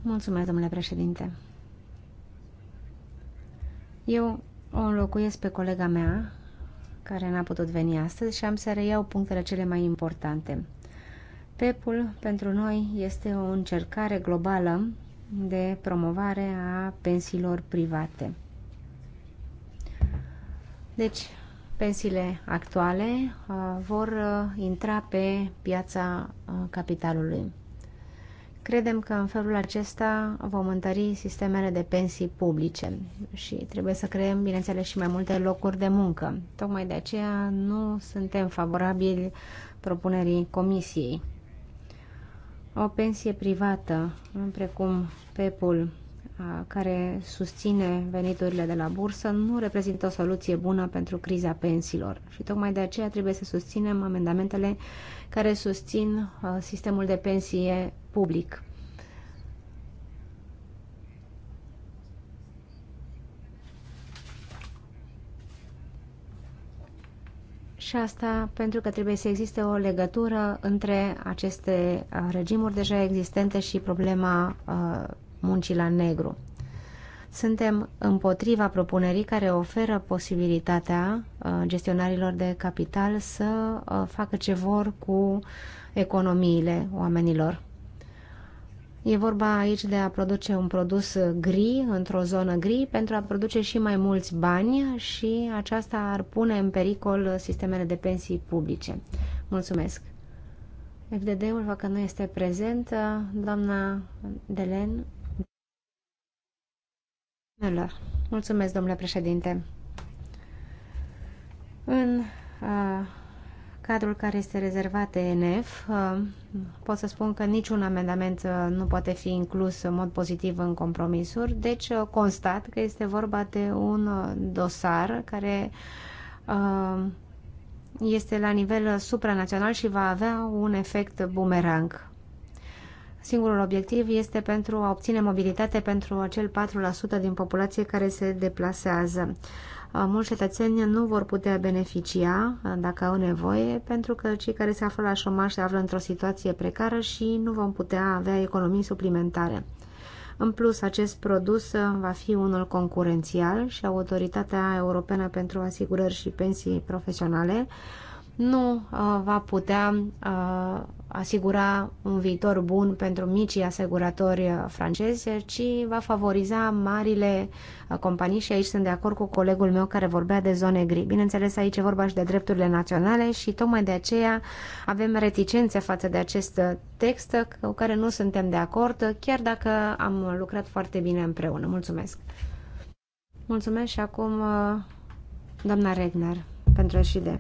Mulțumesc, domnule președinte. Eu o înlocuiesc pe colega mea, care n-a putut veni astăzi, și am să reiau punctele cele mai importante. PEP-ul pentru noi este o încercare globală de promovare a pensiilor private. Deci, pensiile actuale uh, vor uh, intra pe piața uh, capitalului. Credem că în felul acesta vom întări sistemele de pensii publice și trebuie să creăm, bineînțeles, și mai multe locuri de muncă. Tocmai de aceea nu suntem favorabili propunerii comisiei. O pensie privată, precum PEP-ul, care susține veniturile de la bursă, nu reprezintă o soluție bună pentru criza pensiilor. Și tocmai de aceea trebuie să susținem amendamentele care susțin sistemul de pensie public. Și asta pentru că trebuie să existe o legătură între aceste uh, regimuri deja existente și problema uh, muncii la negru. Suntem împotriva propunerii care oferă posibilitatea uh, gestionarilor de capital să facă ce vor cu economiile oamenilor. E vorba aici de a produce un produs gri, într-o zonă gri, pentru a produce și mai mulți bani și aceasta ar pune în pericol sistemele de pensii publice. Mulțumesc! FDD-ul, că nu este prezent, doamna Delen. Mulțumesc, domnule președinte! În uh, cadrul care este rezervat ENF, uh, pot să spun că niciun amendament uh, nu poate fi inclus în mod pozitiv în compromisuri, deci uh, constat că este vorba de un dosar care este la nivel supranațional și va avea un efect bumerang. Singurul obiectiv este pentru a obține mobilitate pentru acel 4% din populație care se deplasează mulți cetățeni nu vor putea beneficia dacă au nevoie, pentru că cei care se află la șomaș se află într-o situație precară și nu vom putea avea economii suplimentare. În plus, acest produs va fi unul concurențial și Autoritatea Europeană pentru Asigurări și Pensii Profesionale nu va putea asigura un viitor bun pentru micii asiguratori uh, francezi, ci va favoriza marile uh, companii și aici sunt de acord cu colegul meu care vorbea de zone gri. Bineînțeles, aici e vorba și de drepturile naționale și tocmai de aceea avem reticențe față de acest uh, text cu care nu suntem de acord, chiar dacă am lucrat foarte bine împreună. Mulțumesc! Mulțumesc și acum doamna Regner pentru și de.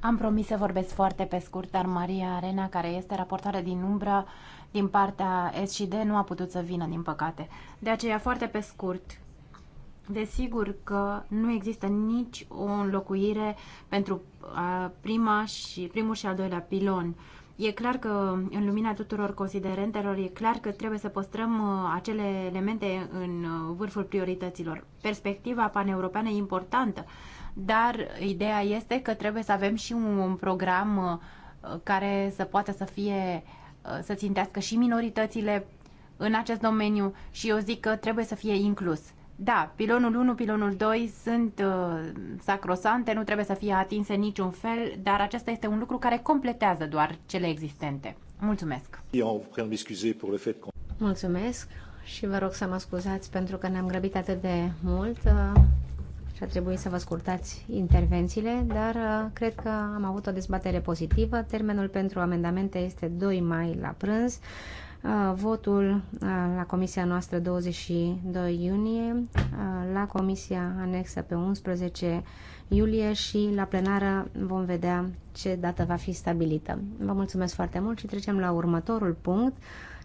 Am promis să vorbesc foarte pe scurt, dar Maria Arena, care este raportoare din umbra din partea S și D, nu a putut să vină, din păcate. De aceea, foarte pe scurt, Desigur că nu există nici o înlocuire pentru prima și, primul și al doilea pilon. E clar că, în lumina tuturor considerentelor, e clar că trebuie să păstrăm acele elemente în vârful priorităților. Perspectiva paneuropeană e importantă dar ideea este că trebuie să avem și un program uh, care să poată să fie uh, să țintească și minoritățile în acest domeniu și eu zic că trebuie să fie inclus. Da, pilonul 1, pilonul 2 sunt uh, sacrosante, nu trebuie să fie atinse niciun fel, dar acesta este un lucru care completează doar cele existente. Mulțumesc! Mulțumesc și vă rog să mă scuzați pentru că ne-am grăbit atât de mult și a trebuit să vă scurtați intervențiile, dar uh, cred că am avut o dezbatere pozitivă. Termenul pentru amendamente este 2 mai la prânz. Uh, votul uh, la comisia noastră 22 iunie, la comisia anexă pe 11 iulie și la plenară vom vedea ce dată va fi stabilită. Vă mulțumesc foarte mult și trecem la următorul punct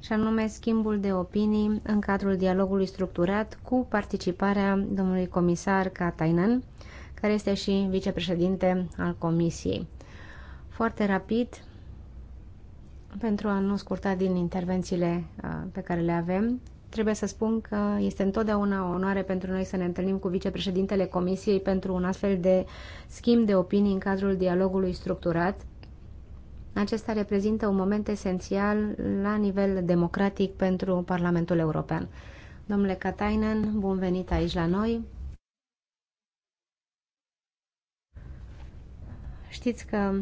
și anume schimbul de opinii în cadrul dialogului structurat cu participarea domnului comisar Katainen, care este și vicepreședinte al Comisiei. Foarte rapid, pentru a nu scurta din intervențiile uh, pe care le avem, trebuie să spun că este întotdeauna o onoare pentru noi să ne întâlnim cu vicepreședintele Comisiei pentru un astfel de schimb de opinii în cadrul dialogului structurat acesta reprezintă un moment esențial la nivel democratic pentru Parlamentul European. Domnule Katainen, bun venit aici la noi. Știți că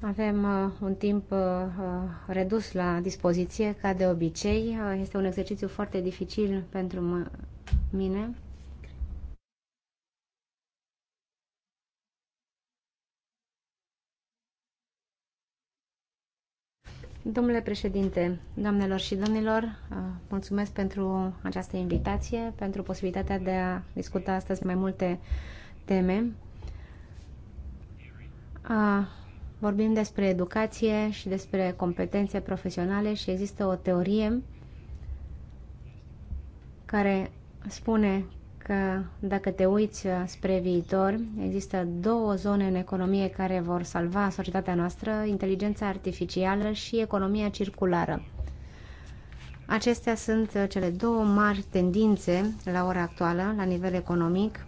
avem uh, un timp uh, uh, redus la dispoziție, ca de obicei. Este un exercițiu foarte dificil pentru mine. Domnule președinte, doamnelor și domnilor, uh, mulțumesc pentru această invitație, pentru posibilitatea de a discuta astăzi mai multe teme. Uh, vorbim despre educație și despre competențe profesionale și există o teorie care spune că dacă te uiți uh, spre viitor, există două zone în economie care vor salva societatea noastră, inteligența artificială și economia circulară. Acestea sunt uh, cele două mari tendințe la ora actuală, la nivel economic,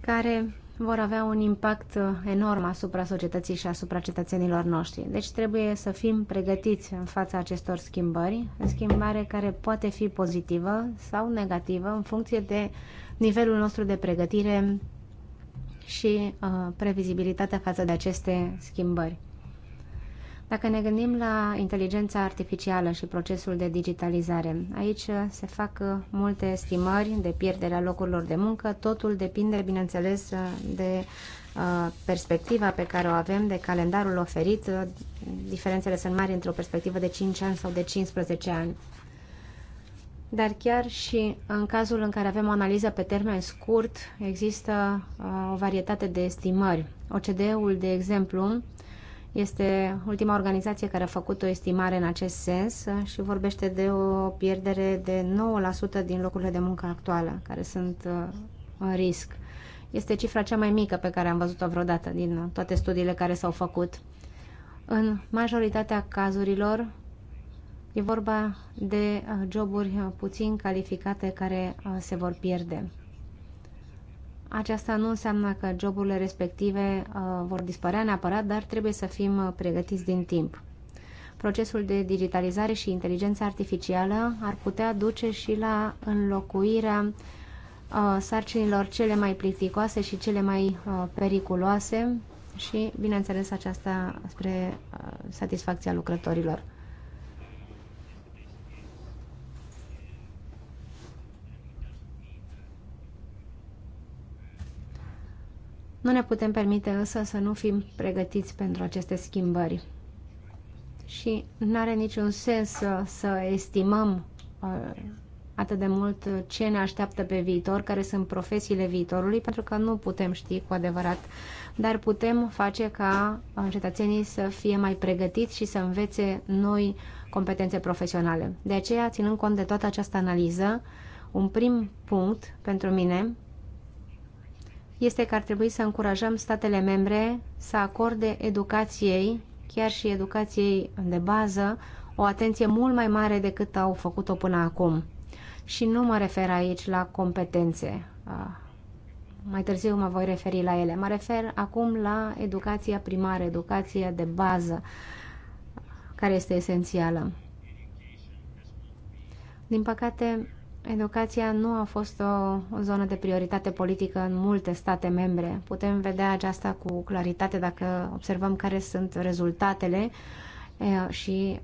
care vor avea un impact uh, enorm asupra societății și asupra cetățenilor noștri. Deci trebuie să fim pregătiți în fața acestor schimbări, schimbare care poate fi pozitivă sau negativă în funcție de nivelul nostru de pregătire și uh, previzibilitatea față de aceste schimbări. Dacă ne gândim la inteligența artificială și procesul de digitalizare, aici se fac uh, multe estimări de pierderea locurilor de muncă. Totul depinde, bineînțeles, uh, de uh, perspectiva pe care o avem, de calendarul oferit. Diferențele sunt mari între o perspectivă de 5 ani sau de 15 ani. Dar chiar și în cazul în care avem o analiză pe termen scurt, există o varietate de estimări. OCDE-ul, de exemplu, este ultima organizație care a făcut o estimare în acest sens și vorbește de o pierdere de 9% din locurile de muncă actuală care sunt uh, în risc. Este cifra cea mai mică pe care am văzut-o vreodată din toate studiile care s-au făcut. În majoritatea cazurilor e vorba de uh, joburi uh, puțin calificate care se vor pierde. Aceasta nu înseamnă că joburile respective uh, vor dispărea neapărat, dar trebuie să fim uh, pregătiți din timp. Procesul de digitalizare și inteligența artificială ar putea duce și la înlocuirea uh, sarcinilor cele mai plicticoase și cele mai periculoase și, bineînțeles, aceasta spre satisfacția lucrătorilor. Nu ne putem permite însă să nu fim pregătiți pentru aceste schimbări. Și nu are niciun sens să, să estimăm uh, atât de mult ce ne așteaptă pe viitor, care sunt profesiile viitorului, pentru că nu putem ști cu adevărat, dar putem face ca uh, cetățenii să fie mai pregătiți și să învețe noi competențe profesionale. De aceea, ținând cont de toată această analiză, un prim punct pentru mine este că ar trebui să încurajăm statele membre să acorde educației, chiar și educației de bază, o atenție mult mai mare decât au făcut-o până acum. Și nu mă refer aici la competențe. Mai târziu mă voi referi la ele. Mă refer acum la educația primară, educația de bază, care este esențială. Din păcate, Educația nu a fost o, zonă de prioritate politică în multe state membre. Putem vedea aceasta cu claritate dacă observăm care sunt rezultatele și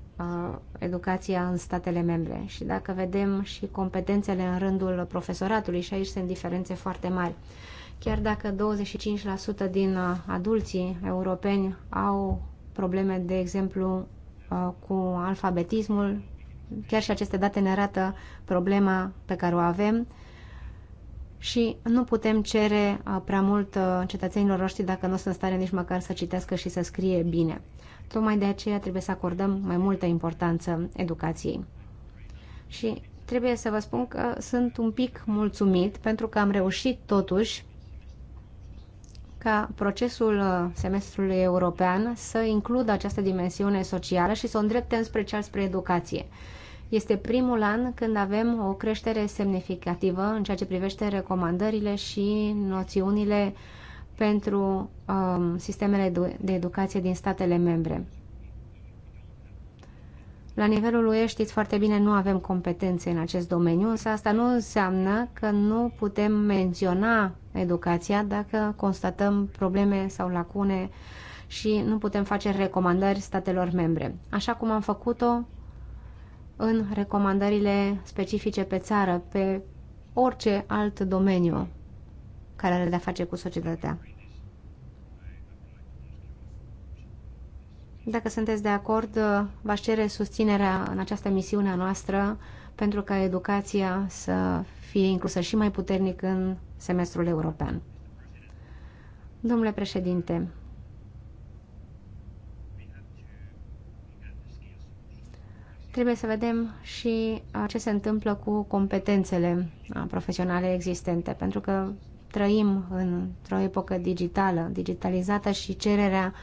educația în statele membre. Și dacă vedem și competențele în rândul profesoratului, și aici sunt diferențe foarte mari. Chiar dacă 25% din adulții europeni au probleme, de exemplu, cu alfabetismul, Chiar și aceste date ne arată problema pe care o avem și nu putem cere uh, prea mult uh, cetățenilor noștri dacă nu sunt în stare nici măcar să citească și să scrie bine. Tocmai de aceea trebuie să acordăm mai multă importanță educației. Și trebuie să vă spun că sunt un pic mulțumit pentru că am reușit totuși ca procesul uh, semestrului european să includă această dimensiune socială și să o îndreptem spre cel spre educație. Este primul an când avem o creștere semnificativă în ceea ce privește recomandările și noțiunile pentru um, sistemele de educație din statele membre. La nivelul UE știți foarte bine, nu avem competențe în acest domeniu, însă asta nu înseamnă că nu putem menționa educația dacă constatăm probleme sau lacune și nu putem face recomandări statelor membre, așa cum am făcut-o în recomandările specifice pe țară, pe orice alt domeniu care are de-a face cu societatea. Dacă sunteți de acord, v-aș cere susținerea în această misiune a noastră pentru ca educația să fie inclusă și mai puternic în semestrul european. Domnule președinte, trebuie să vedem și ce se întâmplă cu competențele profesionale existente, pentru că trăim într-o epocă digitală, digitalizată și cererea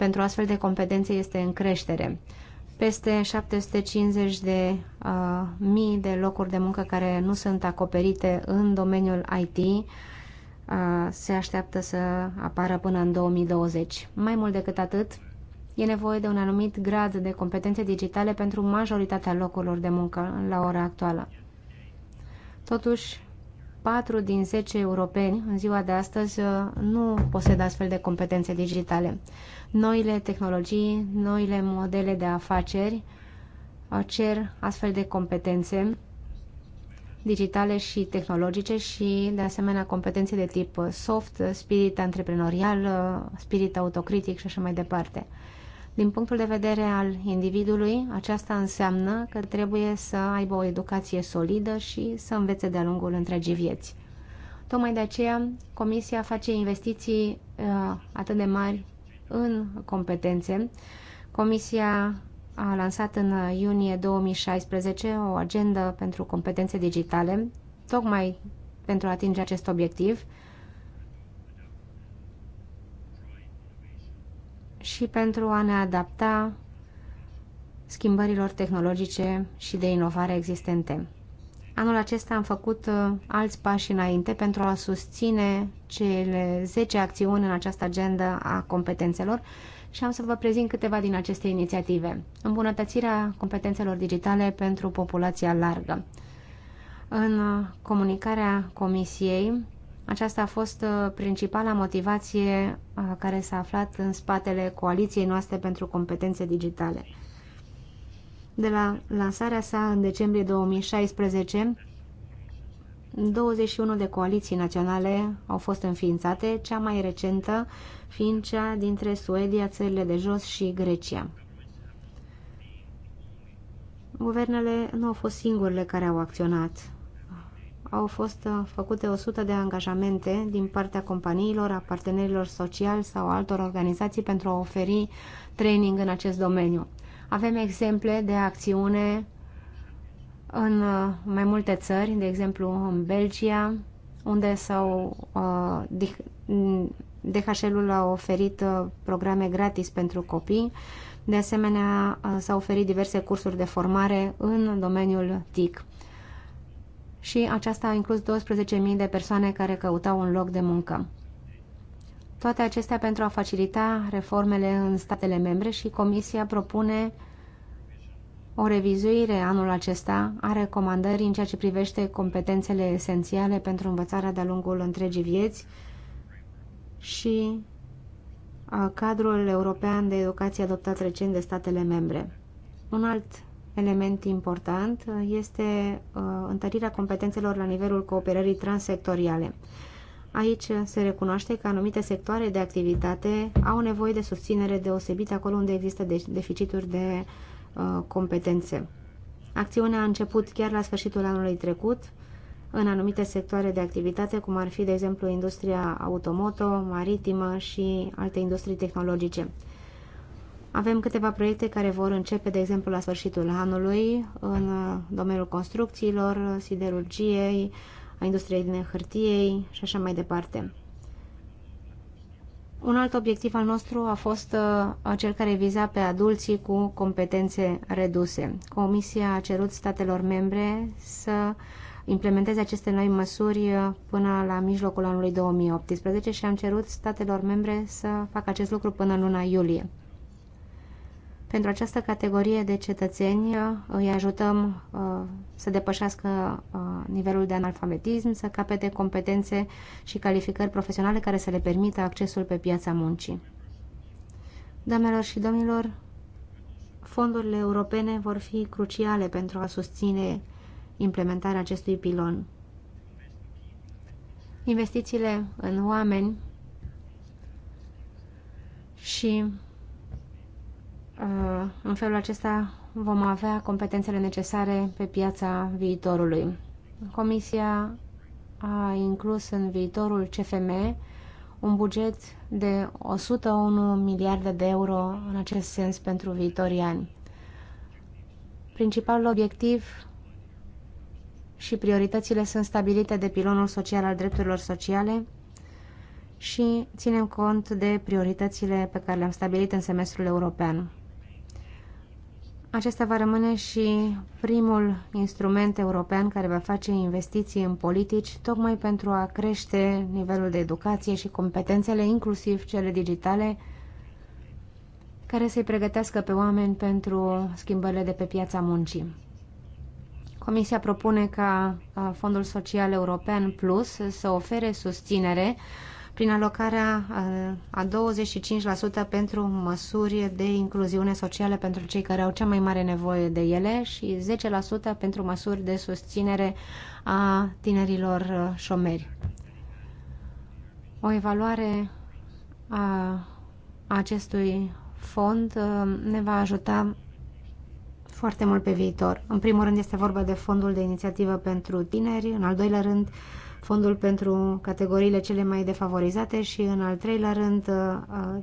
pentru astfel de competențe este în creștere. Peste 750 de uh, mii de locuri de muncă care nu sunt acoperite în domeniul IT uh, se așteaptă să apară până în 2020. Mai mult decât atât, e nevoie de un anumit grad de competențe digitale pentru majoritatea locurilor de muncă la ora actuală. Totuși, 4 din 10 europeni în ziua de astăzi uh, nu posedă astfel de competențe digitale. Noile tehnologii, noile modele de afaceri uh, cer astfel de competențe digitale și tehnologice și, de asemenea, competențe de tip uh, soft, spirit antreprenorial, spirit autocritic și așa mai departe. Din punctul de vedere al individului, aceasta înseamnă că trebuie să aibă o educație solidă și să învețe de-a lungul întregii vieți. Tocmai de aceea, Comisia face investiții uh, atât de mari în competențe. Comisia a lansat în iunie 2016 o agendă pentru competențe digitale, tocmai pentru a atinge acest obiectiv. și pentru a ne adapta schimbărilor tehnologice și de inovare existente. Anul acesta am făcut uh, alți pași înainte pentru a susține cele 10 acțiuni în această agenda a competențelor și am să vă prezint câteva din aceste inițiative. Îmbunătățirea competențelor digitale pentru populația largă. În uh, comunicarea Comisiei aceasta a fost uh, principala motivație uh, care s-a aflat în spatele coaliției noastre pentru competențe digitale. De la lansarea sa în decembrie 2016, 21 de coaliții naționale au fost înființate, cea mai recentă fiind cea dintre Suedia, țările de jos și Grecia. Guvernele nu au fost singurele care au acționat au fost uh, făcute 100 de angajamente din partea companiilor, a partenerilor sociali sau altor organizații pentru a oferi training în acest domeniu. Avem exemple de acțiune în uh, mai multe țări, de exemplu în Belgia, unde s-au uh, DHL-ul mm, a oferit uh, programe gratis pentru copii. De asemenea, s-au oferit diverse cursuri de formare în domeniul TIC și aceasta a inclus 12.000 de persoane care căutau un loc de muncă. Toate acestea pentru a facilita reformele în statele membre și Comisia propune o revizuire anul acesta a recomandării în ceea ce privește competențele esențiale pentru învățarea de-a lungul întregii vieți și uh, cadrul european de educație adoptat recent de statele membre. Un alt element important este uh, întărirea competențelor la nivelul cooperării transsectoriale. Aici se recunoaște că anumite sectoare de activitate au nevoie de susținere deosebită acolo unde există deficituri de uh, competențe. Acțiunea a început chiar la sfârșitul anului trecut în anumite sectoare de activitate, cum ar fi, de exemplu, industria automoto, maritimă și alte industrii tehnologice. Avem câteva proiecte care vor începe, de exemplu, la sfârșitul anului, în domeniul construcțiilor, siderurgiei, a industriei din hârtiei și așa mai departe. Un alt obiectiv al nostru a fost uh, cel care viza pe adulții cu competențe reduse. Comisia a cerut statelor membre să implementeze aceste noi măsuri uh, până la mijlocul anului 2018 și am cerut statelor membre să facă acest lucru până în luna iulie. Pentru această categorie de cetățeni uh, îi ajutăm uh, să depășească uh, nivelul de analfabetism, să capete competențe și calificări profesionale care să le permită accesul pe piața muncii. Doamnelor și domnilor, fondurile europene vor fi cruciale pentru a susține implementarea acestui pilon. Investițiile în oameni și Uh, în felul acesta vom avea competențele necesare pe piața viitorului. Comisia a inclus în viitorul CFM un buget de 101 miliarde de euro în acest sens pentru viitorii ani. Principalul obiectiv și prioritățile sunt stabilite de pilonul social al drepturilor sociale și ținem cont de prioritățile pe care le-am stabilit în semestrul european. Acesta va rămâne și primul instrument european care va face investiții în politici, tocmai pentru a crește nivelul de educație și competențele, inclusiv cele digitale, care să-i pregătească pe oameni pentru schimbările de pe piața muncii. Comisia propune ca Fondul Social European Plus să ofere susținere prin alocarea uh, a 25% pentru măsuri de incluziune socială pentru cei care au cea mai mare nevoie de ele și 10% pentru măsuri de susținere a tinerilor uh, șomeri. O evaluare a acestui fond uh, ne va ajuta foarte mult pe viitor. În primul rând este vorba de fondul de inițiativă pentru tineri, în al doilea rând fondul pentru categoriile cele mai defavorizate și, în al treilea rând, uh,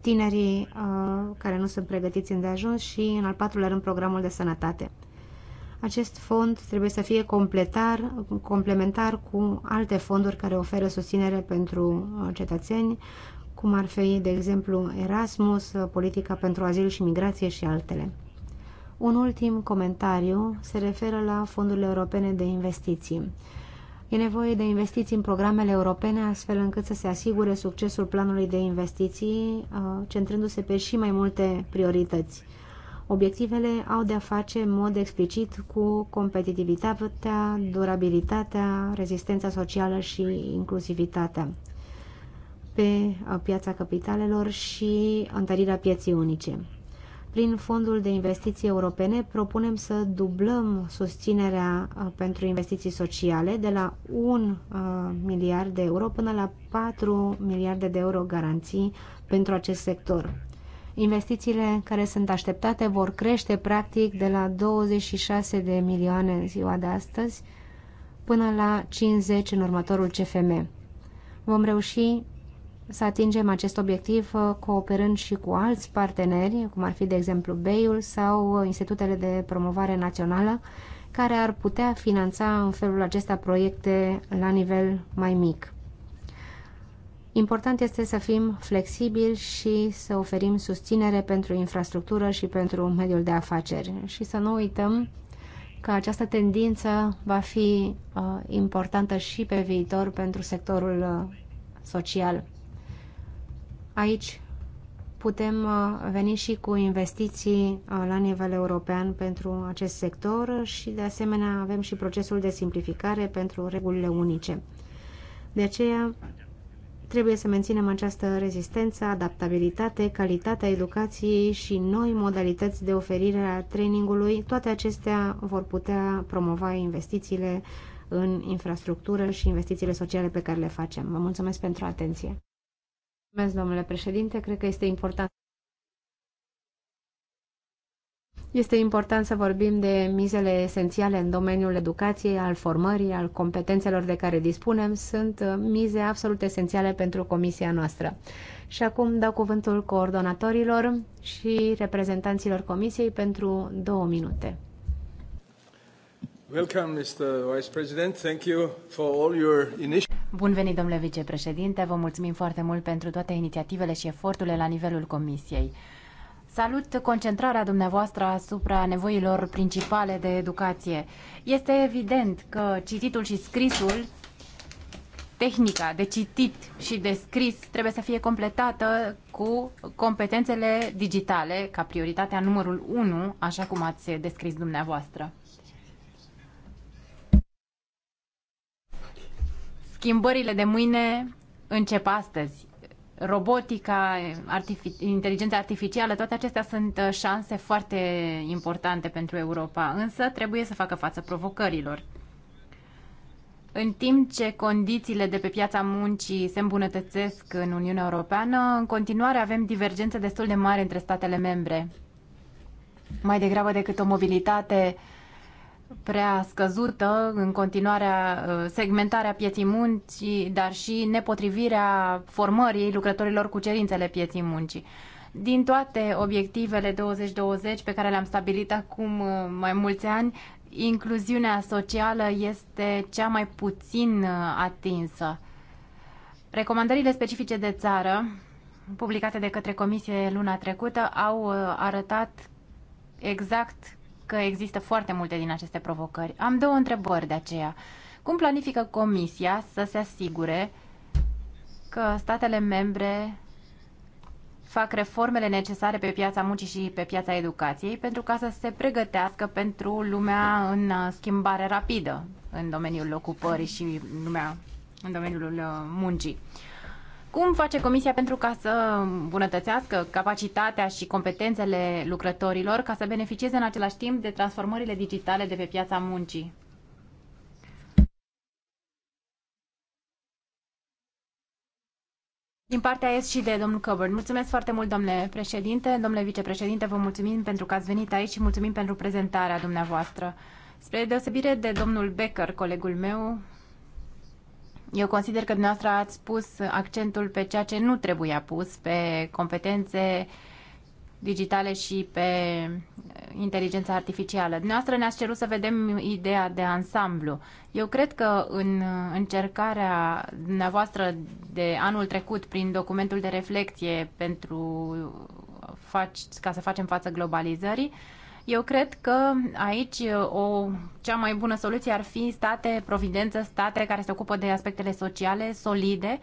tinerii uh, care nu sunt pregătiți îndeajuns și, în al patrulea rând, programul de sănătate. Acest fond trebuie să fie completar, complementar cu alte fonduri care oferă susținere pentru uh, cetățeni, cum ar fi, de exemplu, Erasmus, politica pentru azil și migrație și altele. Un ultim comentariu se referă la fondurile europene de investiții. E nevoie de investiții în programele europene astfel încât să se asigure succesul planului de investiții, uh, centrându-se pe și mai multe priorități. Obiectivele au de-a face în mod explicit cu competitivitatea, durabilitatea, rezistența socială și inclusivitatea pe uh, piața capitalelor și întărirea pieții unice. Prin Fondul de Investiții Europene propunem să dublăm susținerea uh, pentru investiții sociale de la 1 uh, miliard de euro până la 4 miliarde de euro garanții pentru acest sector. Investițiile care sunt așteptate vor crește practic de la 26 de milioane în ziua de astăzi până la 50 în următorul CFM. Vom reuși să atingem acest obiectiv uh, cooperând și cu alți parteneri, cum ar fi, de exemplu, BEI-ul sau uh, institutele de promovare națională, care ar putea finanța în felul acesta proiecte la nivel mai mic. Important este să fim flexibili și să oferim susținere pentru infrastructură și pentru mediul de afaceri și să nu uităm că această tendință va fi uh, importantă și pe viitor pentru sectorul uh, social. Aici putem uh, veni și cu investiții uh, la nivel european pentru acest sector și de asemenea avem și procesul de simplificare pentru regulile unice. De aceea trebuie să menținem această rezistență, adaptabilitate, calitatea educației și noi modalități de oferire a trainingului. Toate acestea vor putea promova investițiile în infrastructură și investițiile sociale pe care le facem. Vă mulțumesc pentru atenție! Mulțumesc, domnule președinte. Cred că este important. Este important să vorbim de mizele esențiale în domeniul educației, al formării, al competențelor de care dispunem. Sunt uh, mize absolut esențiale pentru comisia noastră. Și acum dau cuvântul coordonatorilor și reprezentanților comisiei pentru două minute. Welcome, Mr. Vice President. Thank you for all your Bun venit, domnule vicepreședinte. Vă mulțumim foarte mult pentru toate inițiativele și eforturile la nivelul Comisiei. Salut concentrarea dumneavoastră asupra nevoilor principale de educație. Este evident că cititul și scrisul, tehnica de citit și de scris trebuie să fie completată cu competențele digitale ca prioritatea numărul 1, așa cum ați descris dumneavoastră. Schimbările de mâine încep astăzi. Robotica, artific- inteligența artificială, toate acestea sunt uh, șanse foarte importante pentru Europa, însă trebuie să facă față provocărilor. În timp ce condițiile de pe piața muncii se îmbunătățesc în Uniunea Europeană, în continuare avem divergențe destul de mari între statele membre. Mai degrabă decât o mobilitate uh, prea scăzută în continuarea uh, segmentarea pieții muncii, dar și nepotrivirea formării lucrătorilor cu cerințele pieții muncii. Din toate obiectivele 2020 pe care le-am stabilit acum uh, mai mulți ani, incluziunea socială este cea mai puțin uh, atinsă. Recomandările specifice de țară, publicate de către Comisie luna trecută, au arătat exact că există foarte multe din aceste provocări. Am două întrebări de aceea. Cum planifică Comisia să se asigure că statele membre fac reformele necesare pe piața muncii și pe piața educației pentru ca să se pregătească pentru lumea în schimbare rapidă în domeniul ocupării și lumea în domeniul uh, muncii. Cum face Comisia pentru ca să îmbunătățească capacitatea și competențele lucrătorilor ca să beneficieze în același timp de transformările digitale de pe piața muncii? Din partea S și de domnul Coburn. Mulțumesc foarte mult, domnule președinte, domnule vicepreședinte, vă mulțumim pentru că ați venit aici și mulțumim pentru prezentarea dumneavoastră. Spre deosebire de domnul Becker, colegul meu, eu consider că dumneavoastră ați pus accentul pe ceea ce nu trebuia pus, pe competențe digitale și pe eh, inteligența artificială. Dumneavoastră ne-ați cerut să vedem ideea de ansamblu. Eu cred că în încercarea dumneavoastră de anul trecut prin documentul de reflecție pentru ca să facem față globalizării, eu cred că aici o cea mai bună soluție ar fi state, providență, state care se ocupă de aspectele sociale solide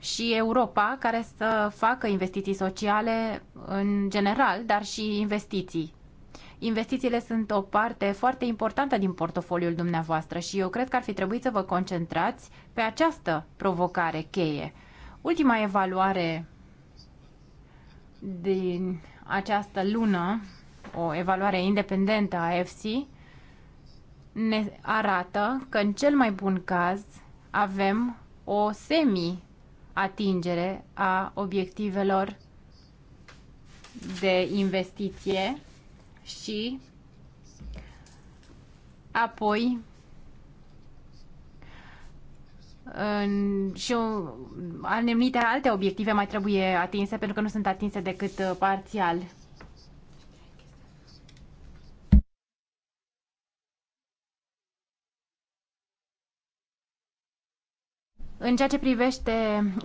și Europa care să facă investiții sociale în general, dar și investiții. Investițiile sunt o parte foarte importantă din portofoliul dumneavoastră și eu cred că ar fi trebuit să vă concentrați pe această provocare cheie. Ultima evaluare din această lună o evaluare independentă a FC, ne arată că în cel mai bun caz avem o semi-atingere a obiectivelor de investiție și apoi în, și anumite alte obiective mai trebuie atinse pentru că nu sunt atinse decât uh, parțial. În ceea ce privește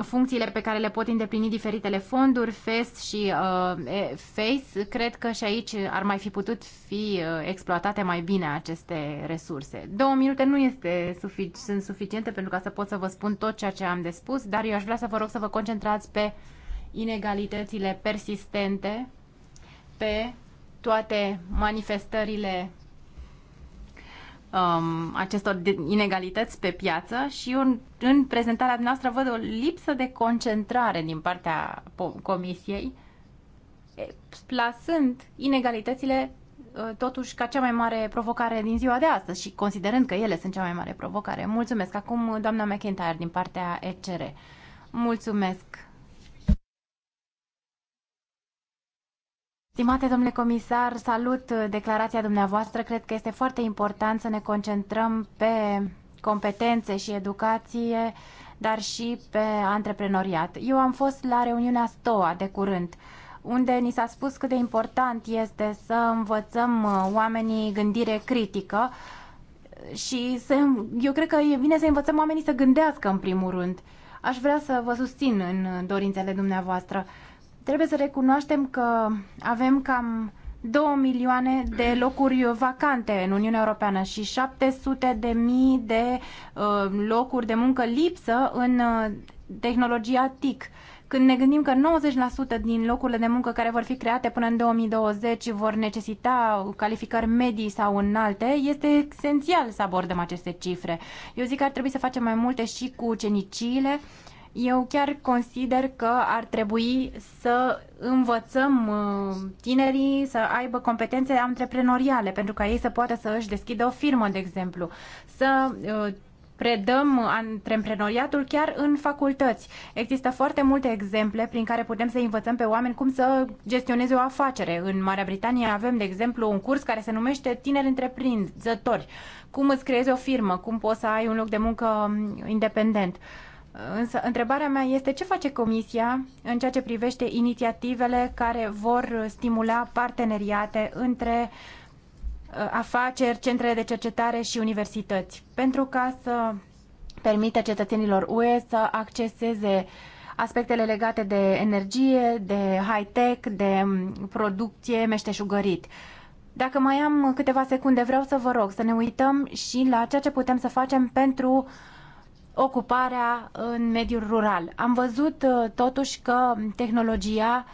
funcțiile pe care le pot îndeplini diferitele fonduri, FES și uh, FACE, cred că și aici ar mai fi putut fi uh, exploatate mai bine aceste resurse. Două minute nu este sufic- sunt suficiente pentru ca să pot să vă spun tot ceea ce am de spus, dar eu aș vrea să vă rog să vă concentrați pe inegalitățile persistente, pe toate manifestările um, acestor inegalități pe piață și eu în, în prezentarea noastră văd o lipsă de concentrare din partea Comisiei, plasând inegalitățile uh, totuși ca cea mai mare provocare din ziua de astăzi și considerând că ele sunt cea mai mare provocare. Mulțumesc. Acum doamna McIntyre din partea ECR. Mulțumesc, Stimate domnule comisar, salut uh, declarația dumneavoastră. Cred că este foarte important să ne concentrăm pe competențe și educație, dar și pe antreprenoriat. Eu am fost la reuniunea STOA de curând, unde ni s-a spus cât de important este să învățăm uh, oamenii gândire critică și să, eu cred că e bine să învățăm oamenii să gândească în primul rând. Aș vrea să vă susțin în uh, dorințele dumneavoastră. Trebuie să recunoaștem că avem cam 2 milioane de locuri vacante în Uniunea Europeană și 700 de mii de uh, locuri de muncă lipsă în uh, tehnologia TIC. Când ne gândim că 90% din locurile de muncă care vor fi create până în 2020 vor necesita calificări medii sau înalte, este esențial să abordăm aceste cifre. Eu zic că ar trebui să facem mai multe și cu ucenicile eu chiar consider că ar trebui să învățăm uh, tinerii să aibă competențe antreprenoriale, pentru ca ei să poată să își deschidă o firmă, de exemplu, să uh, predăm antreprenoriatul chiar în facultăți. Există foarte multe exemple prin care putem să învățăm pe oameni cum să gestioneze o afacere. În Marea Britanie avem, de exemplu, un curs care se numește Tineri Întreprinzători. Cum îți creezi o firmă, cum poți să ai un loc de muncă mm, independent. Uh, Însă, întrebarea mea este ce face Comisia în ceea ce privește inițiativele care vor stimula parteneriate între uh, afaceri, centrele de cercetare și universități, pentru ca să permită cetățenilor UE să acceseze aspectele legate de energie, de high-tech, de um, producție, meșteșugărit. Dacă mai am câteva secunde, vreau să vă rog să ne uităm și la ceea ce putem să facem pentru uh, ocuparea în mediul rural. Am văzut uh, totuși că tehnologia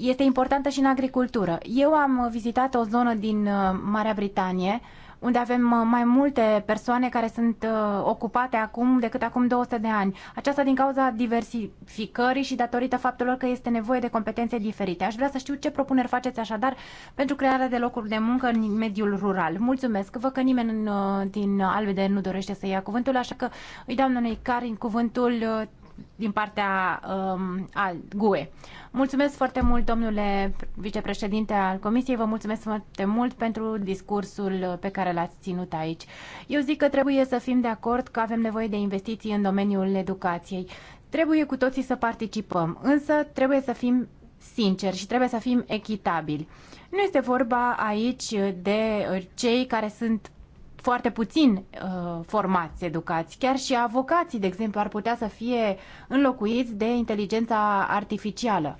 este importantă și în agricultură. Eu am vizitat o zonă din uh, Marea Britanie unde avem uh, mai multe persoane care sunt uh, ocupate acum decât acum 200 de ani. Aceasta din cauza diversificării și datorită faptelor că este nevoie de competențe diferite. Aș vrea să știu ce propuneri faceți așadar pentru crearea de locuri de muncă în mediul rural. Mulțumesc. vă că nimeni uh, din Albede nu dorește să ia cuvântul, așa că îi dau unui în cuvântul din partea um, al GUE. Mulțumesc foarte mult, domnule vicepreședinte al Comisiei, vă mulțumesc foarte mult pentru discursul pe care l-ați ținut aici. Eu zic că trebuie să fim de acord că avem nevoie de investiții în domeniul educației. Trebuie cu toții să participăm, însă trebuie să fim sinceri și trebuie să fim echitabili. Nu este vorba aici de uh, cei care sunt foarte puțin uh, formați, educați. Chiar și avocații, de exemplu, ar putea să fie înlocuiți de inteligența artificială.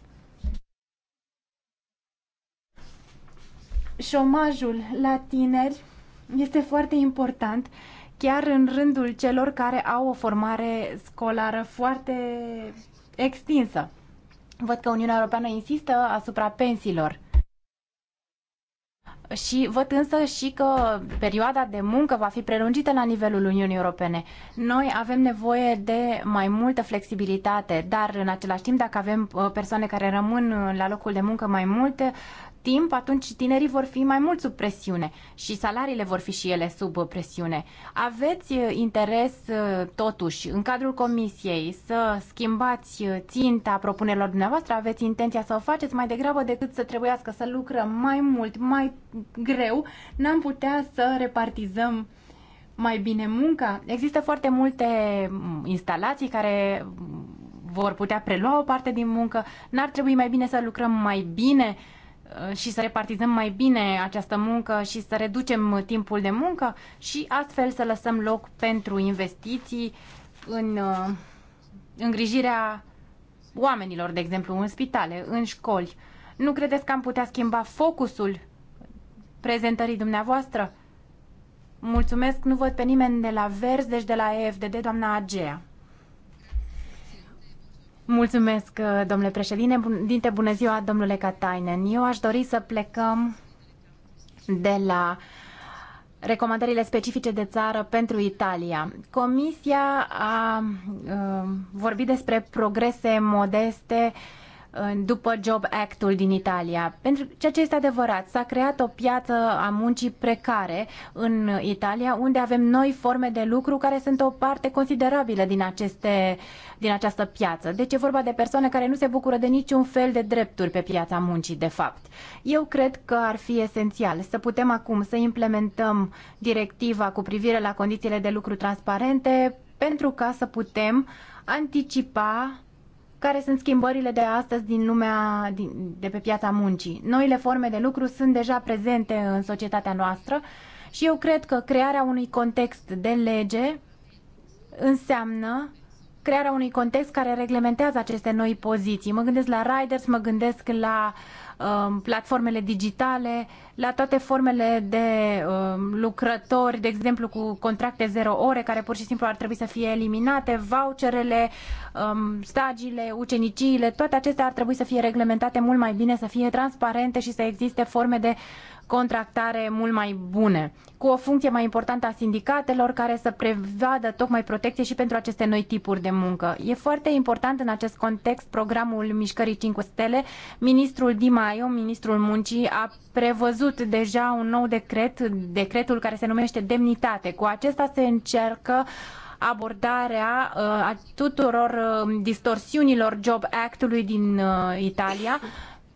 șomajul la tineri este foarte important, chiar în rândul celor care au o formare scolară foarte extinsă. Văd că Uniunea Europeană insistă asupra pensiilor. Și văd însă și că perioada de muncă va fi prelungită la nivelul Uniunii Europene. Noi avem nevoie de mai multă flexibilitate, dar în același timp, dacă avem uh, persoane care rămân la locul de muncă mai multe timp, atunci tinerii vor fi mai mult sub presiune și salariile vor fi și ele sub presiune. Aveți uh, interes, uh, totuși, în cadrul comisiei să schimbați uh, ținta propunerilor dumneavoastră? Aveți intenția să o faceți mai degrabă decât să trebuiască să lucrăm mai mult, mai greu? N-am putea să repartizăm mai bine munca? Există foarte multe mm, instalații care mm, vor putea prelua o parte din muncă. N-ar trebui mai bine să lucrăm mai bine Uh, și să repartizăm mai bine această muncă și să reducem timpul de muncă și astfel să lăsăm loc pentru investiții în uh, îngrijirea oamenilor, de exemplu, în spitale, în școli. Nu credeți că am putea schimba focusul prezentării dumneavoastră? Mulțumesc, nu văd pe nimeni de la Verzi, deci de la EFDD, doamna Agea. Mulțumesc, uh, domnule președinte. dinte Bună ziua, domnule Katainen. Eu aș dori să plecăm de la recomandările specifice de țară pentru Italia. Comisia a, uh, vorbit despre progrese modeste uh, după Job Act-ul din Italia. Pentru ceea ce este adevărat, s-a creat o piață a muncii precare în Italia, unde avem noi forme de lucru care sunt o parte considerabilă din, aceste, din această piață. Deci e vorba de persoane care nu se bucură de niciun fel de drepturi pe piața muncii, de fapt. Eu cred că ar fi esențial să putem acum să implementăm directiva cu privire la condițiile de lucru transparente pentru ca să putem anticipa care sunt schimbările de astăzi din lumea din, de pe piața muncii. Noile forme de lucru sunt deja prezente în societatea noastră și eu cred că crearea unui context de lege înseamnă crearea unui context care reglementează aceste noi poziții. Mă gândesc la riders, mă gândesc la uh, Um, platformele digitale, la toate formele de um, lucrători, de exemplu cu contracte zero ore, care pur și simplu ar trebui să fie eliminate, voucherele, um, stagiile, uceniciile, toate acestea ar trebui să fie reglementate mult mai bine, să fie transparente și să existe forme de contractare mult mai bune, cu o funcție mai importantă a sindicatelor care să prevadă tocmai protecție și pentru aceste noi tipuri de muncă. E foarte important în acest context programul Mișcării 5 Stele. Ministrul Dimaio, ministrul muncii, a prevăzut deja un nou decret, decretul care se numește Demnitate. Cu acesta se încearcă abordarea uh, a tuturor uh, distorsiunilor Job Act-ului din uh, Italia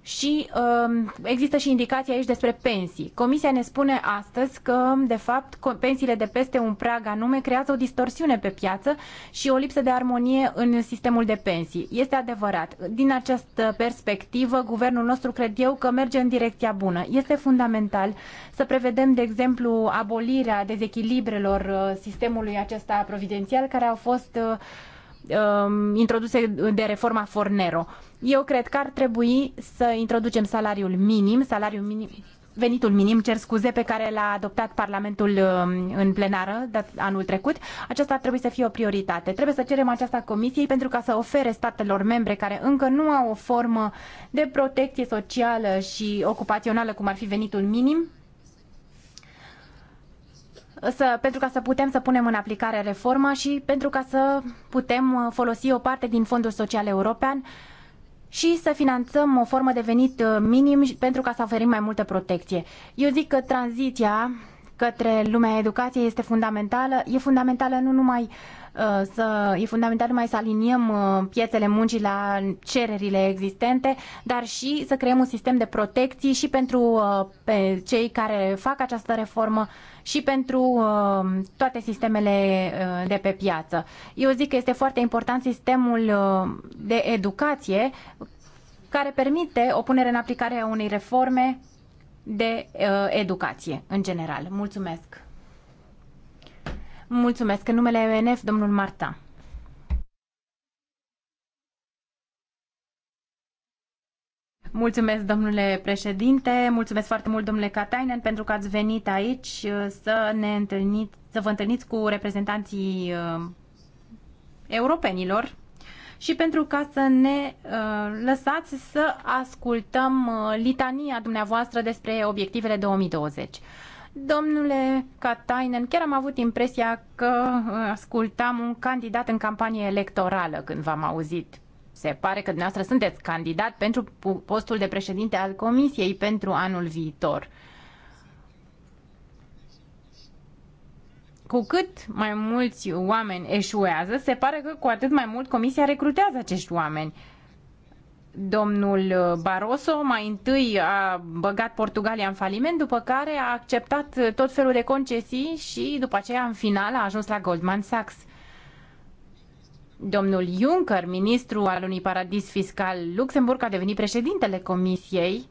și um, există și indicații aici despre pensii. Comisia ne spune astăzi că, de fapt, pensiile de peste un prag anume creează o distorsiune pe piață și o lipsă de armonie în sistemul de pensii. Este adevărat. Din această perspectivă, guvernul nostru cred eu că merge în direcția bună. Este fundamental să prevedem, de exemplu, abolirea dezechilibrelor uh, sistemului acesta providențial care au fost uh, um, introduse de reforma Fornero. Eu cred că ar trebui să introducem salariul minim, salariul minim venitul minim, cer scuze, pe care l-a adoptat Parlamentul um, în plenară anul trecut. Aceasta ar trebui să fie o prioritate. Trebuie să cerem aceasta Comisiei pentru ca să ofere statelor membre care încă nu au o formă de protecție socială și ocupațională, cum ar fi venitul minim, să, pentru ca să putem să punem în aplicare reforma și pentru ca să putem uh, folosi o parte din Fondul Social European și să finanțăm o formă de venit uh, minim pentru ca să oferim mai multă protecție. Eu zic că tranziția către lumea educației este fundamentală. E fundamentală nu numai uh, Uh, să, e fundamental mai să aliniem uh, piețele muncii la cererile existente, dar și să creăm un sistem de protecții și pentru uh, pe cei care fac această reformă și pentru toate sistemele de pe piață. Eu zic că este foarte important sistemul de educație care permite o punere în aplicare a unei reforme de educație în general. Mulțumesc! Mulțumesc. În numele UNF, domnul Marta. Mulțumesc, domnule președinte, mulțumesc foarte mult, domnule Katainen, pentru că ați venit aici uh, să ne întâlniți, să vă întâlniți cu reprezentanții uh, europenilor și pentru ca să ne uh, lăsați să ascultăm uh, litania dumneavoastră despre obiectivele 2020. Domnule Katainen, chiar am avut impresia că uh, ascultam un candidat în campanie electorală când v-am auzit. Se pare că dumneavoastră sunteți candidat pentru postul de președinte al Comisiei pentru anul viitor. cu cât mai mulți oameni eșuează, se pare că cu atât mai mult comisia recrutează acești oameni domnul uh, Barroso mai întâi a băgat Portugalia în faliment, după care a acceptat uh, tot felul de concesii și după aceea în final a ajuns la Goldman Sachs. Domnul Juncker, ministru al unui paradis fiscal Luxemburg, a devenit președintele comisiei,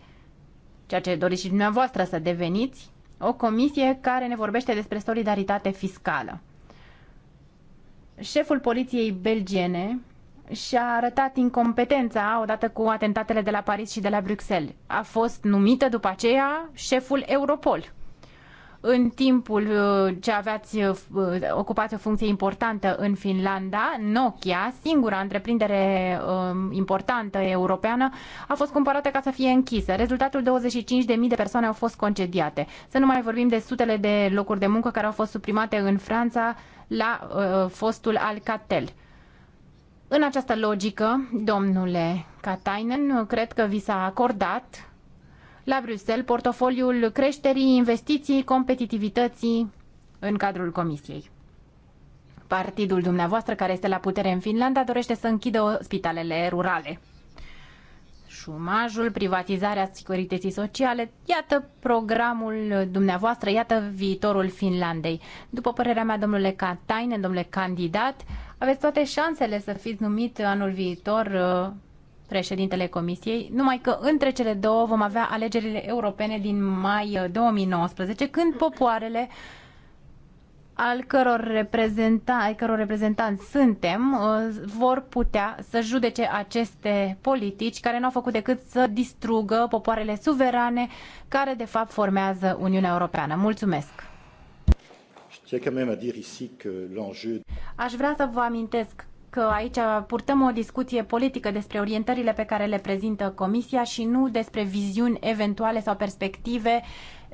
ceea ce doriți și dumneavoastră să deveniți, o comisie care ne vorbește despre solidaritate fiscală. Șeful poliției belgiene, și-a arătat incompetența odată cu atentatele de la Paris și de la Bruxelles. A fost numită după aceea șeful Europol. În timpul uh, ce aveați uh, uh, ocupat o funcție importantă în Finlanda, Nokia, singura întreprindere um, importantă europeană, a fost cumpărată ca să fie închisă. Rezultatul 25.000 de persoane au fost concediate. Să nu mai vorbim de sutele de locuri de muncă care au fost suprimate în Franța la fostul Alcatel în această logică, domnule Katainen, cred că vi s-a acordat la Bruxelles portofoliul creșterii, investiții, competitivității în cadrul Comisiei. Partidul dumneavoastră, care este la putere în Finlanda, dorește să închidă spitalele rurale. Șumajul, privatizarea securității sociale, iată programul dumneavoastră, iată viitorul Finlandei. După părerea mea, domnule Katainen, domnule candidat, aveți toate șansele să fiți numit anul viitor uh, președintele Comisiei, numai că între cele două vom avea alegerile europene din mai 2019, uh, când popoarele al căror, reprezenta, al căror reprezentanți suntem, uh, vor putea să judece aceste politici care nu au făcut decât să distrugă popoarele suverane care de fapt formează Uniunea Europeană. Mulțumesc! Aș vrea să vă amintesc că aici purtăm o discuție politică despre orientările pe care le prezintă Comisia și nu despre viziuni eventuale sau perspective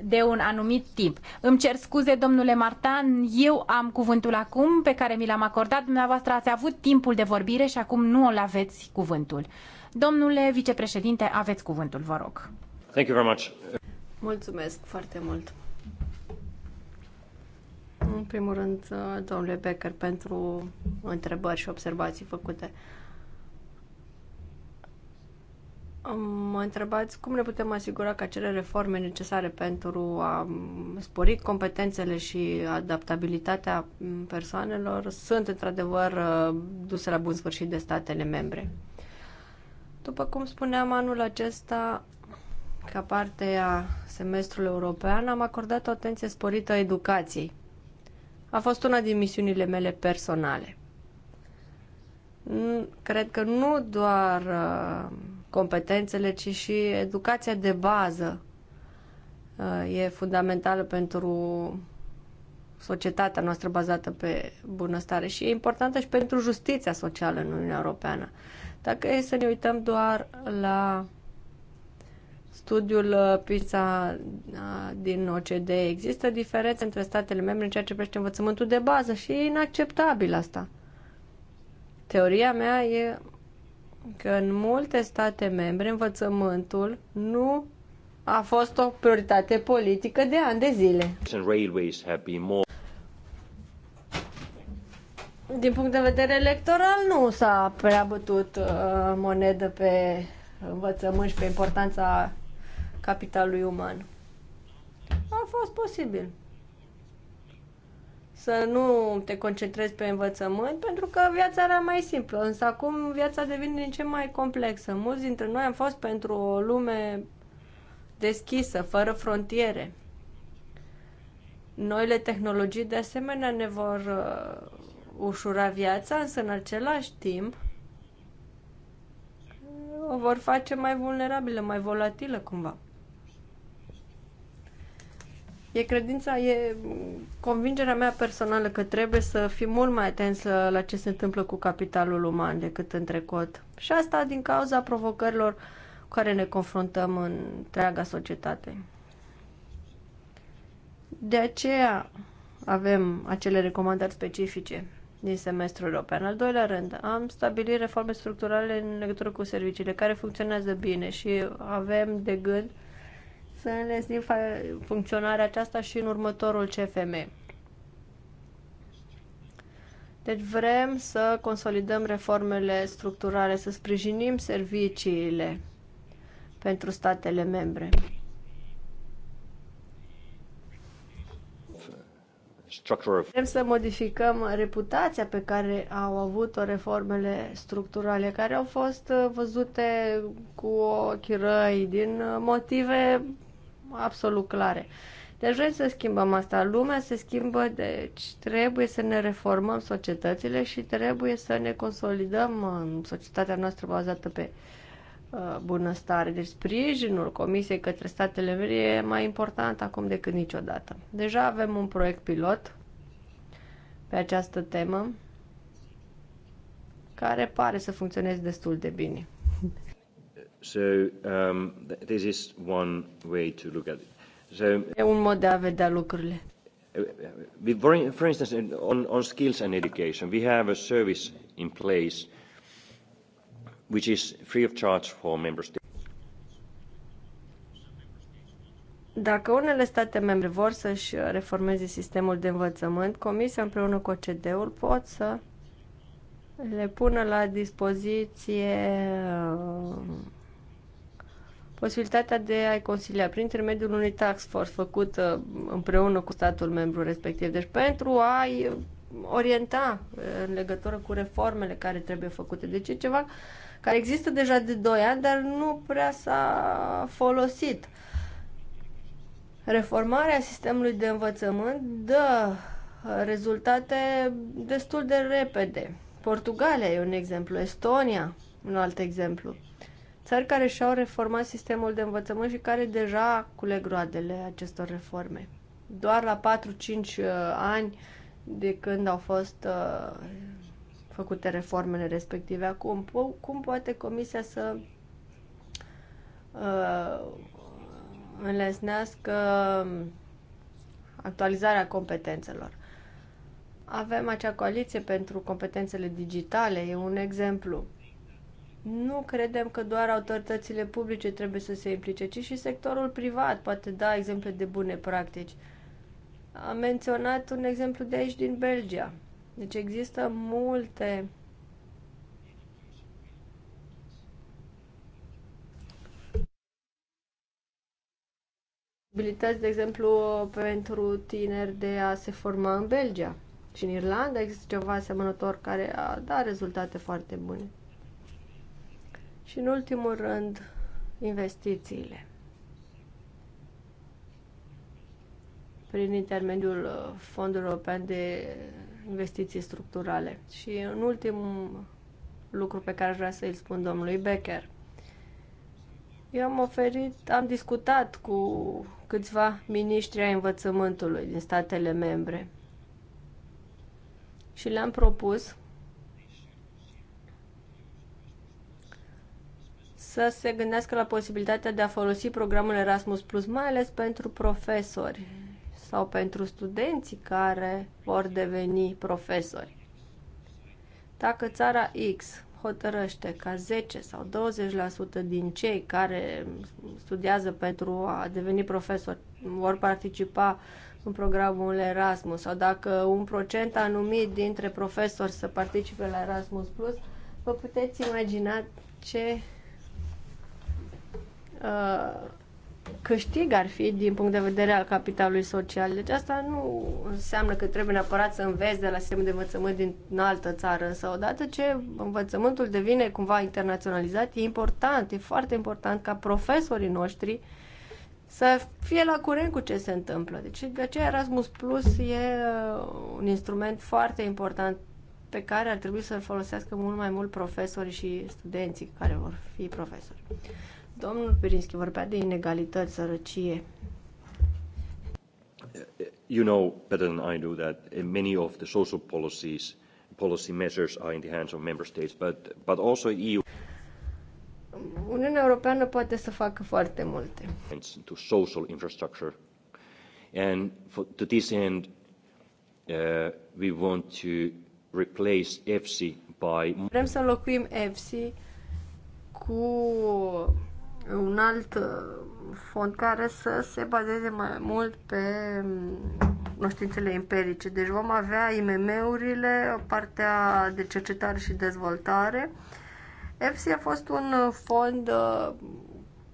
de un anumit timp. Îmi cer scuze, domnule Martan, eu am cuvântul acum pe care mi l-am acordat. Dumneavoastră ați avut timpul de vorbire și acum nu îl aveți cuvântul. Domnule vicepreședinte, aveți cuvântul, vă rog. Thank you very much. Mulțumesc foarte mult. În primul rând, uh, domnule Becker, pentru întrebări și observații făcute. Mă întrebați cum ne putem asigura că acele reforme necesare pentru a spori competențele și adaptabilitatea persoanelor sunt într-adevăr uh, duse la bun sfârșit de statele membre. După cum spuneam, anul acesta, ca parte a semestrului european, am acordat o atenție sporită educației a fost una din misiunile mele personale. Cred că nu doar uh, competențele, ci și educația de bază uh, e fundamentală pentru societatea noastră bazată pe bunăstare și e importantă și pentru justiția socială în Uniunea Europeană. Dacă e să ne uităm doar la studiul uh, PISA uh, din OCDE. Există diferențe între statele membre în ceea ce privește învățământul de bază și e inacceptabil asta. Teoria mea e că în multe state membre învățământul nu a fost o prioritate politică de ani de zile. Din punct de vedere electoral nu s-a prea bătut uh, monedă pe învățământ și pe importanța capitalului uman. A fost posibil să nu te concentrezi pe învățământ, pentru că viața era mai simplă. Însă acum viața devine din ce mai complexă. Mulți dintre noi am fost pentru o lume deschisă, fără frontiere. Noile tehnologii de asemenea ne vor uh, ușura viața, însă în același timp o vor face mai vulnerabilă, mai volatilă cumva. E credința, e convingerea mea personală că trebuie să fim mult mai atenți la ce se întâmplă cu capitalul uman decât în trecut. Și asta din cauza provocărilor cu care ne confruntăm în întreaga societate. De aceea avem acele recomandări specifice din semestrul european. Al doilea rând, am stabilit reforme structurale în legătură cu serviciile care funcționează bine și avem de gând uh, să înlesnim funcționarea aceasta și în următorul CFM. Deci vrem să consolidăm reformele structurale, să sprijinim serviciile pentru statele membre. Vrem să modificăm reputația pe care au avut-o reformele structurale, care au fost uh, văzute cu ochii răi din uh, motive absolut clare. Deci vrem să schimbăm asta. Lumea se schimbă, deci trebuie să ne reformăm societățile și trebuie să ne consolidăm în um, societatea noastră bazată pe uh, bunăstare. Deci sprijinul Comisiei către statele membre e mai important acum decât niciodată. Deja avem un proiect pilot pe această temă care pare să funcționeze destul de bine. So, um, this is one way to look at it. So, e un mod de a vedea lucrurile. Uh, we, for instance, on, on skills and education, we have a service in place which is free of charge for member states. Dacă unele state membre vor să-și uh, reformeze sistemul de învățământ, Comisia împreună cu OCD-ul pot să le pună la dispoziție uh, posibilitatea de a-i concilia prin intermediul unui tax force făcut uh, împreună cu statul membru respectiv. Deci pentru a-i uh, orienta uh, în legătură cu reformele care trebuie făcute. Deci e ceva care există deja de 2 ani, dar nu prea s-a folosit. Reformarea sistemului de învățământ dă rezultate destul de repede. Portugalia e un exemplu, Estonia un alt exemplu țări care și-au reformat sistemul de învățământ și care deja culeg roadele acestor reforme. Doar la 4-5 uh, ani de când au fost uh, făcute reformele respective. Acum, po- cum poate Comisia să uh, înlesnească actualizarea competențelor? Avem acea coaliție pentru competențele digitale, e un exemplu nu credem că doar autoritățile publice trebuie să se implice, ci și sectorul privat poate da exemple de bune practici. Am menționat un exemplu de aici din Belgia. Deci există multe posibilități, de exemplu, pentru tineri de a se forma în Belgia. Și în Irlanda există ceva asemănător care a dat rezultate foarte bune. Și în ultimul rând, investițiile. Prin intermediul uh, Fondului European de Investiții Structurale. Și în ultimul lucru pe care vreau să-l spun domnului Becker. Eu am oferit, am discutat cu câțiva miniștri ai învățământului din statele membre și le-am propus să se gândească la posibilitatea de a folosi programul Erasmus Plus, mai ales pentru profesori sau pentru studenții care vor deveni profesori. Dacă țara X hotărăște ca 10 sau 20% din cei care studiază pentru a deveni profesori vor participa în programul Erasmus sau dacă un procent anumit dintre profesori să participe la Erasmus Plus, vă puteți imagina ce Uh, câștig ar fi din punct de vedere al capitalului social. Deci asta nu înseamnă că trebuie neapărat să înveți de la sistemul de învățământ din altă țară, însă odată ce învățământul devine cumva internaționalizat, e important, e foarte important ca profesorii noștri să fie la curent cu ce se întâmplă. Deci de aceea Erasmus Plus e uh, un instrument foarte important pe care ar trebui să-l folosească mult mai mult profesorii și studenții care vor fi profesori. Domnul Pirinski vorbea de inegalități, sărăcie. You know better than I do that many of the social policies, policy measures are in the hands of member states, but, but also EU. Uniunea Europeană poate să facă foarte multe. To social infrastructure. And for, to this end, uh, we want to replace EFSI by... Vrem să locuim EFSI cu un alt uh, fond care să se bazeze mai mult pe mm, cunoștințele empirice. Deci vom avea IMM-urile, partea de cercetare și dezvoltare. EFSI a fost un uh, fond uh,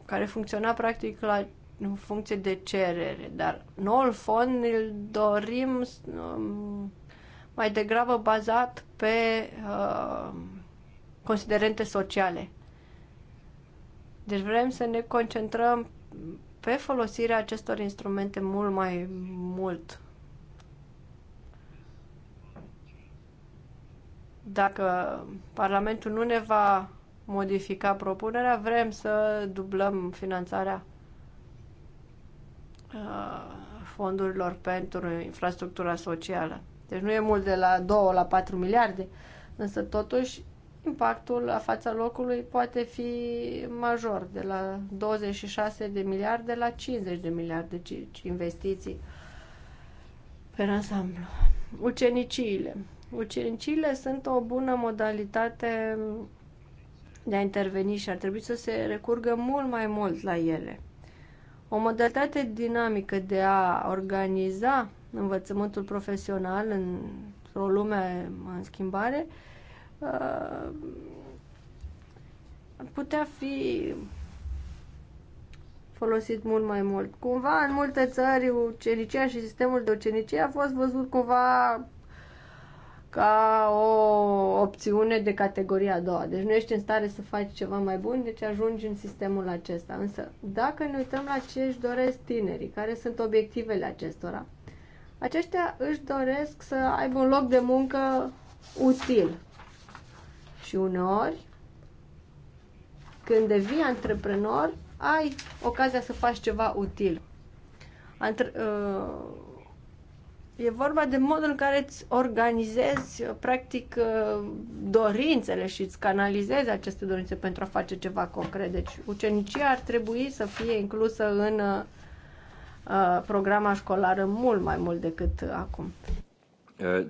care funcționa practic la, în funcție de cerere, dar noul fond îl dorim um, mai degrabă bazat pe uh, considerente sociale. Deci vrem să ne concentrăm pe folosirea acestor instrumente mult mai mult. Dacă Parlamentul nu ne va modifica propunerea, vrem să dublăm finanțarea uh, fondurilor pentru infrastructura socială. Deci nu e mult de la 2 la 4 miliarde, însă totuși impactul la fața locului poate fi major, de la 26 de miliarde la 50 de miliarde investiții pe ansamblu. Uceniciile. Uceniciile sunt o bună modalitate de a interveni și ar trebui să se recurgă mult mai mult la ele. O modalitate dinamică de a organiza învățământul profesional într-o lume în schimbare Uh, putea fi folosit mult mai mult. Cumva, în multe țări, ucenicia și sistemul de ucenicie a fost văzut cumva ca o opțiune de categoria a doua. Deci nu ești în stare să faci ceva mai bun, deci ajungi în sistemul acesta. Însă, dacă ne uităm la ce își doresc tinerii, care sunt obiectivele acestora, aceștia își doresc să aibă un loc de muncă util, și uneori, când devii antreprenor, ai ocazia să faci ceva util. Antre- uh, e vorba de modul în care îți organizezi, uh, practic, uh, dorințele și îți canalizezi aceste dorințe pentru a face ceva concret. Deci, ucenicia ar trebui să fie inclusă în uh, uh programa școlară mult mai mult decât acum. Uh,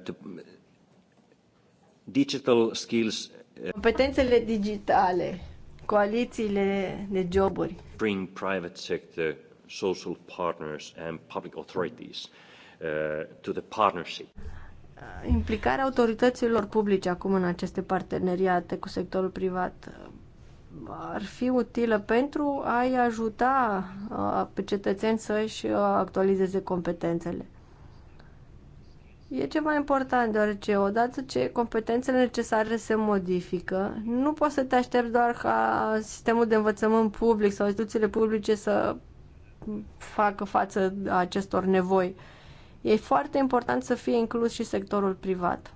digital skills Competențele digitale, coalițiile de joburi. Bring private sector, social partners and public authorities uh, to the partnership. Uh, implicarea autorităților publice acum în aceste parteneriate cu sectorul privat uh, ar fi utilă pentru a-i ajuta uh, pe cetățeni să-și actualizeze competențele. E ceva important, deoarece odată ce competențele necesare se modifică, nu poți să te aștepți doar ca sistemul de învățământ public sau instituțiile publice să facă față acestor nevoi. E foarte important să fie inclus și sectorul privat.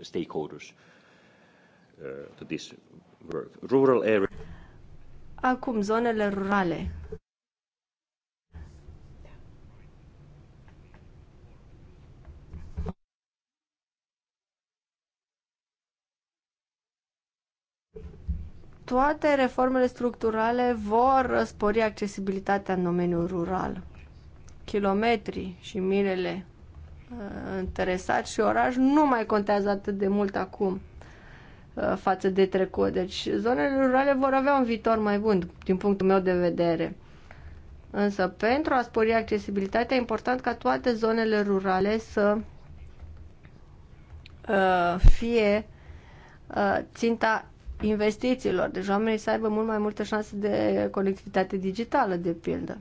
Stakeholders uh, to this work. Rural area. Acum, zonele rurale. toate reformele structurale vor spori accesibilitatea în domeniul rural. Kilometri și milele interesați uh, și oraș nu mai contează atât de mult acum uh, față de trecut. Deci zonele rurale vor avea un viitor mai bun, din punctul meu de vedere. Însă, pentru a spori accesibilitatea, e important ca toate zonele rurale să uh, fie uh, ținta investițiilor. Deci oamenii să aibă mult mai multe șanse de conectivitate digitală, de pildă.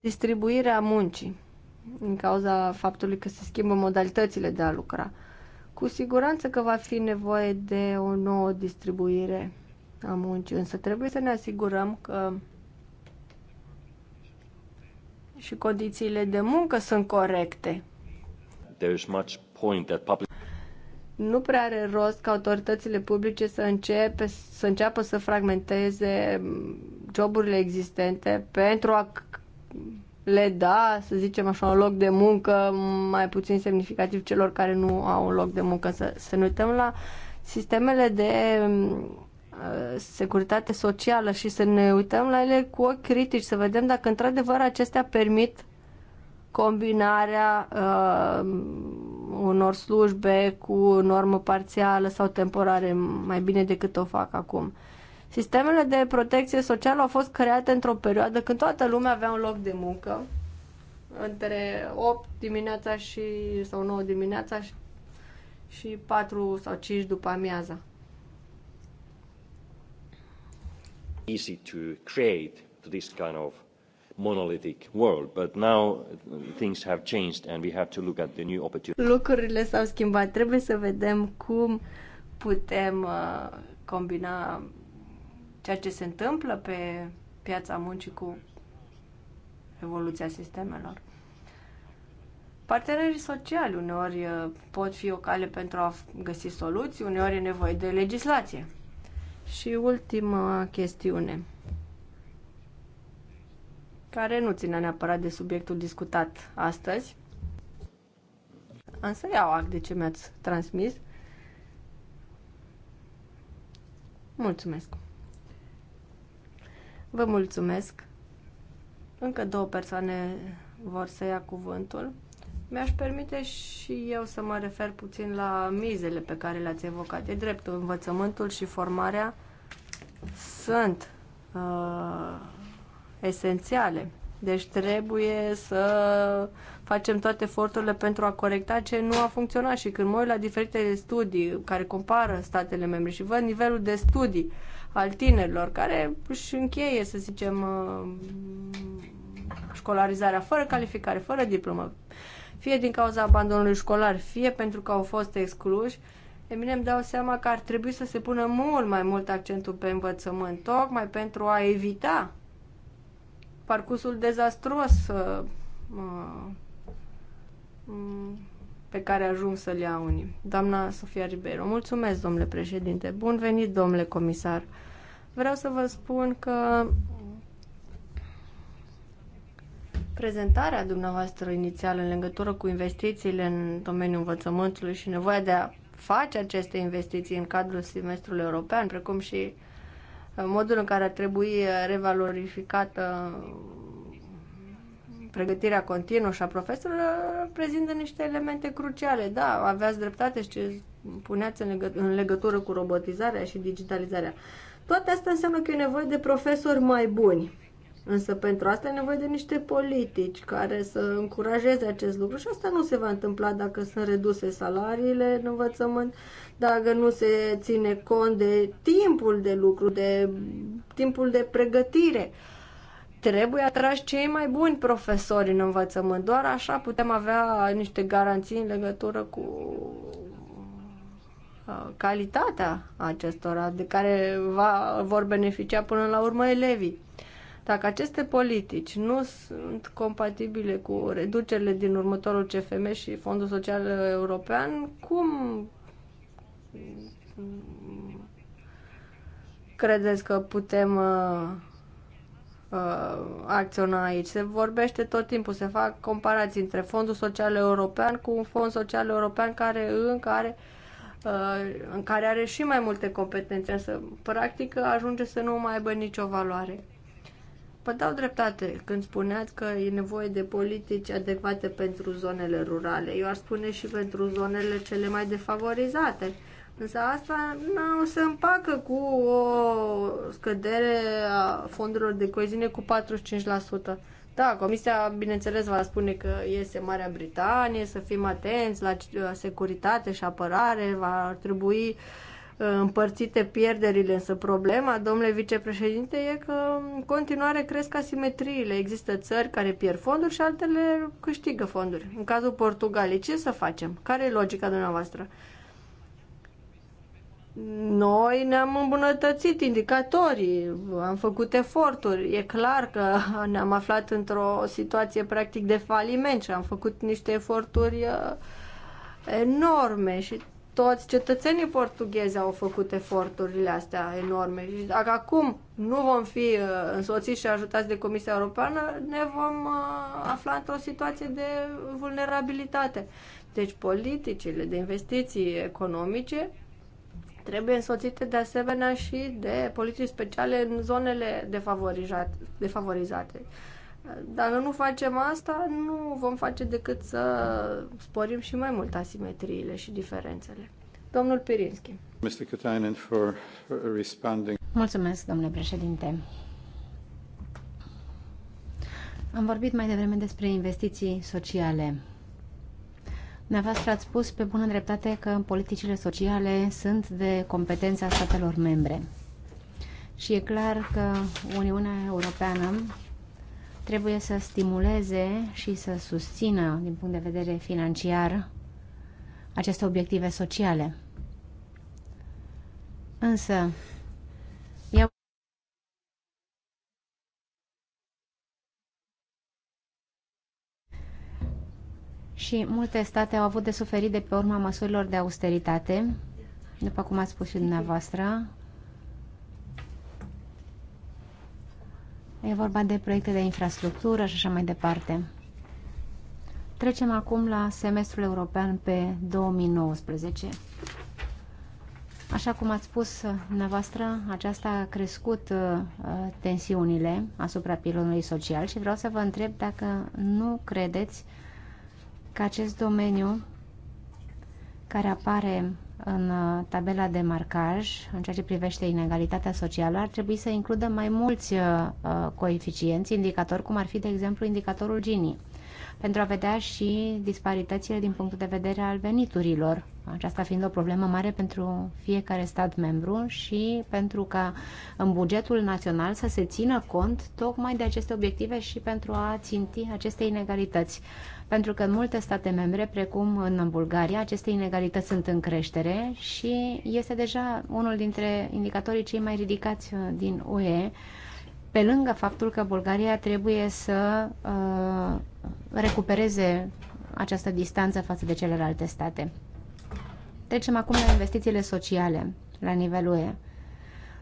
Distribuirea muncii din cauza faptului că se schimbă modalitățile de a lucra. Cu siguranță că va fi nevoie de o nouă distribuire a muncii, însă trebuie să ne asigurăm că și condițiile de muncă sunt corecte. There is much point that public nu prea are rost ca autoritățile publice să, începe, să înceapă să fragmenteze mm, joburile existente pentru a le da, să zicem așa, un loc de muncă mai puțin semnificativ celor care nu au un loc de muncă. Să, să ne uităm la sistemele de mm, uh, securitate socială și să ne uităm la ele cu ochi critici, să vedem dacă într-adevăr acestea permit combinarea uh, unor slujbe cu normă parțială sau temporare, mai bine decât o fac acum. Sistemele de protecție socială au fost create într-o perioadă când toată lumea avea un loc de muncă, între 8 dimineața și, sau 9 dimineața și, și 4 sau 5 după amiaza. Easy to create this kind of monolithic world, but now uh, things have changed and we have to look at the new opportunities. Lucrurile s-au schimbat. Trebuie să vedem cum putem uh, combina ceea ce se întâmplă pe piața muncii cu evoluția sistemelor. Partenerii sociali uneori uh, pot fi o cale pentru a găsi soluții, uneori e nevoie de legislație. Și ultima chestiune care nu ține neapărat de subiectul discutat astăzi. Însă iau act de ce mi-ați transmis. Mulțumesc! Vă mulțumesc! Încă două persoane vor să ia cuvântul. Mi-aș permite și eu să mă refer puțin la mizele pe care le-ați evocat. E dreptul, învățământul și formarea sunt uh, esențiale. Deci trebuie să facem toate eforturile pentru a corecta ce nu a funcționat și când mă uit la diferite studii care compară statele membre și văd nivelul de studii al tinerilor care își încheie, să zicem, uh, școlarizarea fără calificare, fără diplomă, fie din cauza abandonului școlar, fie pentru că au fost excluși, e bine, îmi dau seama că ar trebui să se pună mult mai mult accentul pe învățământ, tocmai pentru a evita parcursul dezastruos uh, uh, pe care ajung să l ia unii. Doamna Sofia Ribeiro, mulțumesc, domnule președinte. Bun venit, domnule comisar. Vreau să vă spun că prezentarea dumneavoastră inițială în legătură cu investițiile în domeniul învățământului și nevoia de a face aceste investiții în cadrul semestrului european, precum și uh, modul în care ar trebui uh, revalorificată uh, pregătirea continuă și a profesorilor uh, prezintă niște elemente cruciale. Da, aveați dreptate și ce puneați în, legă- în legătură cu robotizarea și digitalizarea. Toate astea înseamnă că e nevoie de profesori mai buni. Însă pentru asta e nevoie de niște politici care să încurajeze acest lucru și asta nu se va întâmpla dacă sunt reduse salariile în învățământ, dacă nu se ține cont de timpul de lucru, de timpul de pregătire. Trebuie atrași cei mai buni profesori în învățământ. Doar așa putem avea niște garanții în legătură cu uh, calitatea acestora de care va, vor beneficia până la urmă elevii. Dacă aceste politici nu sunt compatibile cu reducerile din următorul CFM și Fondul Social European, cum credeți că putem uh, uh, acționa aici? Se vorbește tot timpul, se fac comparații între Fondul Social European cu un Fond Social European care încă are uh, în care are și mai multe competențe, însă practic ajunge să nu mai aibă nicio valoare. Vă dau dreptate când spuneați că e nevoie de politici adecvate pentru zonele rurale. Eu ar spune și pentru zonele cele mai defavorizate. Însă asta nu se împacă cu o scădere a fondurilor de coeziune cu 45%. Da, Comisia, bineînțeles, va spune că iese Marea Britanie, să fim atenți la uh, securitate și apărare, va trebui uh, împărțite pierderile, însă problema, domnule vicepreședinte, e că în continuare cresc asimetriile. Există țări care pierd fonduri și altele câștigă fonduri. În cazul Portugaliei, ce să facem? Care e logica dumneavoastră? Noi ne-am îmbunătățit indicatorii, am făcut eforturi. E clar că ne-am aflat într-o situație practic de faliment și am făcut niște eforturi uh, enorme și toți cetățenii portughezi au făcut eforturile astea enorme și dacă acum nu vom fi uh, însoțiți și ajutați de Comisia Europeană, ne vom uh, afla într-o situație de vulnerabilitate. Deci politicile de investiții economice trebuie însoțite de asemenea și de politici speciale în zonele defavorizate. defavorizate. Dacă nu facem asta, nu vom face decât să sporim și mai mult asimetriile și diferențele. Domnul Pirinski. Mr. Katainen for responding. Mulțumesc, domnule președinte. Am vorbit mai devreme despre investiții sociale. Dumneavoastră ați spus pe bună dreptate că politicile sociale sunt de competența statelor membre. Și e clar că Uniunea Europeană trebuie să stimuleze și să susțină, din punct de vedere financiar, aceste obiective sociale. Însă, eu Și multe state au avut de suferit de pe urma măsurilor de austeritate, după cum ați spus și dumneavoastră, E vorba de proiecte de infrastructură și așa mai departe. Trecem acum la semestrul european pe 2019. Așa cum ați spus dumneavoastră, aceasta a crescut uh, tensiunile asupra pilonului social și vreau să vă întreb dacă nu credeți că acest domeniu care apare în uh, tabela de marcaj, în ceea ce privește inegalitatea socială, ar trebui să includă mai mulți uh, uh, coeficienți, indicatori, cum ar fi, de exemplu, indicatorul Gini, pentru a vedea și disparitățile din punctul de vedere al veniturilor, aceasta fiind o problemă mare pentru fiecare stat membru și pentru ca în bugetul național să se țină cont tocmai de aceste obiective și pentru a ținti aceste inegalități pentru că în multe state membre, precum în Bulgaria, aceste inegalități sunt în creștere și este deja unul dintre indicatorii cei mai ridicați uh, din UE, pe lângă faptul că Bulgaria trebuie să uh, recupereze această distanță față de celelalte state. Trecem acum la investițiile sociale la nivelul UE.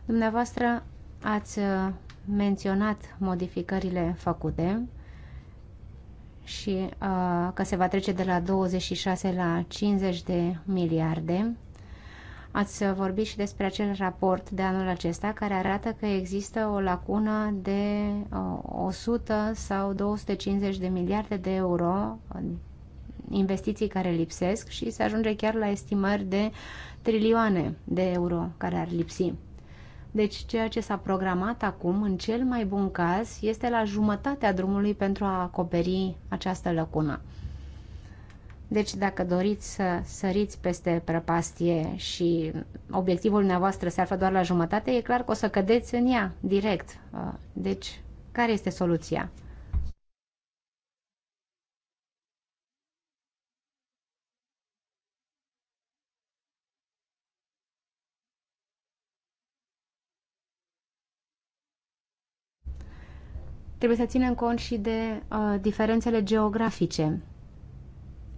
Dumneavoastră ați uh, menționat modificările făcute și că se va trece de la 26 la 50 de miliarde. Ați vorbit și despre acel raport de anul acesta care arată că există o lacună de 100 sau 250 de miliarde de euro investiții care lipsesc și se ajunge chiar la estimări de trilioane de euro care ar lipsi. Deci ceea ce s-a programat acum, în cel mai bun caz, este la jumătatea drumului pentru a acoperi această lăcună. Deci dacă doriți să săriți peste prăpastie și obiectivul dumneavoastră se află doar la jumătate, e clar că o să cădeți în ea direct. Deci, care este soluția? Trebuie să ținem cont și de uh, diferențele geografice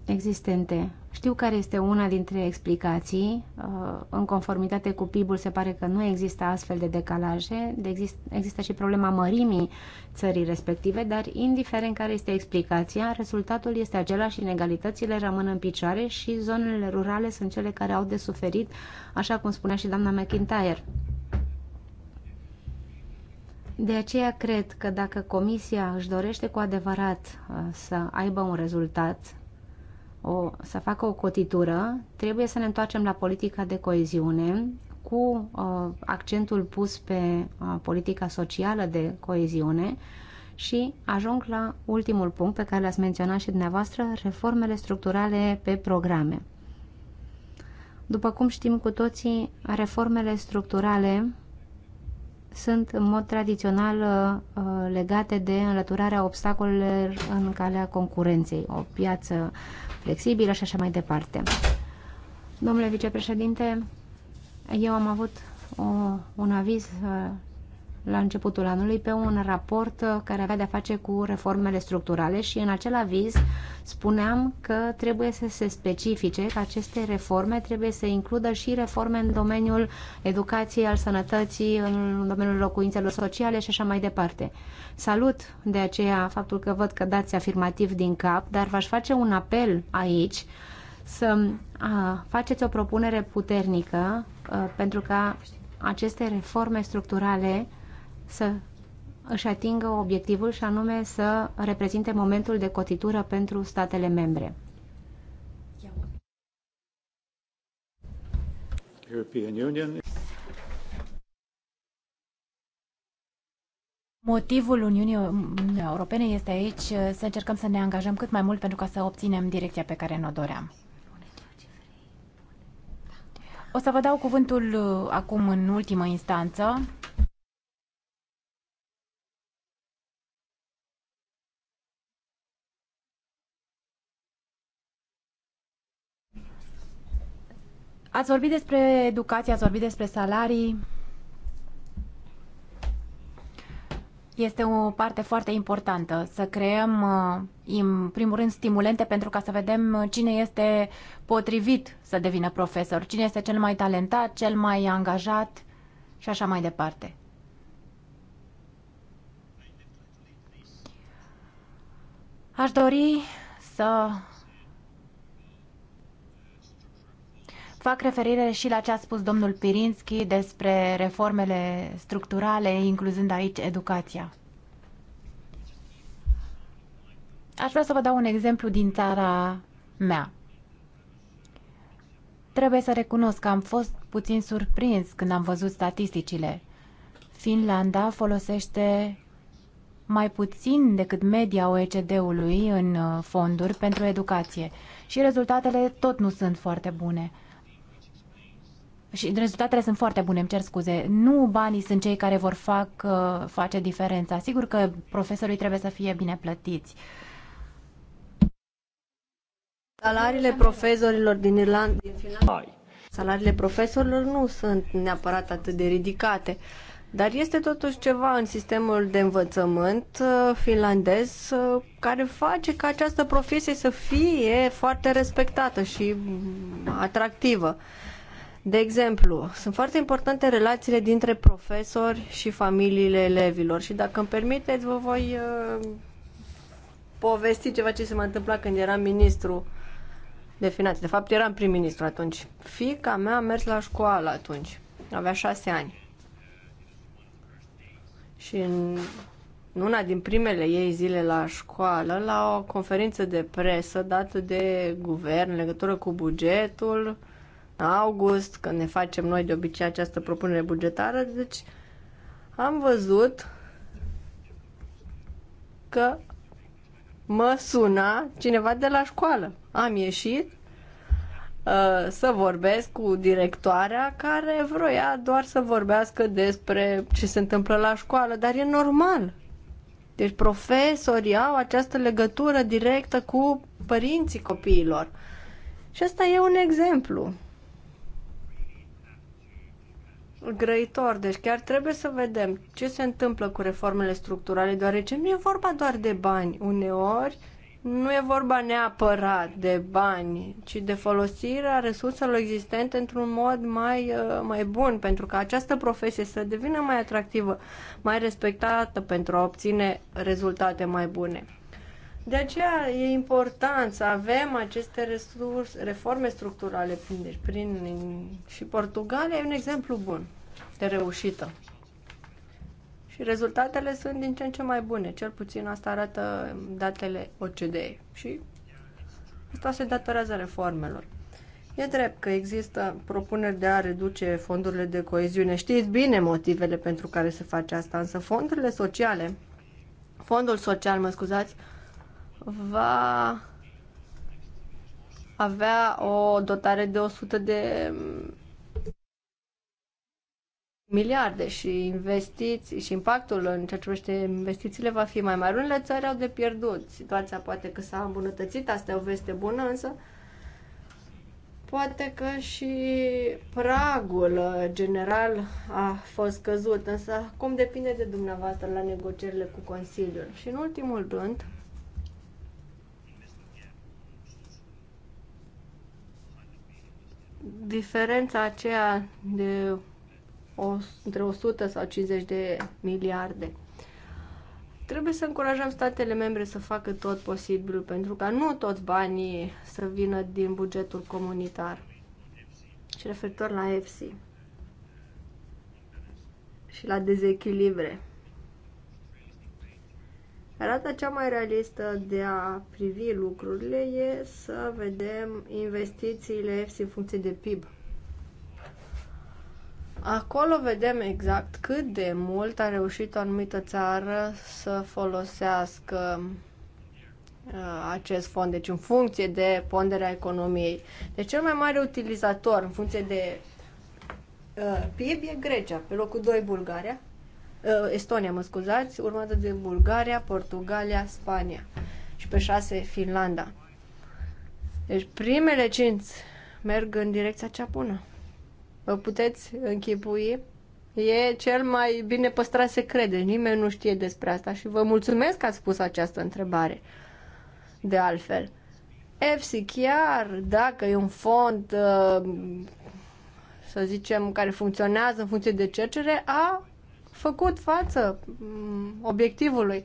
existente. Știu care este una dintre explicații. Uh, în conformitate cu PIB-ul se pare că nu există astfel de decalaje. De exist există și problema mărimii țării respective, dar indiferent care este explicația, rezultatul este același, inegalitățile rămân în picioare și zonele rurale sunt cele care au de suferit, așa cum spunea și doamna McIntyre. De aceea cred că dacă Comisia își dorește cu adevărat uh, să aibă un rezultat, o, să facă o cotitură, trebuie să ne întoarcem la politica de coeziune cu uh, accentul pus pe uh, politica socială de coeziune și ajung la ultimul punct pe care l-ați menționat și dumneavoastră, reformele structurale pe programe. După cum știm cu toții, reformele structurale sunt în mod tradițional uh, legate de înlăturarea obstacolelor în calea concurenței, o piață flexibilă și așa mai departe. Domnule vicepreședinte, eu am avut o, un aviz uh, la începutul anului pe un raport care avea de-a face cu reformele structurale și în acel aviz spuneam că trebuie să se specifice că aceste reforme trebuie să includă și reforme în domeniul educației, al sănătății, în domeniul locuințelor sociale și așa mai departe. Salut de aceea faptul că văd că dați afirmativ din cap, dar v-aș face un apel aici să faceți o propunere puternică pentru ca aceste reforme structurale să își atingă obiectivul și anume să reprezinte momentul de cotitură pentru statele membre. Motivul Uniunii Europene este aici să încercăm să ne angajăm cât mai mult pentru ca să obținem direcția pe care ne-o doream. O să vă dau cuvântul acum în ultimă instanță Ați vorbit despre educație, ați vorbit despre salarii. Este o parte foarte importantă să creăm, în uh, primul rând, stimulente pentru ca să vedem cine este potrivit să devină profesor, cine este cel mai talentat, cel mai angajat și așa mai departe. Aș dori să Fac referire și la ce a spus domnul Pirinski despre reformele structurale, incluzând aici educația. Aș vrea să vă dau un exemplu din țara mea. Trebuie să recunosc că am fost puțin surprins când am văzut statisticile. Finlanda folosește mai puțin decât media OECD-ului în uh, fonduri pentru educație și rezultatele tot nu sunt foarte bune și rezultatele sunt foarte bune, îmi cer scuze. Nu banii sunt cei care vor fac, uh, face diferența. Sigur că profesorii trebuie să fie bine plătiți. Salariile profesorilor din Irlanda, din Finlanda, salariile profesorilor nu sunt neapărat atât de ridicate. Dar este totuși ceva în sistemul de învățământ uh, finlandez uh, care face ca această profesie să fie foarte respectată și mm, atractivă. De exemplu, sunt foarte importante relațiile dintre profesori și familiile elevilor și dacă îmi permiteți, vă voi uh, povesti ceva ce se m-a întâmplat când eram ministru de finanțe. De fapt, eram prim-ministru atunci. Fica mea a mers la școală atunci. Avea șase ani. Și în una din primele ei zile la școală, la o conferință de presă dată de guvern în legătură cu bugetul, uh, august, când ne facem noi de obicei această propunere bugetară, deci am văzut că mă suna cineva de la școală. Am ieșit uh, să vorbesc cu directoarea care vroia doar să vorbească despre ce se întâmplă la școală, dar e normal. Deci profesorii au această legătură directă cu părinții copiilor. Și asta e un exemplu grăitor. Deci chiar trebuie să vedem ce se întâmplă cu reformele structurale, deoarece nu e vorba doar de bani. Uneori nu e vorba neapărat de bani, ci de folosirea resurselor existente într-un mod mai, uh, mai bun, pentru că această profesie să devină mai atractivă, mai respectată pentru a obține rezultate mai bune. De aceea e important să avem aceste resurse, reforme structurale prin, deci prin, și Portugalia e un exemplu bun de reușită. Și rezultatele sunt din ce în ce mai bune, cel puțin asta arată datele OCDE și asta se datorează reformelor. E drept că există propuneri de a reduce fondurile de coeziune. Știți bine motivele pentru care se face asta, însă fondurile sociale, fondul social, mă scuzați, va avea o dotare de 100 de miliarde și investiții și impactul în ceea ce privește investițiile va fi mai mare. Unele țări au de pierdut. Situația poate că s-a îmbunătățit, asta e o veste bună, însă poate că și pragul general a fost căzut, însă acum depinde de dumneavoastră la negocierile cu Consiliul. Și în ultimul rând, diferența aceea de o, între 100 sau 50 de miliarde. Trebuie să încurajăm statele membre să facă tot posibilul pentru ca nu toți banii să vină din bugetul comunitar. Și referitor la EFSI și la dezechilibre. Rata cea mai realistă de a privi lucrurile e să vedem investițiile EFSI în funcție de PIB. Acolo vedem exact cât de mult a reușit o anumită țară să folosească uh, acest fond, deci în funcție de ponderea economiei. Deci cel mai mare utilizator în funcție de uh, PIB e Grecia, pe locul 2 Bulgaria, Eh, Estonia, mă scuzați, urmată de Bulgaria, Portugalia, Spania și pe 6 Finlanda. Deci primele cinci merg în direcția cea bună. Vă puteți închipui? E cel mai bine păstrat secret, deci nimeni nu știe despre asta și vă mulțumesc că ați pus această întrebare. De altfel, EFSI chiar dacă e un fond eh, să zicem, care funcționează în funcție de cercere, a făcut față mm, obiectivului.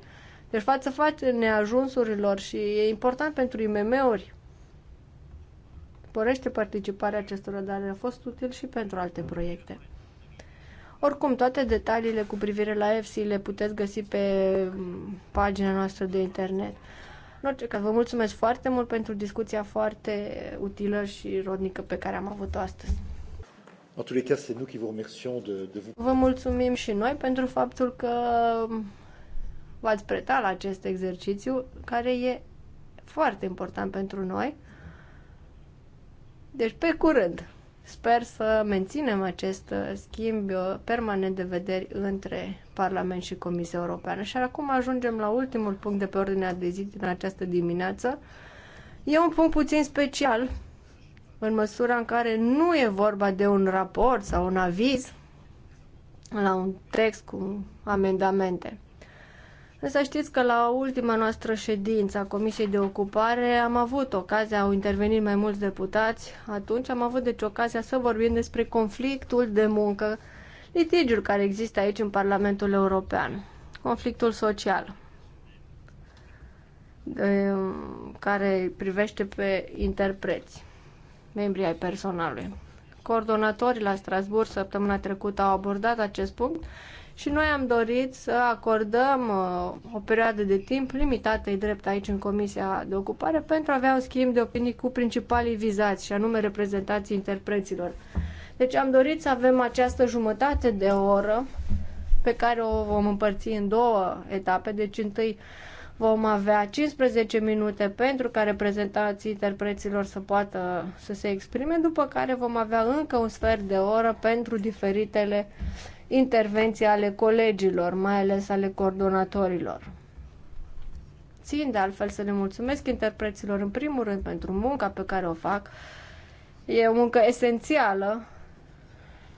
Deci față față neajunsurilor și e important pentru IMM-uri. Părește participarea acestora, dar a fost util și pentru alte proiecte. Oricum, toate detaliile cu privire la EFSI le puteți găsi pe mm, pagina noastră de internet. În orice caz, vă mulțumesc foarte mult pentru discuția foarte utilă și rodnică pe care am avut-o astăzi. En tous les cas, c'est nous qui vous remercions de, de vous. Vă mulțumim și noi pentru faptul că v-ați pretat la acest exercițiu, care e foarte important pentru noi. Deci, pe curând, sper să menținem acest uh, schimb uh, permanent de vederi între Parlament și Comisia Europeană. Și acum ajungem la ultimul punct de pe ordinea de zi din această dimineață. E un punct puțin special, în măsura în care nu e vorba de un raport sau un aviz la un text cu amendamente. Însă știți că la ultima noastră ședință a Comisiei de Ocupare am avut ocazia, au intervenit mai mulți deputați, atunci am avut deci ocazia să vorbim despre conflictul de muncă, litigiul care există aici în Parlamentul European, conflictul social, de, care privește pe interpreți membrii ai personalului. Coordonatorii la Strasburg săptămâna trecută au abordat acest punct și noi am dorit să acordăm uh, o perioadă de timp limitată, e drept, aici în Comisia de Ocupare, pentru a avea un schimb de opinii cu principalii vizați, și anume reprezentații interpreților. Deci am dorit să avem această jumătate de oră pe care o vom împărți în două etape, deci întâi Vom avea 15 minute pentru ca reprezentanții interpreților să poată să se exprime, după care vom avea încă un sfert de oră pentru diferitele intervenții ale colegilor, mai ales ale coordonatorilor. Țin de altfel să le mulțumesc interpreților în primul rând pentru munca pe care o fac. E o muncă esențială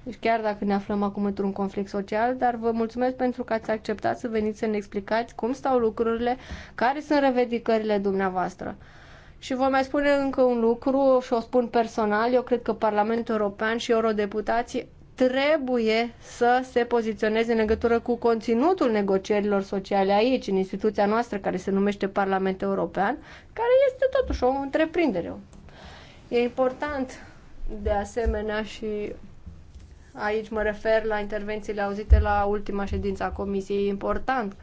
deci chiar dacă ne aflăm acum într-un conflict social, dar vă mulțumesc pentru că ați acceptat să veniți să ne explicați cum stau lucrurile, care sunt revedicările dumneavoastră. Și vă mai spune încă un lucru și o spun personal, eu cred că Parlamentul European și eurodeputații trebuie să se poziționeze în legătură cu conținutul negocierilor sociale aici, în instituția noastră care se numește Parlamentul European, care este totuși o întreprindere. E important de asemenea și Aici mă refer la intervențiile auzite la ultima ședință a Comisiei. E important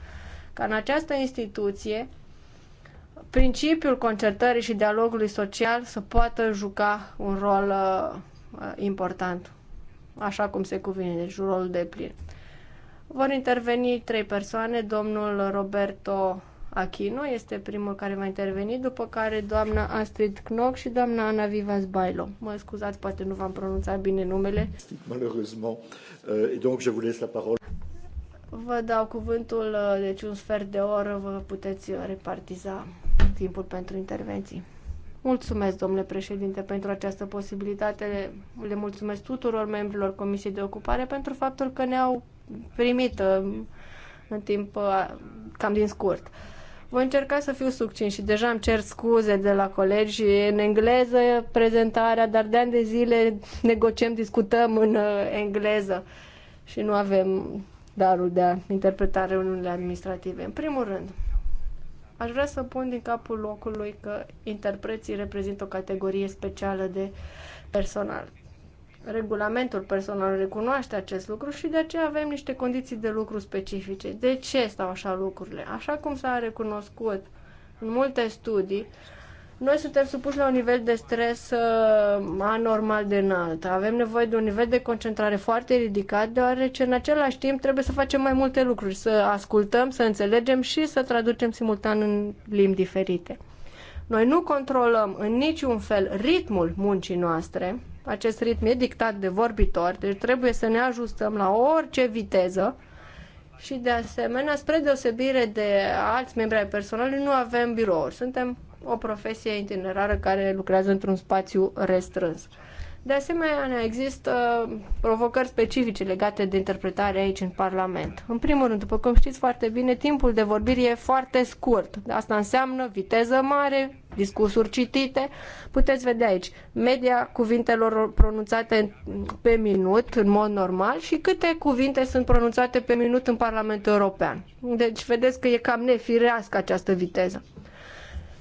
ca în această instituție principiul concertării și dialogului social să poată juca un rol uh, important, așa cum se cuvine, deci rolul de plin. Vor interveni trei persoane, domnul Roberto Achino este primul care va interveni, după care doamna Astrid Knock și doamna Ana Vivas Bailo. Mă scuzați, poate nu v-am pronunțat bine numele. Malheureusement. Euh, et donc je vous laisse la parole. Vă dau cuvântul, uh, deci un sfert de oră vă puteți uh, repartiza timpul pentru intervenții. Mulțumesc, domnule președinte, pentru această posibilitate. Le mulțumesc tuturor membrilor Comisiei de Ocupare pentru faptul că ne-au primit uh, în timp cam din scurt. Voi încerca să fiu succint și deja îmi cer scuze de la colegi în engleză prezentarea, dar de ani de zile negociem, discutăm în uh, engleză și nu avem darul de a interpreta reuniunile administrative. În primul rând, aș vrea să pun din capul locului că interpreții reprezintă o categorie specială de personal. Regulamentul personal recunoaște acest lucru și de aceea avem niște condiții de lucru specifice. De ce stau așa lucrurile? Așa cum s-a recunoscut în multe studii, noi suntem supuși la un nivel de stres uh, anormal de înalt. Avem nevoie de un nivel de concentrare foarte ridicat, deoarece în același timp trebuie să facem mai multe lucruri, să ascultăm, să înțelegem și să traducem simultan în limbi diferite. Noi nu controlăm în niciun fel ritmul muncii noastre, acest ritm e dictat de vorbitori, deci trebuie să ne ajustăm la orice viteză și de asemenea, spre deosebire de alți membri ai personalului, nu avem birouri. Suntem o profesie itinerară care lucrează într-un spațiu restrâns. De asemenea, există provocări specifice legate de interpretare aici în Parlament. În primul rând, după cum știți foarte bine, timpul de vorbire e foarte scurt. Asta înseamnă viteză mare, discursuri citite. Puteți vedea aici media cuvintelor pronunțate pe minut în mod normal și câte cuvinte sunt pronunțate pe minut în Parlamentul European. Deci vedeți că e cam nefirească această viteză.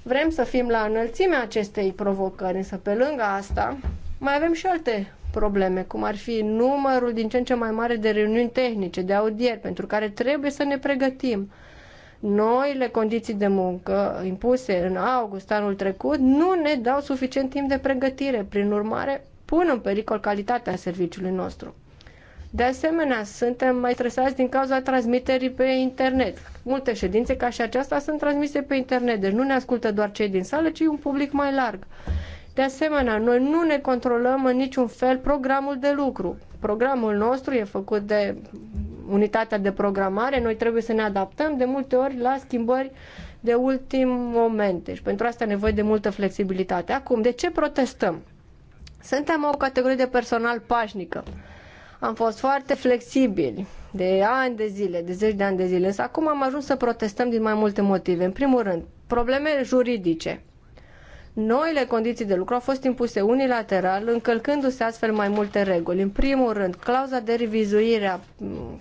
Vrem să fim la înălțimea acestei provocări, însă pe lângă asta mai avem și alte probleme, cum ar fi numărul din ce în ce mai mare de reuniuni tehnice, de audieri, pentru care trebuie să ne pregătim. Noile condiții de muncă impuse în august anul trecut nu ne dau suficient timp de pregătire, prin urmare pun în pericol calitatea serviciului nostru. De asemenea, suntem mai stresați din cauza transmiterii pe internet. Multe ședințe ca și aceasta sunt transmise pe internet, deci nu ne ascultă doar cei din sală, ci un public mai larg. De asemenea, noi nu ne controlăm în niciun fel programul de lucru. Programul nostru e făcut de unitatea de programare, noi trebuie să ne adaptăm de multe ori la schimbări de ultim moment. Deci pentru asta nevoie de multă flexibilitate. Acum, de ce protestăm? Suntem o categorie de personal pașnică. Am fost foarte flexibili de ani de zile, de zeci de ani de zile, însă acum am ajuns să protestăm din mai multe motive. În primul rând, probleme juridice. Noile condiții de lucru au fost impuse unilateral, încălcându-se astfel mai multe reguli. În primul rând, clauza de revizuire a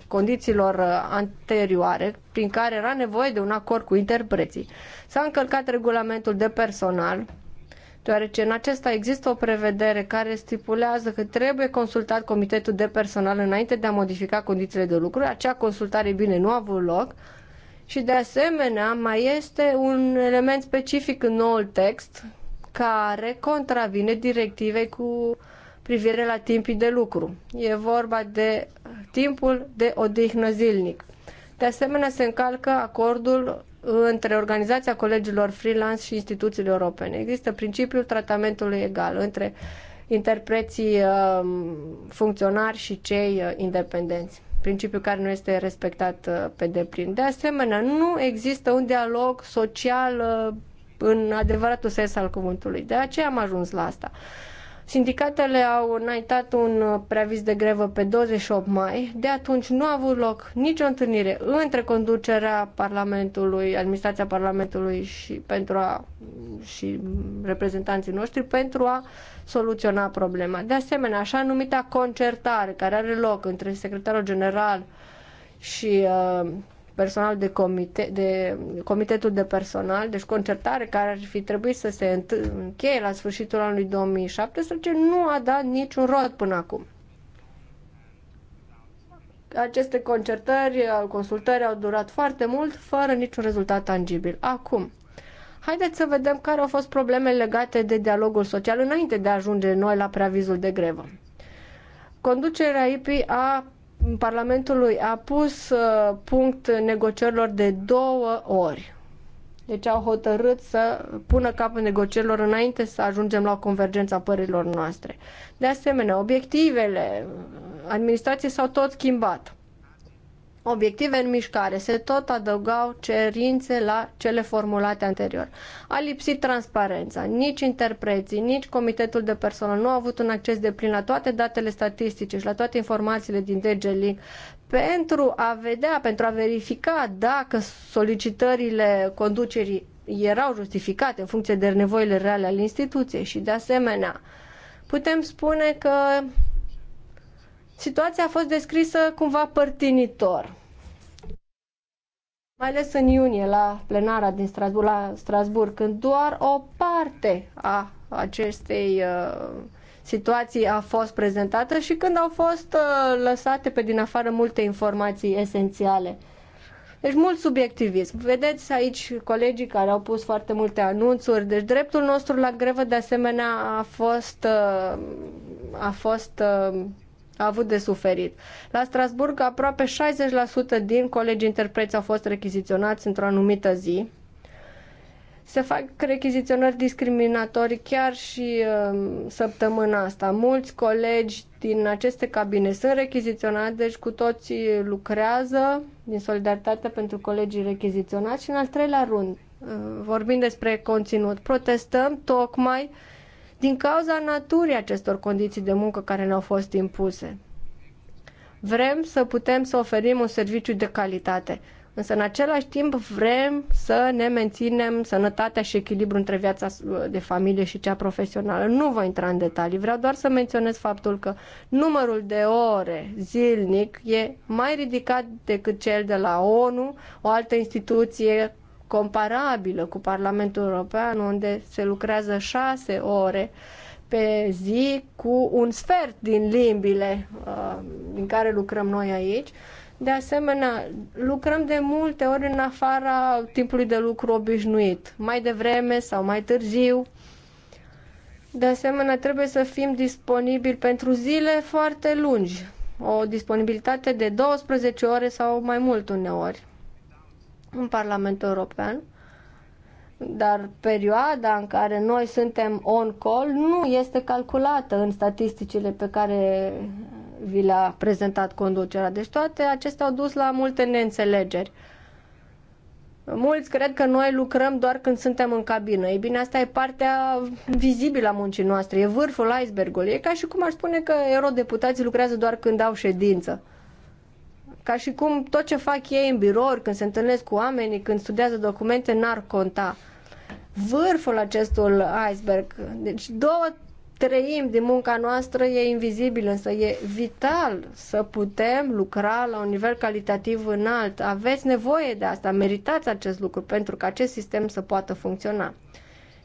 condițiilor uh, anterioare, prin care era nevoie de un acord cu interpreții. S-a încălcat regulamentul de personal, deoarece în acesta există o prevedere care stipulează că trebuie consultat comitetul de personal înainte de a modifica condițiile de lucru. Acea consultare, bine, nu a avut loc. Și de asemenea, mai este un element specific în noul text care contravine directivei cu privire la timpii de lucru. E vorba de timpul de odihnă zilnic. De asemenea, se încalcă acordul între Organizația Colegilor Freelance și instituțiile europene. Există principiul tratamentului egal între interpreții um, funcționari și cei uh, independenți, principiu care nu este respectat uh, pe deplin. De asemenea, nu există un dialog social uh, în adevăratul sens al cuvântului. De aceea am ajuns la asta. Sindicatele au înaintat un uh, preaviz de grevă pe 28 mai. De atunci nu a avut loc nicio întâlnire între conducerea Parlamentului, administrația Parlamentului și, pentru a, și reprezentanții noștri pentru a soluționa problema. De asemenea, așa numita concertare care are loc între secretarul general și uh, personal de, comite, de comitetul de personal, deci concertare care ar fi trebuit să se încheie la sfârșitul anului 2017, nu a dat niciun rod până acum. Aceste concertări, consultări au durat foarte mult, fără niciun rezultat tangibil. Acum, haideți să vedem care au fost problemele legate de dialogul social înainte de a ajunge noi la preavizul de grevă. Conducerea IPI a Parlamentului a pus uh, punct negocierilor de două ori. Deci au hotărât să pună capul negocierilor înainte să ajungem la convergența părilor noastre. De asemenea, obiectivele administrației s-au tot schimbat obiective în mișcare. Se tot adăugau cerințe la cele formulate anterior. A lipsit transparența. Nici interpreții, nici comitetul de personal nu au avut un acces de plin la toate datele statistice și la toate informațiile din DG Link pentru a vedea, pentru a verifica dacă solicitările conducerii erau justificate în funcție de nevoile reale ale instituției și de asemenea putem spune că Situația a fost descrisă cumva părtinitor. Mai ales în iunie, la plenara din Strasburg, la Strasburg când doar o parte a acestei uh, situații a fost prezentată și când au fost uh, lăsate pe din afară multe informații esențiale. Deci mult subiectivism. Vedeți aici colegii care au pus foarte multe anunțuri. Deci dreptul nostru la grevă de asemenea a fost, uh, a fost uh, a avut de suferit. La Strasburg, aproape 60% din colegii interpreți au fost rechiziționați într-o anumită zi. Se fac rechiziționări discriminatorii chiar și uh, săptămâna asta. Mulți colegi din aceste cabine sunt rechiziționați, deci cu toții lucrează din solidaritate pentru colegii rechiziționați. Și în al treilea rând, uh, vorbim despre conținut, protestăm tocmai uh, din cauza naturii acestor condiții de muncă care ne-au fost impuse. Vrem să putem să oferim un serviciu de calitate, însă în același timp vrem să ne menținem sănătatea și echilibru între viața uh, de familie și cea profesională. Nu voi intra în detalii, vreau doar să menționez faptul că numărul de ore zilnic e mai ridicat decât cel de la ONU, o altă instituție comparabilă cu Parlamentul European, unde se lucrează șase ore pe zi cu un sfert din limbile uh, din care lucrăm noi aici. De asemenea, lucrăm de multe ori în afara timpului de lucru obișnuit, mai devreme sau mai târziu. De asemenea, trebuie să fim disponibili pentru zile foarte lungi, o disponibilitate de 12 ore sau mai mult uneori în Parlamentul European, dar perioada în care noi suntem on-call nu este calculată în statisticile pe care vi le-a prezentat conducerea. Deci toate acestea au dus la multe neînțelegeri. Mulți cred că noi lucrăm doar când suntem în cabină. Ei bine, asta e partea vizibilă a muncii noastre, e vârful icebergului. E ca și cum ar spune că eurodeputații lucrează doar când au ședință. Ca și cum tot ce fac ei în birouri, când se întâlnesc cu oamenii, când studiază documente, n-ar conta. Vârful acestul iceberg, deci două trăim din munca noastră e invizibil, însă e vital să putem lucra la un nivel calitativ înalt. Aveți nevoie de asta, meritați acest lucru pentru ca acest sistem să poată funcționa.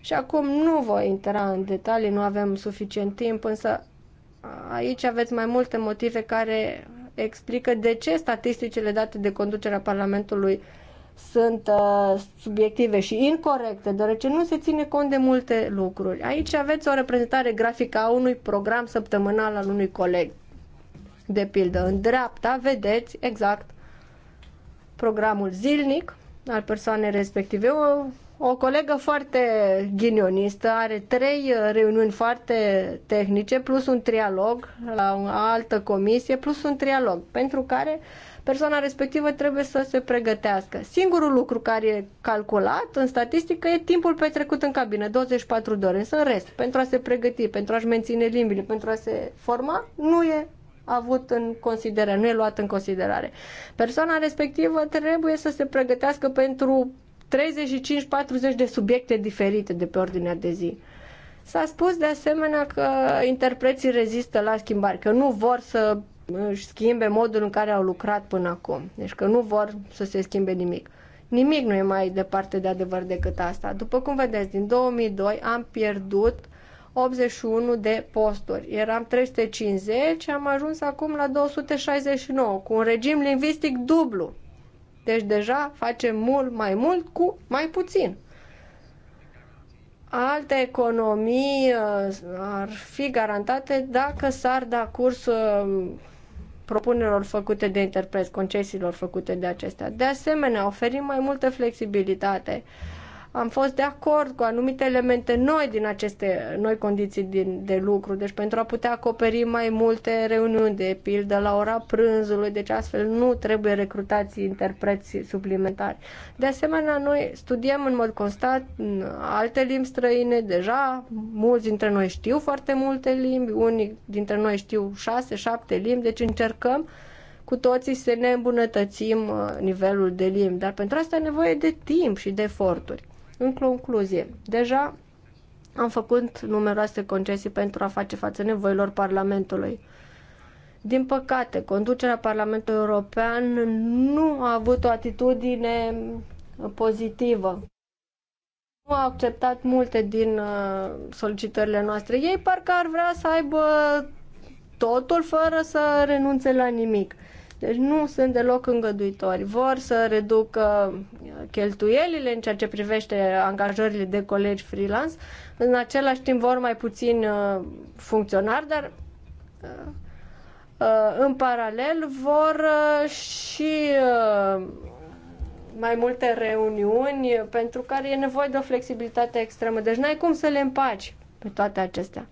Și acum nu voi intra în detalii, nu avem suficient timp, însă aici aveți mai multe motive care explică de ce statisticile date de conducerea Parlamentului sunt uh, subiective și incorrecte, deoarece nu se ține cont de multe lucruri. Aici aveți o reprezentare grafică a unui program săptămânal al unui coleg. De pildă, în dreapta vedeți exact programul zilnic al persoanei respective. Eu o colegă foarte ghinionistă are trei uh, reuniuni foarte tehnice, plus un trialog la o altă comisie, plus un trialog, pentru care persoana respectivă trebuie să se pregătească. Singurul lucru care e calculat în statistică e timpul petrecut în cabină, 24 de ore, însă în rest, pentru a se pregăti, pentru a-și menține limbile, pentru a se forma, nu e avut în considerare, nu e luat în considerare. Persoana respectivă trebuie să se pregătească pentru 35-40 de subiecte diferite de pe ordinea de zi. S-a spus de asemenea că interpreții rezistă la schimbare, că nu vor să uh, își schimbe modul în care au lucrat până acum, deci că nu vor să se schimbe nimic. Nimic nu e mai departe de adevăr decât asta. După cum vedeți, din 2002 am pierdut 81 de posturi. Eram 350 și am ajuns acum la 269, cu un regim lingvistic dublu. Deci deja facem mult mai mult cu mai puțin. Alte economii uh, ar fi garantate dacă s-ar da curs uh, propunerilor făcute de interpreți, concesiilor făcute de acestea. De asemenea, oferim mai multă flexibilitate uh, am fost de acord cu anumite elemente noi din aceste noi condiții din, de lucru, deci pentru a putea acoperi mai multe reuniuni, de pildă la ora prânzului, deci astfel nu trebuie recrutați interpreți suplimentari. De asemenea, noi studiem în mod constat alte limbi străine, deja mulți dintre noi știu foarte multe limbi, unii dintre noi știu șase, șapte limbi, deci încercăm cu toții să ne îmbunătățim uh, nivelul de limbi, dar pentru asta e nevoie de timp și de eforturi. În concluzie, deja am făcut numeroase concesii pentru a face față nevoilor Parlamentului. Din păcate, conducerea Parlamentului European nu a avut o atitudine pozitivă. Nu a acceptat multe din uh, solicitările noastre. Ei parcă ar vrea să aibă totul fără să renunțe la nimic. Deci nu sunt deloc îngăduitori. Vor să reducă uh, cheltuielile în ceea ce privește angajările de colegi freelance, în același timp vor mai puțin uh, funcționari, dar uh, în paralel vor și mai multe reuniuni pentru care e nevoie de o flexibilitate extremă. Deci n-ai cum să le împaci pe toate acestea.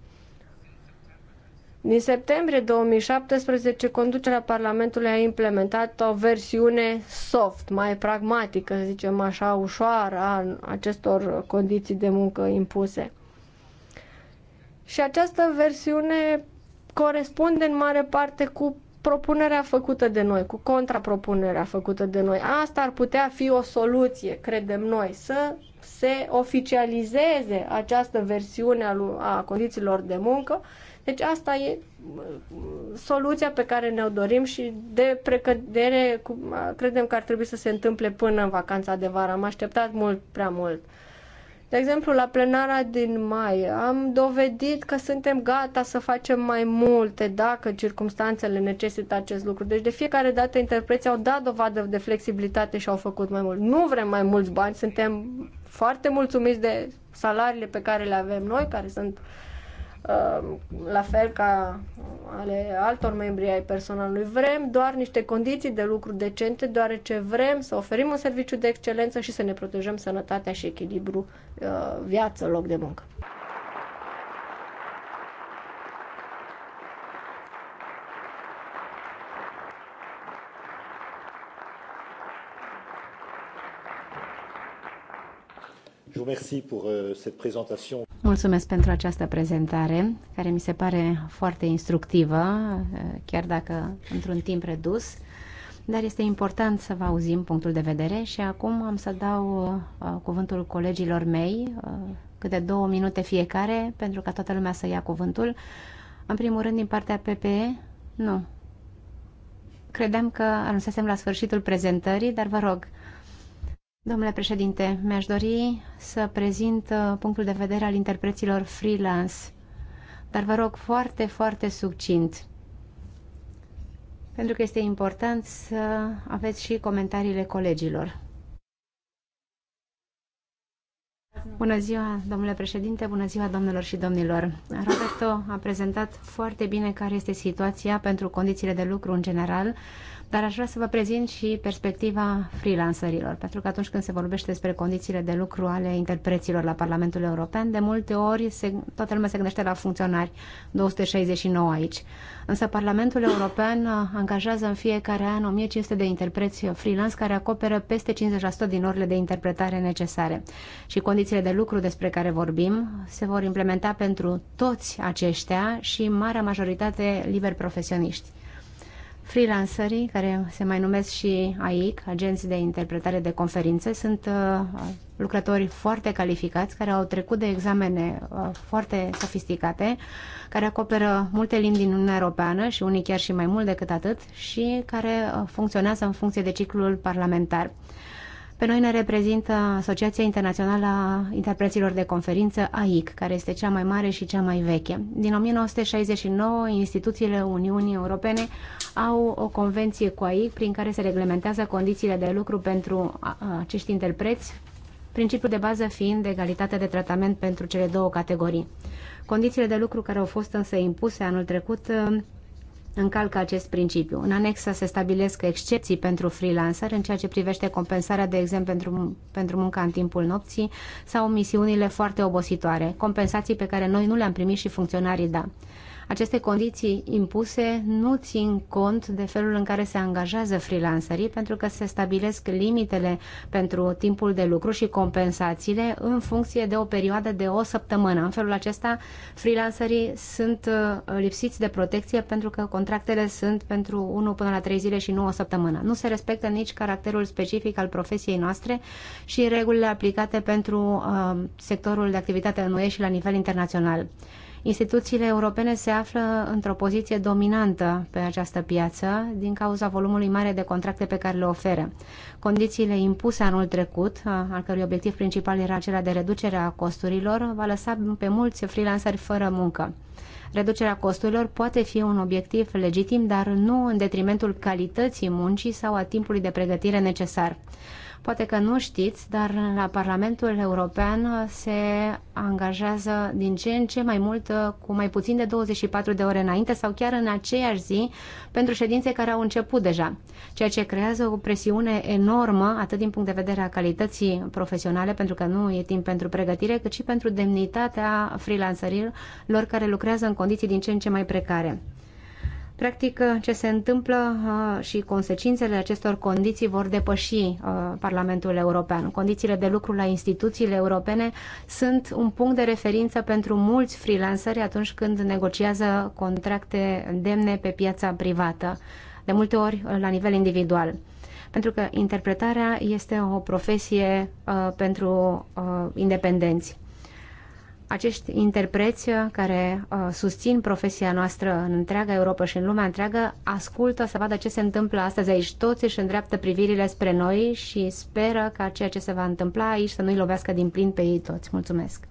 Din septembrie 2017, conducerea Parlamentului a implementat o versiune soft, mai pragmatică, să zicem așa, ușoară, a acestor condiții de muncă impuse. Și această versiune corespunde în mare parte cu propunerea făcută de noi, cu contrapropunerea făcută de noi. Asta ar putea fi o soluție, credem noi, să se oficializeze această versiune a condițiilor de muncă deci asta e uh, soluția pe care ne-o dorim și de precădere uh, credem că ar trebui să se întâmple până în vacanța de vară. Am așteptat mult prea mult. De exemplu, la plenara din mai am dovedit că suntem gata să facem mai multe dacă circumstanțele necesită acest lucru. Deci de fiecare dată interpreții au dat dovadă de flexibilitate și au făcut mai mult. Nu vrem mai mulți bani, suntem foarte mulțumiți de salariile pe care le avem noi, care sunt uh, Ehm, la fel ca ale altor membri ai personalului. Vrem doar niște condiții de lucru decente, deoarece vrem să oferim un serviciu de excelență și să ne protejăm sănătatea și echilibru eh, viață, loc de muncă. Je vous remercie pour euh, cette présentation. Mulțumesc pentru această prezentare, care mi se pare foarte instructivă, chiar dacă într-un timp redus, dar este important să vă auzim punctul de vedere și acum am să dau uh, cuvântul colegilor mei, uh, câte două minute fiecare, pentru ca toată lumea să ia cuvântul. În primul rând, din partea PPE, nu. Credeam că anunțasem la sfârșitul prezentării, dar vă rog, Domnule președinte, mi-aș dori să prezint uh, punctul de vedere al interpreților freelance, dar vă rog foarte, foarte succint, pentru că este important să aveți și comentariile colegilor. Bună ziua, domnule președinte, bună ziua, domnilor și domnilor. Roberto a prezentat foarte bine care este situația pentru condițiile de lucru în general, dar aș vrea să vă prezint și perspectiva freelancerilor, pentru că atunci când se vorbește despre condițiile de lucru ale interpreților la Parlamentul European, de multe ori se, toată lumea se gândește la funcționari, 269 aici. Însă Parlamentul European uh, angajează în fiecare an 1500 de interpreți freelance care acoperă peste 50% din orele de interpretare necesare. Și condițiile de lucru despre care vorbim se vor implementa pentru toți aceștia și marea majoritate liberi profesioniști. Freelancerii, care se mai numesc și AIC, agenții de interpretare de conferințe, sunt uh, lucrători foarte calificați care au trecut de examene uh, foarte sofisticate, care acoperă multe limbi din Uniunea Europeană și unii chiar și mai mult decât atât și care uh, funcționează în funcție de ciclul parlamentar. Uh, pe noi ne reprezintă Asociația Internațională a Interpreților de Conferință, AIC, care este cea mai mare și cea mai veche. Din 1969, instituțiile Uniunii Europene au o convenție cu AIC prin care se reglementează condițiile de lucru pentru acești interpreți, principiul de bază fiind egalitatea de tratament pentru cele două categorii. Condițiile de lucru care au fost însă impuse anul trecut încalcă acest principiu. În anexă se stabilesc excepții pentru freelancer în ceea ce privește compensarea, de exemplu, pentru, pentru munca în timpul nopții sau misiunile foarte obositoare, compensații pe care noi nu le-am primit și funcționarii da. Aceste condiții impuse nu țin cont de felul în care se angajează freelancerii pentru că se stabilesc limitele pentru timpul de lucru și compensațiile în funcție de o perioadă de o săptămână. În felul acesta, freelancerii sunt uh, lipsiți de protecție pentru că contractele sunt pentru 1 până la 3 zile și nu o săptămână. Nu se respectă nici caracterul specific al profesiei noastre și regulile aplicate pentru uh, sectorul de activitate în UE și la nivel internațional. Instituțiile europene se află într-o poziție dominantă pe această piață din cauza volumului mare de contracte pe care le oferă. Condițiile impuse anul trecut, al cărui obiectiv principal era acela de reducere a costurilor, va lăsa pe mulți freelanceri fără muncă. Reducerea costurilor poate fi un obiectiv legitim, dar nu în detrimentul calității muncii sau a timpului de pregătire necesar. Poate că nu știți, dar la Parlamentul European se angajează din ce în ce mai mult uh, cu mai puțin de 24 de ore înainte sau chiar în aceeași zi pentru ședințe care au început deja, ceea ce creează o presiune enormă atât din punct de vedere a calității profesionale, pentru că nu e timp pentru pregătire, cât și pentru demnitatea freelancerilor care lucrează în condiții din ce în ce mai precare. Practic, uh, ce se întâmplă uh, și consecințele acestor condiții vor depăși uh, Parlamentul European. Condițiile de lucru la instituțiile europene sunt un punct de referință pentru mulți freelanceri atunci când negociază contracte demne pe piața privată, de multe ori la nivel individual pentru că interpretarea este o profesie uh, pentru uh, independenți acești interpreți uh, care uh, susțin profesia noastră în întreaga Europa și în lumea întreagă ascultă să vadă ce se întâmplă astăzi aici. Toți își îndreaptă privirile spre noi și speră ca ceea ce se va întâmpla aici să nu-i lovească din plin pe ei toți. Mulțumesc!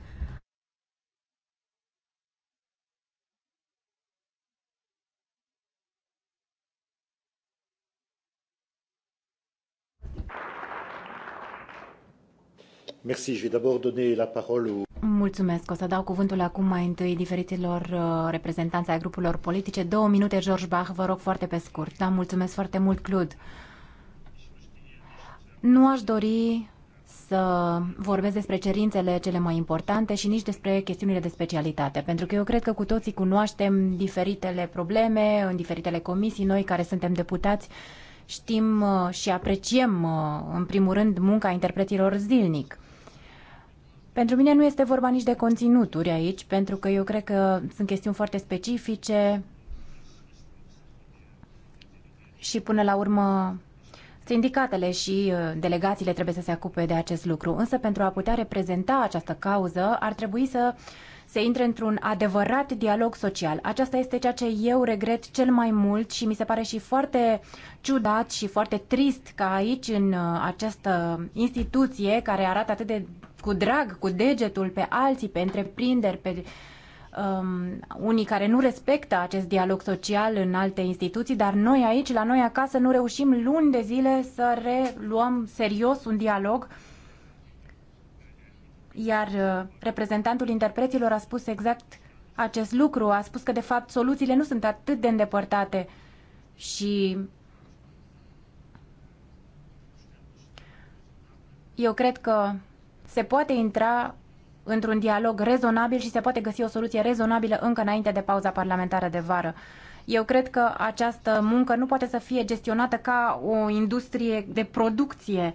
Merci. Je vais d'abord donner la parole au Mulțumesc. O să dau cuvântul acum mai întâi diferitelor uh, reprezentanți ai grupurilor politice. Două minute, George Bach, vă rog foarte pe scurt. Da, mulțumesc foarte mult, Clud. Nu aș dori să vorbesc despre cerințele cele mai importante și nici despre chestiunile de specialitate, pentru că eu cred că cu toții cunoaștem diferitele probleme în diferitele comisii, noi care suntem deputați știm uh, și apreciem uh, în primul rând munca interpretilor zilnic pentru mine nu este vorba nici de conținuturi aici, pentru că eu cred că sunt chestiuni foarte specifice și până la urmă Sindicatele și uh, delegațiile trebuie să se ocupe de acest lucru, însă pentru a putea reprezenta această cauză ar trebui să se intre într-un adevărat dialog social. Aceasta este ceea ce eu regret cel mai mult și mi se pare și foarte ciudat și foarte trist că aici, în uh, această instituție care arată atât de cu drag, cu degetul pe alții, pe întreprinderi, pe um, unii care nu respectă acest dialog social în alte instituții, dar noi aici, la noi acasă, nu reușim luni de zile să reluăm serios un dialog. Iar uh, reprezentantul interpreților a spus exact acest lucru, a spus că de fapt soluțiile nu sunt atât de îndepărtate și eu cred că se poate intra într-un dialog rezonabil și se poate găsi o soluție rezonabilă încă înainte de pauza parlamentară de vară. Eu cred că această muncă nu poate să fie gestionată ca o industrie de producție.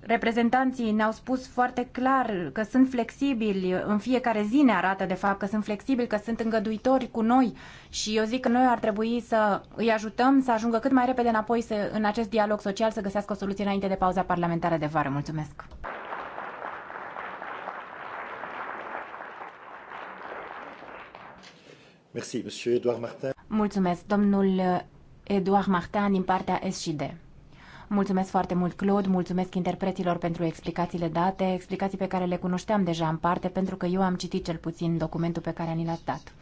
Reprezentanții ne-au spus foarte clar că sunt flexibili, în fiecare zi ne arată de fapt că sunt flexibili, că sunt îngăduitori cu noi și eu zic că noi ar trebui să îi ajutăm să ajungă cât mai repede înapoi să, în acest dialog social să găsească o soluție înainte de pauza parlamentară de vară. Mulțumesc! Merci, Monsieur Edouard Martin. Mulțumesc, domnul Eduard Martin din partea SCD. Mulțumesc foarte mult, Claude, mulțumesc interpreților pentru explicațiile date, explicații pe care le cunoșteam deja în parte, pentru că eu am citit cel puțin documentul pe care ni l-ați dat.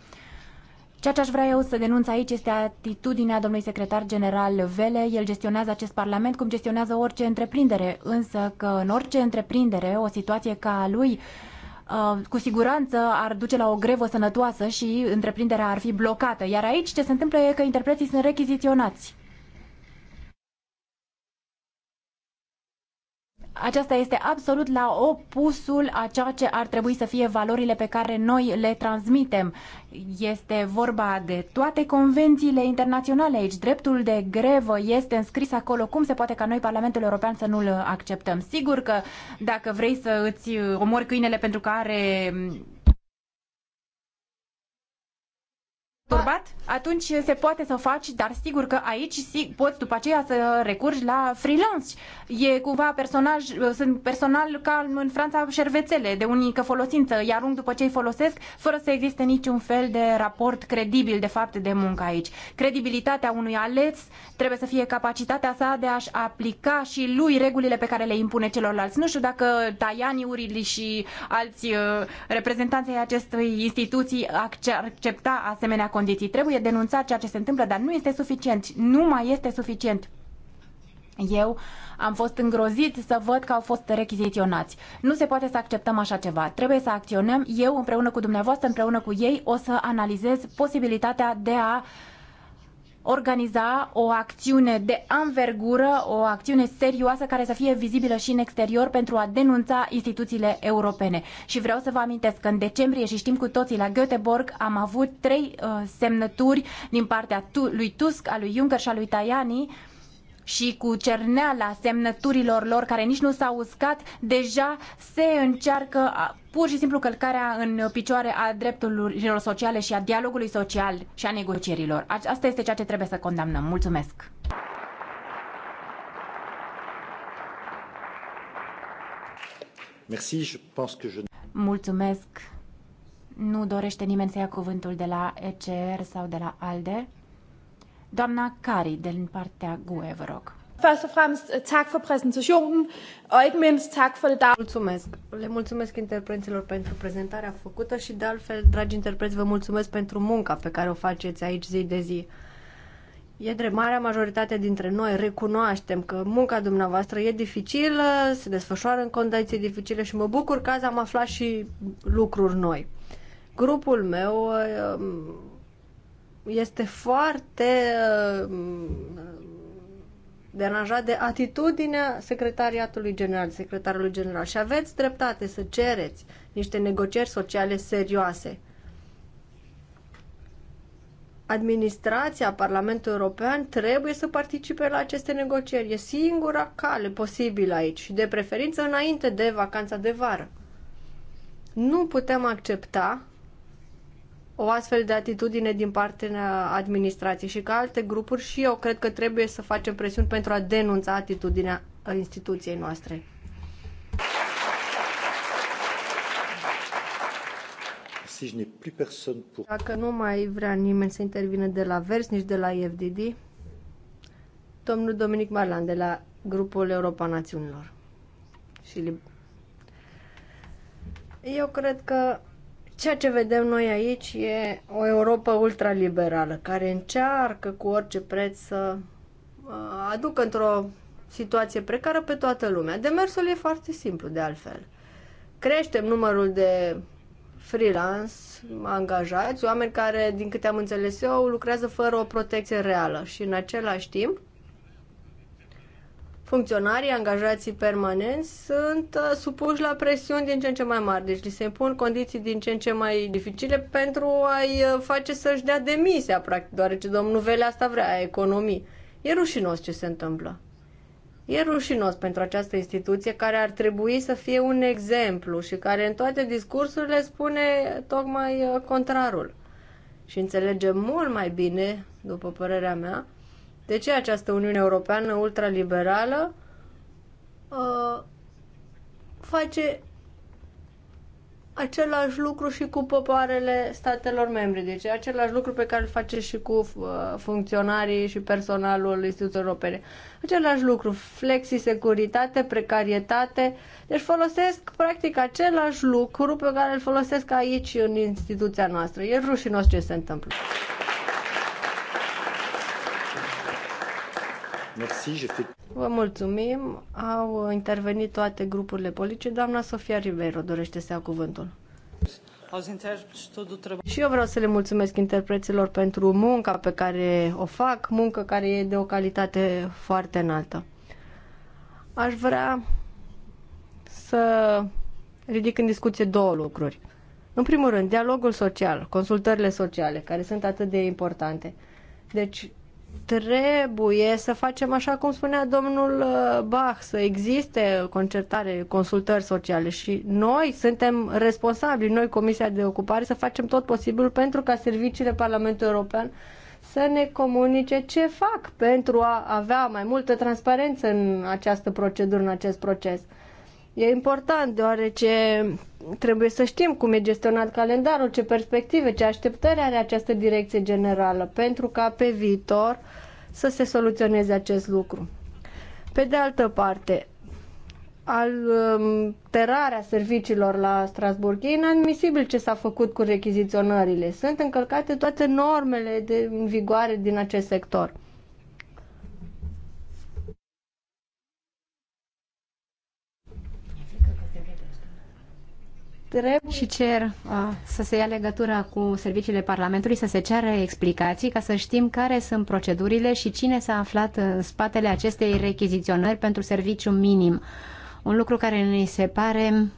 Ceea ce aș vrea eu să denunț aici este atitudinea domnului secretar general Vele. El gestionează acest parlament cum gestionează orice întreprindere, însă că în orice întreprindere o situație ca a lui Uh, cu siguranță ar duce la o grevă sănătoasă și întreprinderea ar fi blocată. Iar aici ce se întâmplă e că interpreții sunt rechiziționați. aceasta este absolut la opusul a ceea ce ar trebui să fie valorile pe care noi le transmitem. Este vorba de toate convențiile internaționale aici. Dreptul de grevă este înscris acolo. Cum se poate ca noi, Parlamentul European, să nu-l acceptăm? Sigur că dacă vrei să îți omori câinele pentru că are turbat, atunci se poate să faci, dar sigur că aici poți după aceea să recurgi la freelance. E cumva personaj, sunt personal ca în Franța șervețele, de unică folosință, iar un după ce îi folosesc, fără să existe niciun fel de raport credibil de fapt de muncă aici. Credibilitatea unui ales trebuie să fie capacitatea sa de a-și aplica și lui regulile pe care le impune celorlalți. Nu știu dacă Taiani, Urili și alți uh, reprezentanții acestui instituții accepta asemenea condiții. Trebuie denunțat ceea ce se întâmplă, dar nu este suficient. Nu mai este suficient. Eu am fost îngrozit să văd că au fost rechiziționați. Nu se poate să acceptăm așa ceva. Trebuie să acționăm. Eu, împreună cu dumneavoastră, împreună cu ei, o să analizez posibilitatea de a uh, organiza o acțiune de anvergură, o acțiune serioasă care să fie vizibilă și în exterior pentru a denunța instituțiile europene. Și vreau să vă amintesc că în decembrie, și știm cu toții, la Göteborg am avut trei uh, semnături din partea lui Tusk, a lui Juncker și a lui Tajani și cu cerneala semnăturilor lor care nici nu s-au uscat, deja se încearcă pur și simplu călcarea în picioare a drepturilor sociale și a dialogului social și a negocierilor. Asta este ceea ce trebuie să condamnăm. Mulțumesc! Merci, je pense que je... Mulțumesc! Nu dorește nimeni să ia cuvântul de la ECR sau de la ALDE. Doamna Cari, din partea GUE, vă rog. Først og fremmest øh, tak for præsentationen, og ikke mindst tak for det Mulțumesc. Le mulțumesc interpreților pentru prezentarea făcută și de altfel, dragi interpreți, vă mulțumesc pentru munca pe care o faceți aici zi de zi. E drept, marea majoritate dintre noi recunoaștem că munca dumneavoastră e dificilă, se desfășoară în condiții dificile și mă bucur că azi am aflat și lucruri noi. Grupul meu este foarte uh, deranjat de atitudinea secretariatului general, secretarului general. Și aveți dreptate să cereți niște negocieri sociale serioase. Administrația Parlamentului European trebuie să participe la aceste negocieri. E singura cale posibilă aici și de preferință înainte de vacanța de vară. Nu putem accepta o astfel de atitudine din partea administrației și ca alte grupuri și eu cred că trebuie să facem presiuni pentru a denunța atitudinea instituției noastre. Dacă nu mai vrea nimeni să intervine de la Vers, nici de la IFDD, domnul Dominic Marlan de la grupul Europa Națiunilor. Și Eu cred că Ceea ce vedem noi aici e o Europa ultraliberală care încearcă cu orice preț să uh, aducă într-o situație precară pe toată lumea. Demersul e foarte simplu, de altfel. Creștem numărul de freelance, angajați, oameni care, din câte am înțeles eu, lucrează fără o protecție reală și în același timp funcționarii, angajații permanenți sunt uh, supuși la presiuni din ce în ce mai mari, deci li se impun condiții din ce în ce mai dificile pentru a-i uh, face să-și dea demisia, practic, deoarece domnul Vele asta vrea, economii. E rușinos ce se întâmplă. E rușinos pentru această instituție care ar trebui să fie un exemplu și care în toate discursurile spune tocmai uh, contrarul. Și înțelegem mult mai bine, după părerea mea, de ce această Uniune Europeană ultraliberală uh, face același lucru și cu popoarele statelor membre. Deci același lucru pe care îl face și cu ă, funcționarii și personalul instituțiilor europene. Același lucru, flexi-securitate, precarietate. Deci folosesc practic același lucru pe care îl folosesc aici în instituția noastră. E rușinos ce se întâmplă. Merci, je fais... Vă mulțumim. Au intervenit toate grupurile politice. Doamna Sofia Ribeiro dorește să ia cuvântul. Și eu vreau să le mulțumesc interpreților pentru munca pe care o fac, muncă care e de o calitate foarte înaltă. Aș vrea să ridic în discuție două lucruri. În primul rând, dialogul social, consultările sociale, care sunt atât de importante. Deci, trebuie să facem așa cum spunea domnul uh, Bach, să existe concertare, consultări sociale și noi suntem responsabili, noi Comisia de Ocupare, să facem tot posibilul pentru ca serviciile Parlamentului European să ne comunice ce fac pentru a avea mai multă transparență în această procedură, în acest proces. E important deoarece trebuie să știm cum e gestionat calendarul, ce perspective, ce așteptări are această direcție generală pentru ca pe viitor să se soluționeze acest lucru. Pe de altă parte, alterarea um, serviciilor la Strasburg. E inadmisibil ce s-a făcut cu rechiziționările. Sunt încălcate toate normele de, în vigoare din acest sector. Și cer uh, să se ia legătura cu serviciile Parlamentului, să se ceară explicații ca să știm care sunt procedurile și cine s-a aflat în spatele acestei rechiziționări pentru serviciu minim. Un lucru care ne se pare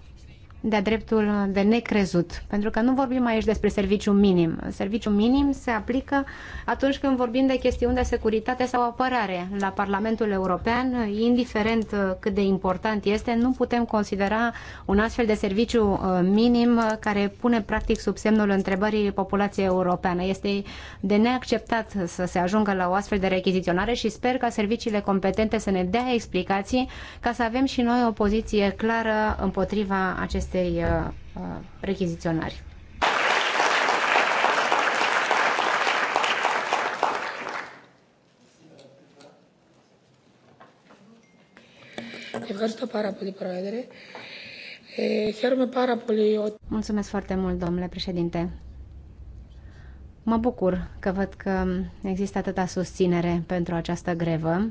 de-a dreptul de necrezut. Pentru că nu vorbim aici despre serviciu minim. Serviciu minim se aplică atunci când vorbim de chestiuni de securitate sau apărare. La Parlamentul European, indiferent uh, cât de important este, nu putem considera un astfel de serviciu uh, minim uh, care pune practic sub semnul întrebării populației europeană. Este de neacceptat să se ajungă la o astfel de rechiziționare și sper ca serviciile competente să ne dea explicații ca să avem și noi o poziție clară împotriva acestei acestei uh, uh, rechiziționări. Ευχαριστώ Mulțumesc foarte mult, domnule președinte. Mă bucur că văd că există atâta susținere pentru această grevă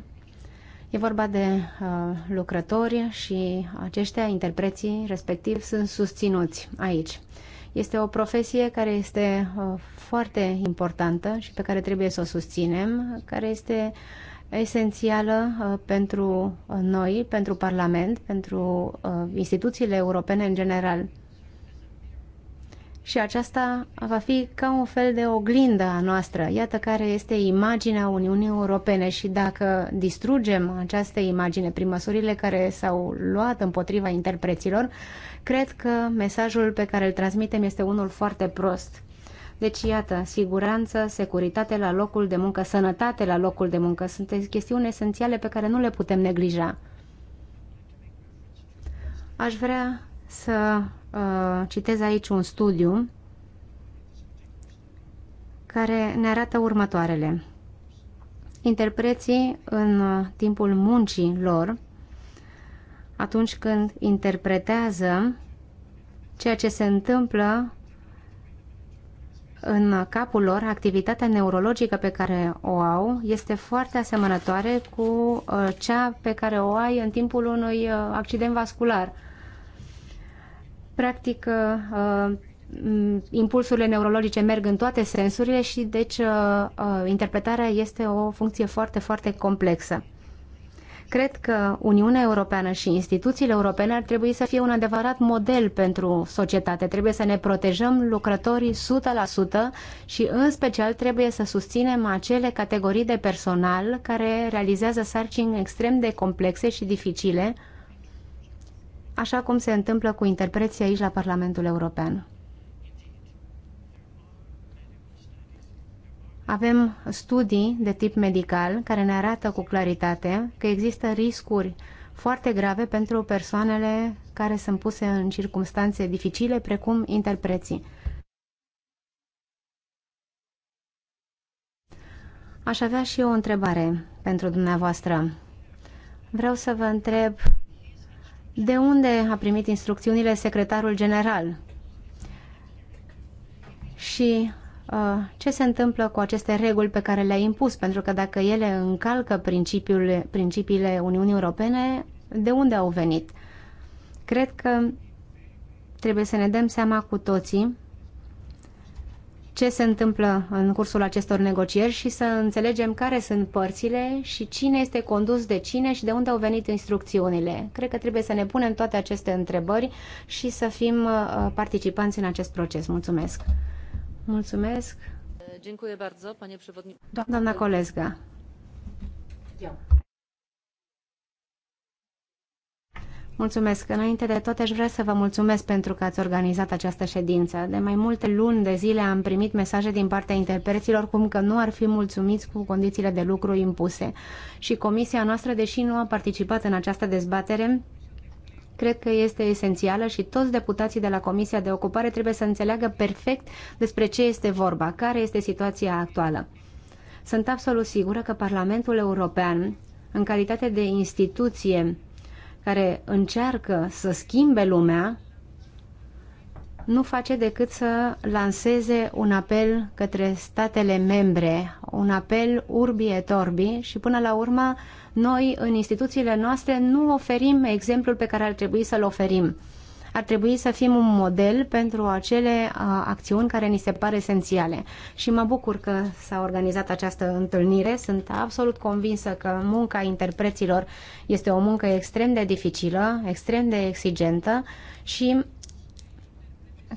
E vorba de uh, lucrători și aceștia, interpreții respectiv, sunt susținuți aici. Este o profesie care este uh, foarte importantă și pe care trebuie să o susținem, care este esențială uh, pentru noi, pentru Parlament, pentru uh, instituțiile europene în general și aceasta va fi ca un fel de oglindă a noastră. Iată care este imaginea Uniunii Europene și dacă distrugem această imagine prin măsurile care s-au luat împotriva interpreților, cred că mesajul pe care îl transmitem este unul foarte prost. Deci, iată, siguranță, securitate la locul de muncă, sănătate la locul de muncă sunt chestiuni esențiale pe care nu le putem neglija. Aș vrea să Uh, citez aici un studiu care ne arată următoarele. Interpreții în uh, timpul muncii lor, atunci când interpretează ceea ce se întâmplă în capul lor, activitatea neurologică pe care o au este foarte asemănătoare cu uh, cea pe care o ai în timpul unui accident vascular. Practic, uh, uh, impulsurile neurologice merg în toate sensurile și deci uh, interpretarea este o funcție foarte, foarte complexă. Cred că Uniunea Europeană și instituțiile europene ar trebui să fie un adevărat model pentru societate. Trebuie să ne protejăm lucrătorii 100% și în special trebuie să susținem acele categorii de personal care realizează sarcini extrem de complexe și dificile așa cum se întâmplă cu interpreții aici la Parlamentul European. Avem studii de tip medical care ne arată cu claritate că există riscuri foarte grave pentru persoanele care sunt puse în circunstanțe dificile, precum interpreții. Aș avea și eu o întrebare pentru dumneavoastră. Vreau să vă întreb de unde a primit instrucțiunile secretarul general? Și uh, ce se întâmplă cu aceste reguli pe care le-a impus, pentru că dacă ele încalcă principiul, principiile Uniunii Europene, de unde au venit? Cred că trebuie să ne dăm seama cu toții ce se întâmplă în cursul acestor negocieri și să înțelegem care sunt părțile și cine este condus de cine și de unde au venit instrucțiunile. Cred că trebuie să ne punem toate aceste întrebări și să fim uh, participanți în acest proces. Mulțumesc! Mulțumesc! Doamna Colesga! Eu. Mulțumesc. Înainte de toate, aș vrea să vă mulțumesc pentru că ați organizat această ședință. De mai multe luni de zile am primit mesaje din partea interpreților cum că nu ar fi mulțumiți cu condițiile de lucru impuse. Și comisia noastră, deși nu a participat în această dezbatere, cred că este esențială și toți deputații de la Comisia de Ocupare trebuie să înțeleagă perfect despre ce este vorba, care este situația actuală. Sunt absolut sigură că Parlamentul European, în calitate de instituție care încearcă să schimbe lumea, nu face decât să lanseze un apel către statele membre, un apel urbi et orbi și până la urmă noi în instituțiile noastre nu oferim exemplul pe care ar trebui să-l oferim ar trebui să fim un model pentru acele acțiuni care ni se par esențiale. Și mă bucur că s-a organizat această întâlnire. Sunt absolut convinsă că munca interpreților este o muncă extrem de dificilă, extrem de exigentă și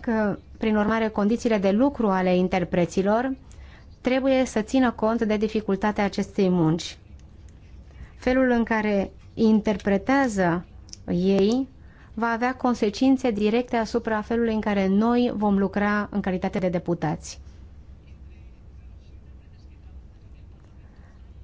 că, prin urmare, condițiile de lucru ale interpreților trebuie să țină cont de dificultatea acestei munci. Felul în care interpretează ei va avea consecințe directe asupra felului în care noi vom lucra în calitate de deputați.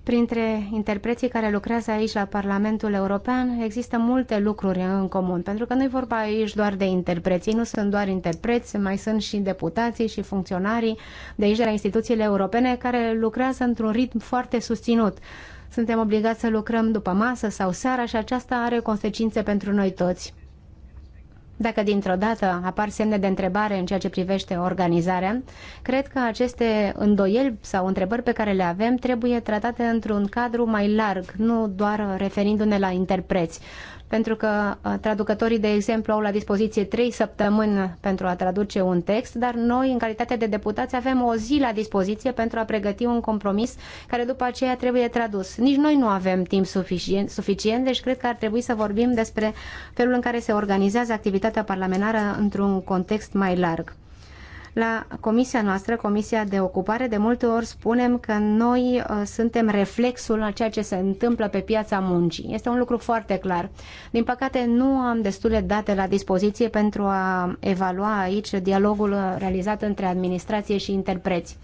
Printre interpreții care lucrează aici la Parlamentul European există multe lucruri în comun, pentru că nu e vorba aici doar de interpreții, nu sunt doar interpreți, mai sunt și deputații și funcționarii de aici de la instituțiile europene care lucrează într-un ritm foarte susținut. Suntem obligați să lucrăm după masă sau seara și aceasta are consecințe pentru noi toți. Dacă dintr-o dată apar semne de întrebare în ceea ce privește organizarea, cred că aceste îndoieli sau întrebări pe care le avem trebuie tratate într-un cadru mai larg, nu doar referindu-ne la interpreți pentru că uh, traducătorii, de exemplu, au la dispoziție trei săptămâni pentru a traduce un text, dar noi, în calitate de deputați, avem o zi la dispoziție pentru a pregăti un compromis care după aceea trebuie tradus. Nici noi nu avem timp suficient, suficient deci cred că ar trebui să vorbim despre felul în care se organizează activitatea parlamentară într-un context mai larg. La comisia noastră, Comisia de Ocupare, de multe ori spunem că noi uh, suntem reflexul a ceea ce se întâmplă pe piața muncii. Este un lucru foarte clar. Din păcate, nu am destule date la dispoziție pentru a evalua aici dialogul uh, realizat între administrație și interpreți.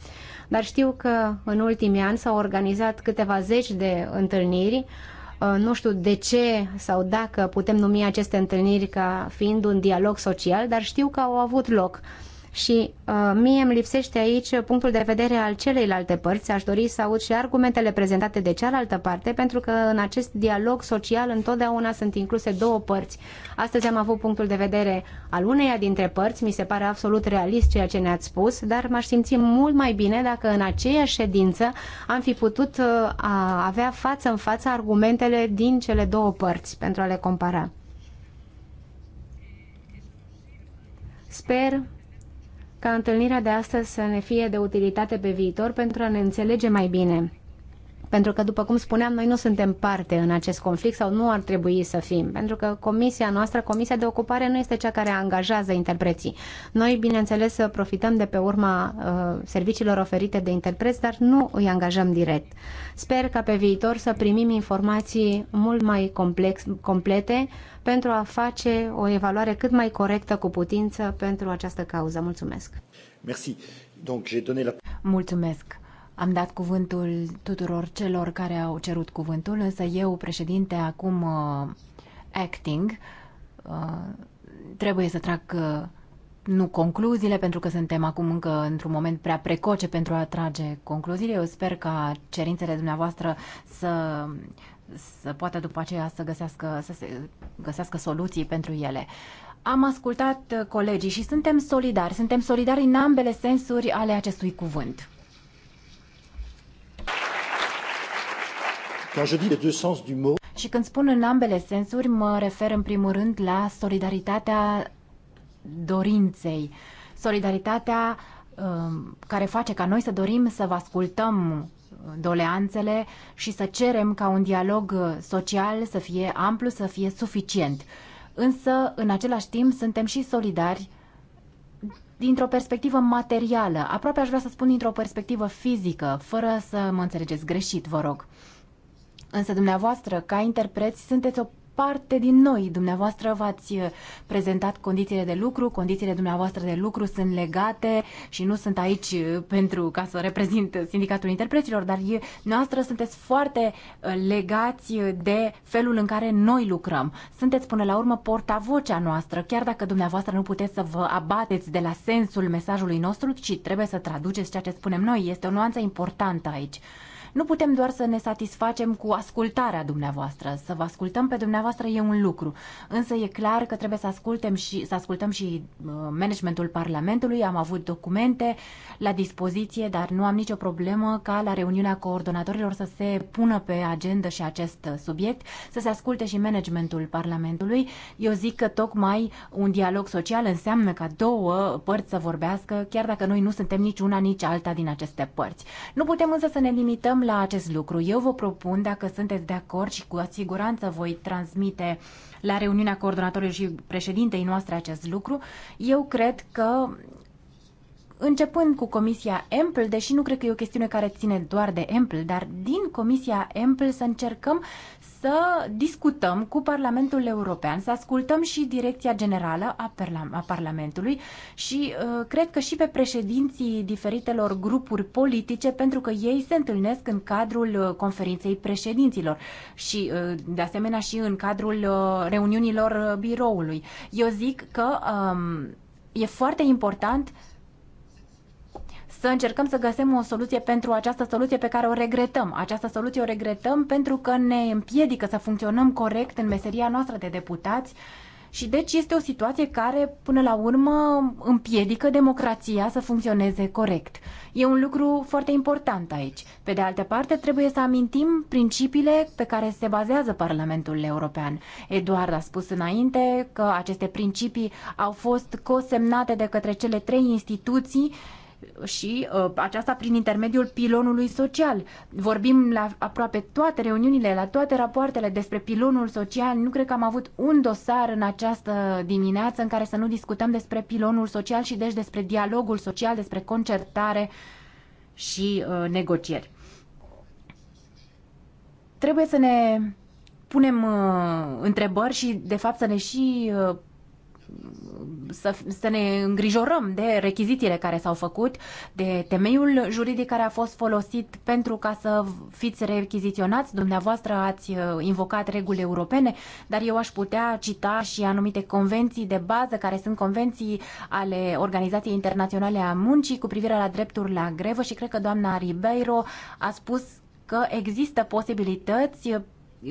Dar știu că în ultimii ani s-au organizat câteva zeci de întâlniri uh, nu știu de ce sau dacă putem numi aceste întâlniri ca fiind un dialog social, dar știu că au avut loc. Și uh, mie îmi lipsește aici punctul de vedere al celeilalte părți. Aș dori să aud și argumentele prezentate de cealaltă parte, pentru că în acest dialog social întotdeauna sunt incluse două părți. Astăzi am avut punctul de vedere al uneia dintre părți, mi se pare absolut realist ceea ce ne-ați spus, dar m-aș simți mult mai bine dacă în aceeași ședință am fi putut uh, avea față în față argumentele din cele două părți pentru a le compara. Sper ca întâlnirea de astăzi să ne fie de utilitate pe viitor pentru a ne înțelege mai bine. Pentru că, după cum spuneam, noi nu suntem parte în acest conflict sau nu ar trebui să fim, pentru că comisia noastră, comisia de ocupare, nu este cea care angajează interpreții. Noi, bineînțeles, profităm de pe urma uh, serviciilor oferite de interpreți, dar nu îi angajăm direct. Sper ca pe viitor să primim informații mult mai complex, complete pentru a face o evaluare cât mai corectă cu putință pentru această cauză. Mulțumesc! Merci. Donc, j'ai donné la... Mulțumesc! Am dat cuvântul tuturor celor care au cerut cuvântul, însă eu, președinte, acum uh, acting, uh, trebuie să trag uh, nu concluziile, pentru că suntem acum încă într-un moment prea precoce pentru a trage concluziile. Eu sper ca cerințele dumneavoastră să, să poată după aceea să găsească, să se, găsească soluții pentru ele. Am ascultat uh, colegii și suntem solidari. Suntem solidari în ambele sensuri ale acestui cuvânt. Quand je dis les deux sens du mot, și când spun în ambele sensuri, mă refer în primul rând la solidaritatea dorinței, solidaritatea um, care face ca noi să dorim să vă ascultăm doleanțele și să cerem ca un dialog social să fie amplu, să fie suficient. Însă, în același timp, suntem și solidari dintr-o perspectivă materială, aproape aș vrea să spun dintr-o perspectivă fizică, fără să mă înțelegeți greșit, vă rog. Însă dumneavoastră, ca interpreți, sunteți o parte din noi. Dumneavoastră v-ați uh, prezentat condițiile de lucru, condițiile dumneavoastră de lucru sunt legate și nu sunt aici uh, pentru ca să reprezint sindicatul interpreților, dar noastră sunteți foarte uh, legați de felul în care noi lucrăm. Sunteți până la urmă portavocea noastră, chiar dacă dumneavoastră nu puteți să vă abateți de la sensul mesajului nostru, ci trebuie să traduceți ceea ce spunem noi. Este o nuanță importantă aici. Nu putem doar să ne satisfacem cu ascultarea dumneavoastră. Să vă ascultăm pe dumneavoastră e un lucru. Însă e clar că trebuie să ascultăm și, să ascultăm și uh, managementul Parlamentului. Am avut documente la dispoziție, dar nu am nicio problemă ca la reuniunea coordonatorilor să se pună pe agenda și acest uh, subiect, să se asculte și managementul Parlamentului. Eu zic că tocmai un dialog social înseamnă ca două părți să vorbească, chiar dacă noi nu suntem nici una, nici alta din aceste părți. Nu putem însă să ne limităm la acest lucru. Eu vă propun, dacă sunteți de acord și cu siguranță voi transmite la reuniunea coordonatorilor și președintei noastre acest lucru, eu cred că începând cu Comisia Ample, deși nu cred că e o chestiune care ține doar de Ample, dar din Comisia Ample să încercăm să discutăm cu Parlamentul European, să ascultăm și direcția generală a, Parla- a Parlamentului și uh, cred că și pe președinții diferitelor grupuri politice, pentru că ei se întâlnesc în cadrul uh, conferinței președinților și, uh, de asemenea, și în cadrul uh, reuniunilor uh, biroului. Eu zic că um, e foarte important uh, să încercăm să găsim o soluție pentru această soluție pe care o regretăm. Această soluție o regretăm pentru că ne împiedică să funcționăm corect în meseria noastră de deputați și deci este o situație care, până la urmă, împiedică democrația să funcționeze corect. E un lucru foarte important aici. Pe de altă parte, trebuie să amintim principiile pe care se bazează Parlamentul European. Eduard a spus înainte că aceste principii au fost cosemnate de către cele trei instituții și uh, aceasta prin intermediul pilonului social. Vorbim la aproape toate reuniunile, la toate rapoartele despre pilonul social. Nu cred că am avut un dosar în această dimineață în care să nu discutăm despre pilonul social și deci despre dialogul social, despre concertare și uh, negocieri. Trebuie să ne punem uh, întrebări și, de fapt, să ne și uh, să, să ne îngrijorăm de rechizițiile care s-au făcut, de temeiul juridic care a fost folosit pentru ca să fiți rechiziționați. Dumneavoastră ați uh, invocat reguli europene, dar eu aș putea cita și anumite convenții de bază, care sunt convenții ale Organizației Internaționale a Muncii cu privire la drepturi la grevă și cred că doamna Ribeiro a spus că există posibilități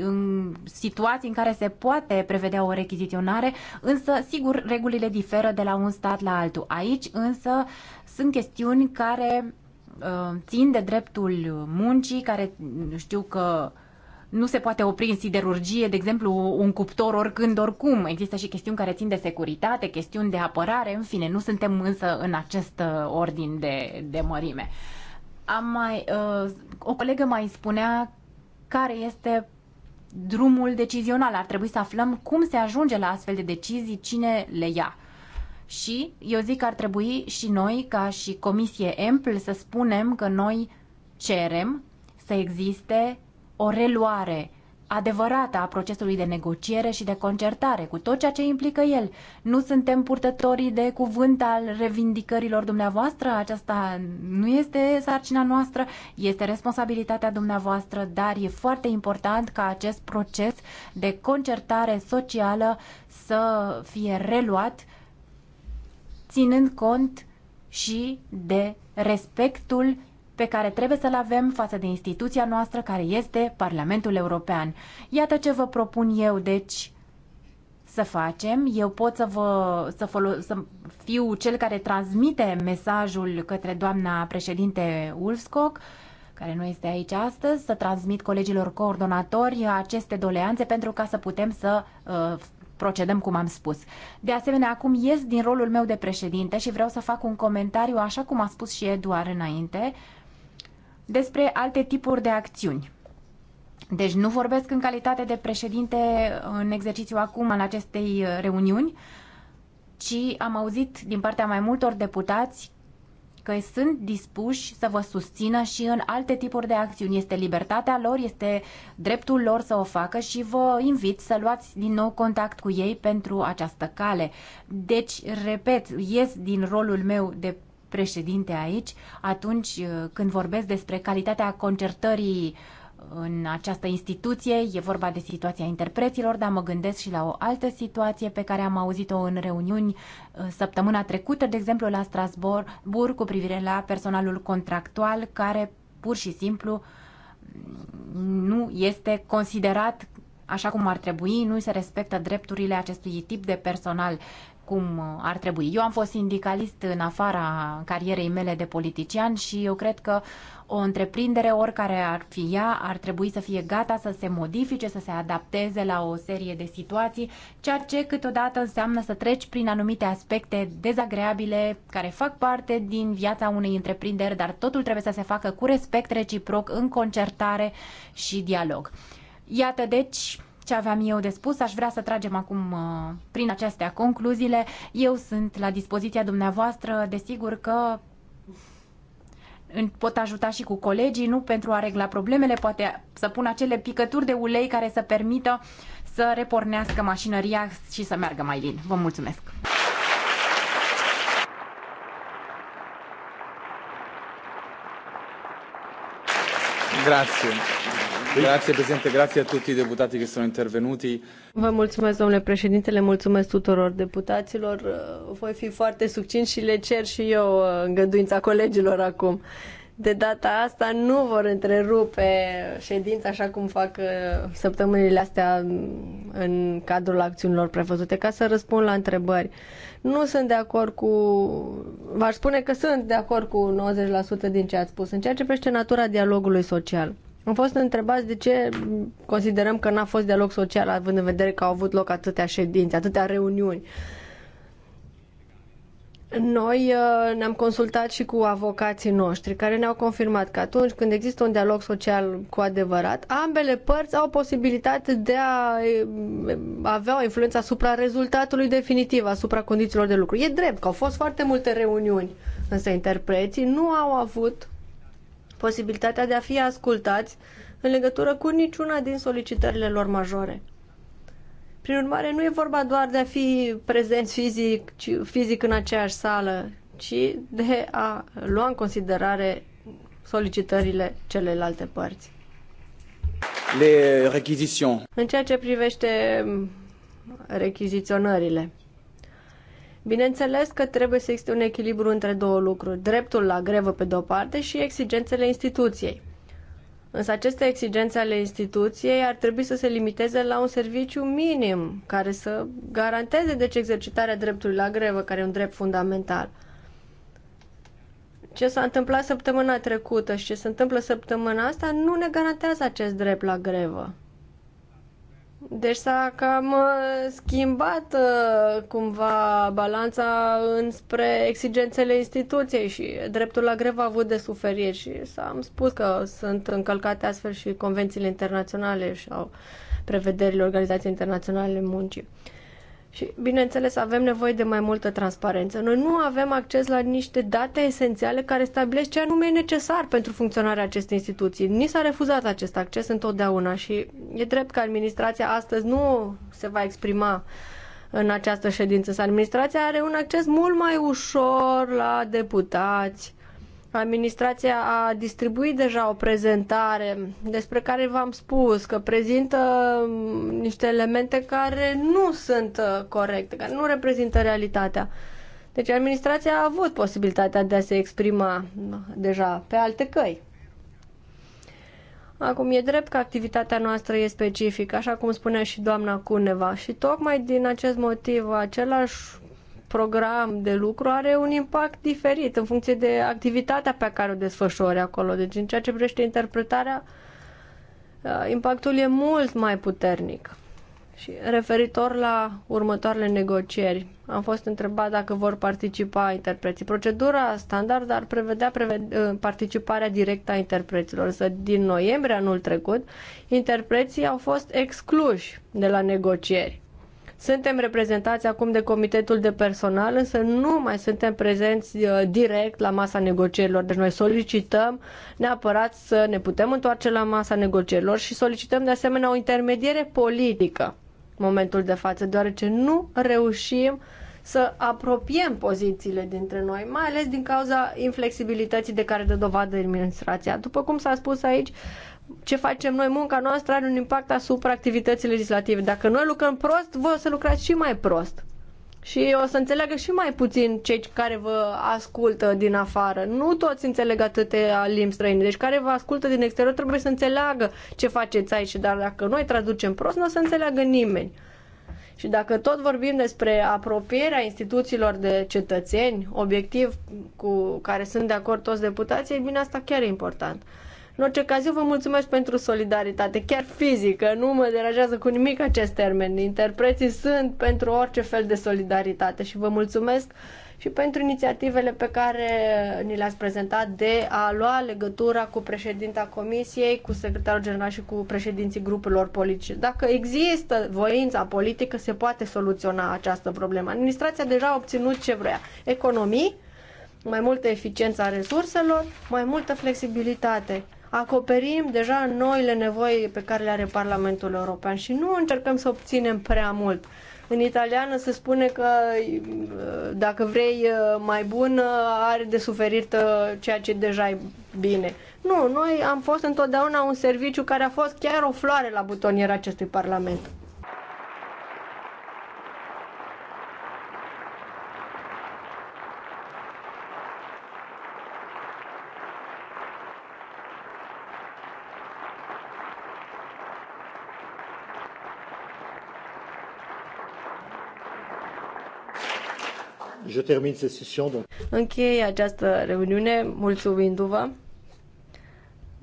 în situații în care se poate prevedea o rechiziționare, însă, sigur, regulile diferă de la un stat la altul. Aici, însă, sunt chestiuni care uh, țin de dreptul muncii, care știu că nu se poate opri în siderurgie, de exemplu, un cuptor oricând, oricum. Există și chestiuni care țin de securitate, chestiuni de apărare, în fine, nu suntem însă în acest uh, ordin de, de mărime. Am mai, uh, o colegă mai spunea care este drumul decizional. Ar trebui să aflăm cum se ajunge la astfel de decizii, cine le ia. Și eu zic că ar trebui și noi, ca și Comisie EMPL, să spunem că noi cerem să existe o reluare adevărată a procesului de negociere și de concertare, cu tot ceea ce implică el. Nu suntem purtătorii de cuvânt al revindicărilor dumneavoastră, aceasta nu este sarcina noastră, este responsabilitatea dumneavoastră, dar e foarte important ca acest proces de concertare socială să fie reluat, ținând cont și de respectul pe care trebuie să-l avem față de instituția noastră care este Parlamentul European. Iată ce vă propun eu, deci, să facem. Eu pot să, vă, să, folo- să fiu cel care transmite mesajul către doamna președinte Ulfscock, care nu este aici astăzi, să transmit colegilor coordonatori aceste doleanțe pentru ca să putem să uh, procedăm cum am spus. De asemenea, acum ies din rolul meu de președinte și vreau să fac un comentariu, așa cum a spus și Eduard înainte, uh, despre alte tipuri de acțiuni. Deci nu vorbesc în calitate de președinte în exercițiu acum al acestei reuniuni, ci am auzit din partea mai multor deputați că sunt dispuși să vă susțină și în alte tipuri de acțiuni. Este libertatea lor, este dreptul lor să o facă și vă invit să luați din nou contact cu ei pentru această cale. Deci, repet, ies din rolul meu de președinte aici, atunci uh, când vorbesc despre calitatea concertării în această instituție, e vorba de situația interpreților, dar mă gândesc și la o altă situație pe care am auzit-o în reuniuni uh, săptămâna trecută, de exemplu la Strasbourg, cu privire la personalul contractual care pur și simplu nu este considerat așa cum ar trebui, nu se respectă drepturile acestui tip de personal cum uh, ar trebui. Eu am fost sindicalist în afara carierei mele de politician și eu cred că o întreprindere, oricare ar fi ea, ar trebui să fie gata să se modifice, să se adapteze la o serie de situații, ceea ce câteodată înseamnă să treci prin anumite aspecte dezagreabile care fac parte din viața unei întreprinderi, dar totul trebuie să se facă cu respect reciproc, în concertare și dialog. Iată, deci, ce aveam eu de spus. Aș vrea să tragem acum uh, prin acestea concluziile. Eu sunt la dispoziția dumneavoastră, desigur că pot ajuta și cu colegii, nu pentru a regla problemele, poate să pun acele picături de ulei care să permită să repornească mașinăria și să meargă mai bine. Vă mulțumesc! Grazie. Grazie, Presidente, grazie a tutti intervenuti. Vă mulțumesc, domnule președinte, le mulțumesc tuturor deputaților. Voi fi foarte succint și le cer și eu uh, îngăduința colegilor acum. De data asta nu vor întrerupe ședința așa cum fac uh, săptămânile astea în cadrul acțiunilor prevăzute ca să răspund la întrebări. Nu sunt de acord cu... V-aș spune că sunt de acord cu 90% din ce ați spus în ceea ce privește natura dialogului social. Am fost întrebați de ce considerăm că n-a fost dialog social, având în vedere că au avut loc atâtea ședințe, atâtea reuniuni. Noi uh, ne-am consultat și cu avocații noștri, care ne-au confirmat că atunci când există un dialog social cu adevărat, ambele părți au posibilitate de a eh, avea o influență asupra rezultatului definitiv, asupra condițiilor de lucru. E drept că au fost foarte multe reuniuni, însă interpreții nu au avut posibilitatea de a fi ascultați în legătură cu niciuna din solicitările lor majore. Prin urmare, nu e vorba doar de a fi prezent fizic, ci, fizic în aceeași sală, ci de a lua în considerare solicitările celelalte părți. Le În ceea ce privește rechiziționările. Bineînțeles că trebuie să existe un echilibru între două lucruri, dreptul la grevă pe de-o parte și exigențele instituției. Însă aceste exigențe ale instituției ar trebui să se limiteze la un serviciu minim care să garanteze deci exercitarea dreptului la grevă, care e un drept fundamental. Ce s-a întâmplat săptămâna trecută și ce se întâmplă săptămâna asta nu ne garantează acest drept la grevă. Deci s-a cam uh, schimbat uh, cumva balanța înspre exigențele instituției și dreptul la grevă a avut de suferit și s-am spus că sunt încălcate astfel și convențiile internaționale și au prevederile Organizației Internaționale Muncii. Și, bineînțeles, avem nevoie de mai multă transparență. Noi nu avem acces la niște date esențiale care stabilesc ce anume e necesar pentru funcționarea acestei instituții. Ni s-a refuzat acest acces întotdeauna și e drept că administrația astăzi nu se va exprima în această ședință. Administrația are un acces mult mai ușor la deputați, Administrația a distribuit deja o prezentare despre care v-am spus că prezintă mm, niște elemente care nu sunt uh, corecte, care nu reprezintă realitatea. Deci administrația a avut posibilitatea de a se exprima da, deja pe alte căi. Acum, e drept că activitatea noastră e specifică, așa cum spunea și doamna Cuneva, și tocmai din acest motiv, același program de lucru are un impact diferit în funcție de activitatea pe care o desfășori acolo. Deci în ceea ce privește interpretarea, uh, impactul e mult mai puternic. Și referitor la următoarele negocieri, am fost întrebat dacă vor participa interpreții. Procedura standard ar prevedea preved- uh, participarea directă a interpreților, însă din noiembrie anul trecut, interpreții au fost excluși de la negocieri. Suntem reprezentați acum de comitetul de personal, însă nu mai suntem prezenți uh, direct la masa negocierilor. Deci noi solicităm neapărat să ne putem întoarce la masa negocierilor și solicităm de asemenea o intermediere politică în momentul de față, deoarece nu reușim să apropiem pozițiile dintre noi, mai ales din cauza inflexibilității de care dă dovadă administrația. După cum s-a spus aici, ce facem noi, munca noastră are un impact asupra activității legislative. Dacă noi lucrăm prost, voi o să lucrați și mai prost. Și o să înțeleagă și mai puțin cei care vă ascultă din afară. Nu toți înțeleg atâtea limbi străine. Deci care vă ascultă din exterior trebuie să înțeleagă ce faceți aici. Dar dacă noi traducem prost, nu o să înțeleagă nimeni. Și dacă tot vorbim despre apropierea instituțiilor de cetățeni, obiectiv cu care sunt de acord toți deputații, e bine, asta chiar e important. În orice caz, eu vă mulțumesc pentru solidaritate, chiar fizică. Nu mă deranjează cu nimic acest termen. Interpreții sunt pentru orice fel de solidaritate și vă mulțumesc și pentru inițiativele pe care ni le-ați prezentat de a lua legătura cu președinta Comisiei, cu secretarul general și cu președinții grupurilor politice. Dacă există voința politică, se poate soluționa această problemă. Administrația deja a obținut ce vrea. Economii, mai multă eficiență a resurselor, mai multă flexibilitate acoperim deja noile nevoi pe care le are Parlamentul European și nu încercăm să obținem prea mult. În italiană se spune că uh, dacă vrei uh, mai bun, uh, are de suferit ceea ce deja e bine. Nu, noi am fost întotdeauna un serviciu care a fost chiar o floare la butoniera acestui parlament. Je termine cette session, donc. Închei această reuniune mulțumindu-vă.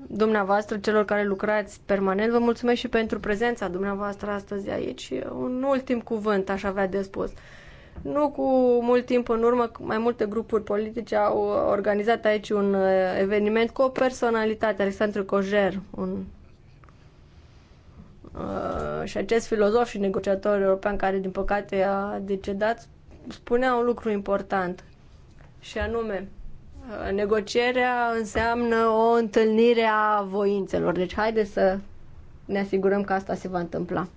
Dumneavoastră, celor care lucrați permanent, vă mulțumesc și pentru prezența dumneavoastră astăzi aici. Un ultim cuvânt aș avea de spus. Nu cu mult timp în urmă, mai multe grupuri politice au organizat aici un uh, eveniment cu o personalitate, Alexandru Cojer, un Uh, și acest filozof și negociator european care, din păcate, a decedat, spunea un lucru important și anume negocierea înseamnă o întâlnire a voințelor. Deci haide să ne asigurăm că asta se va întâmpla.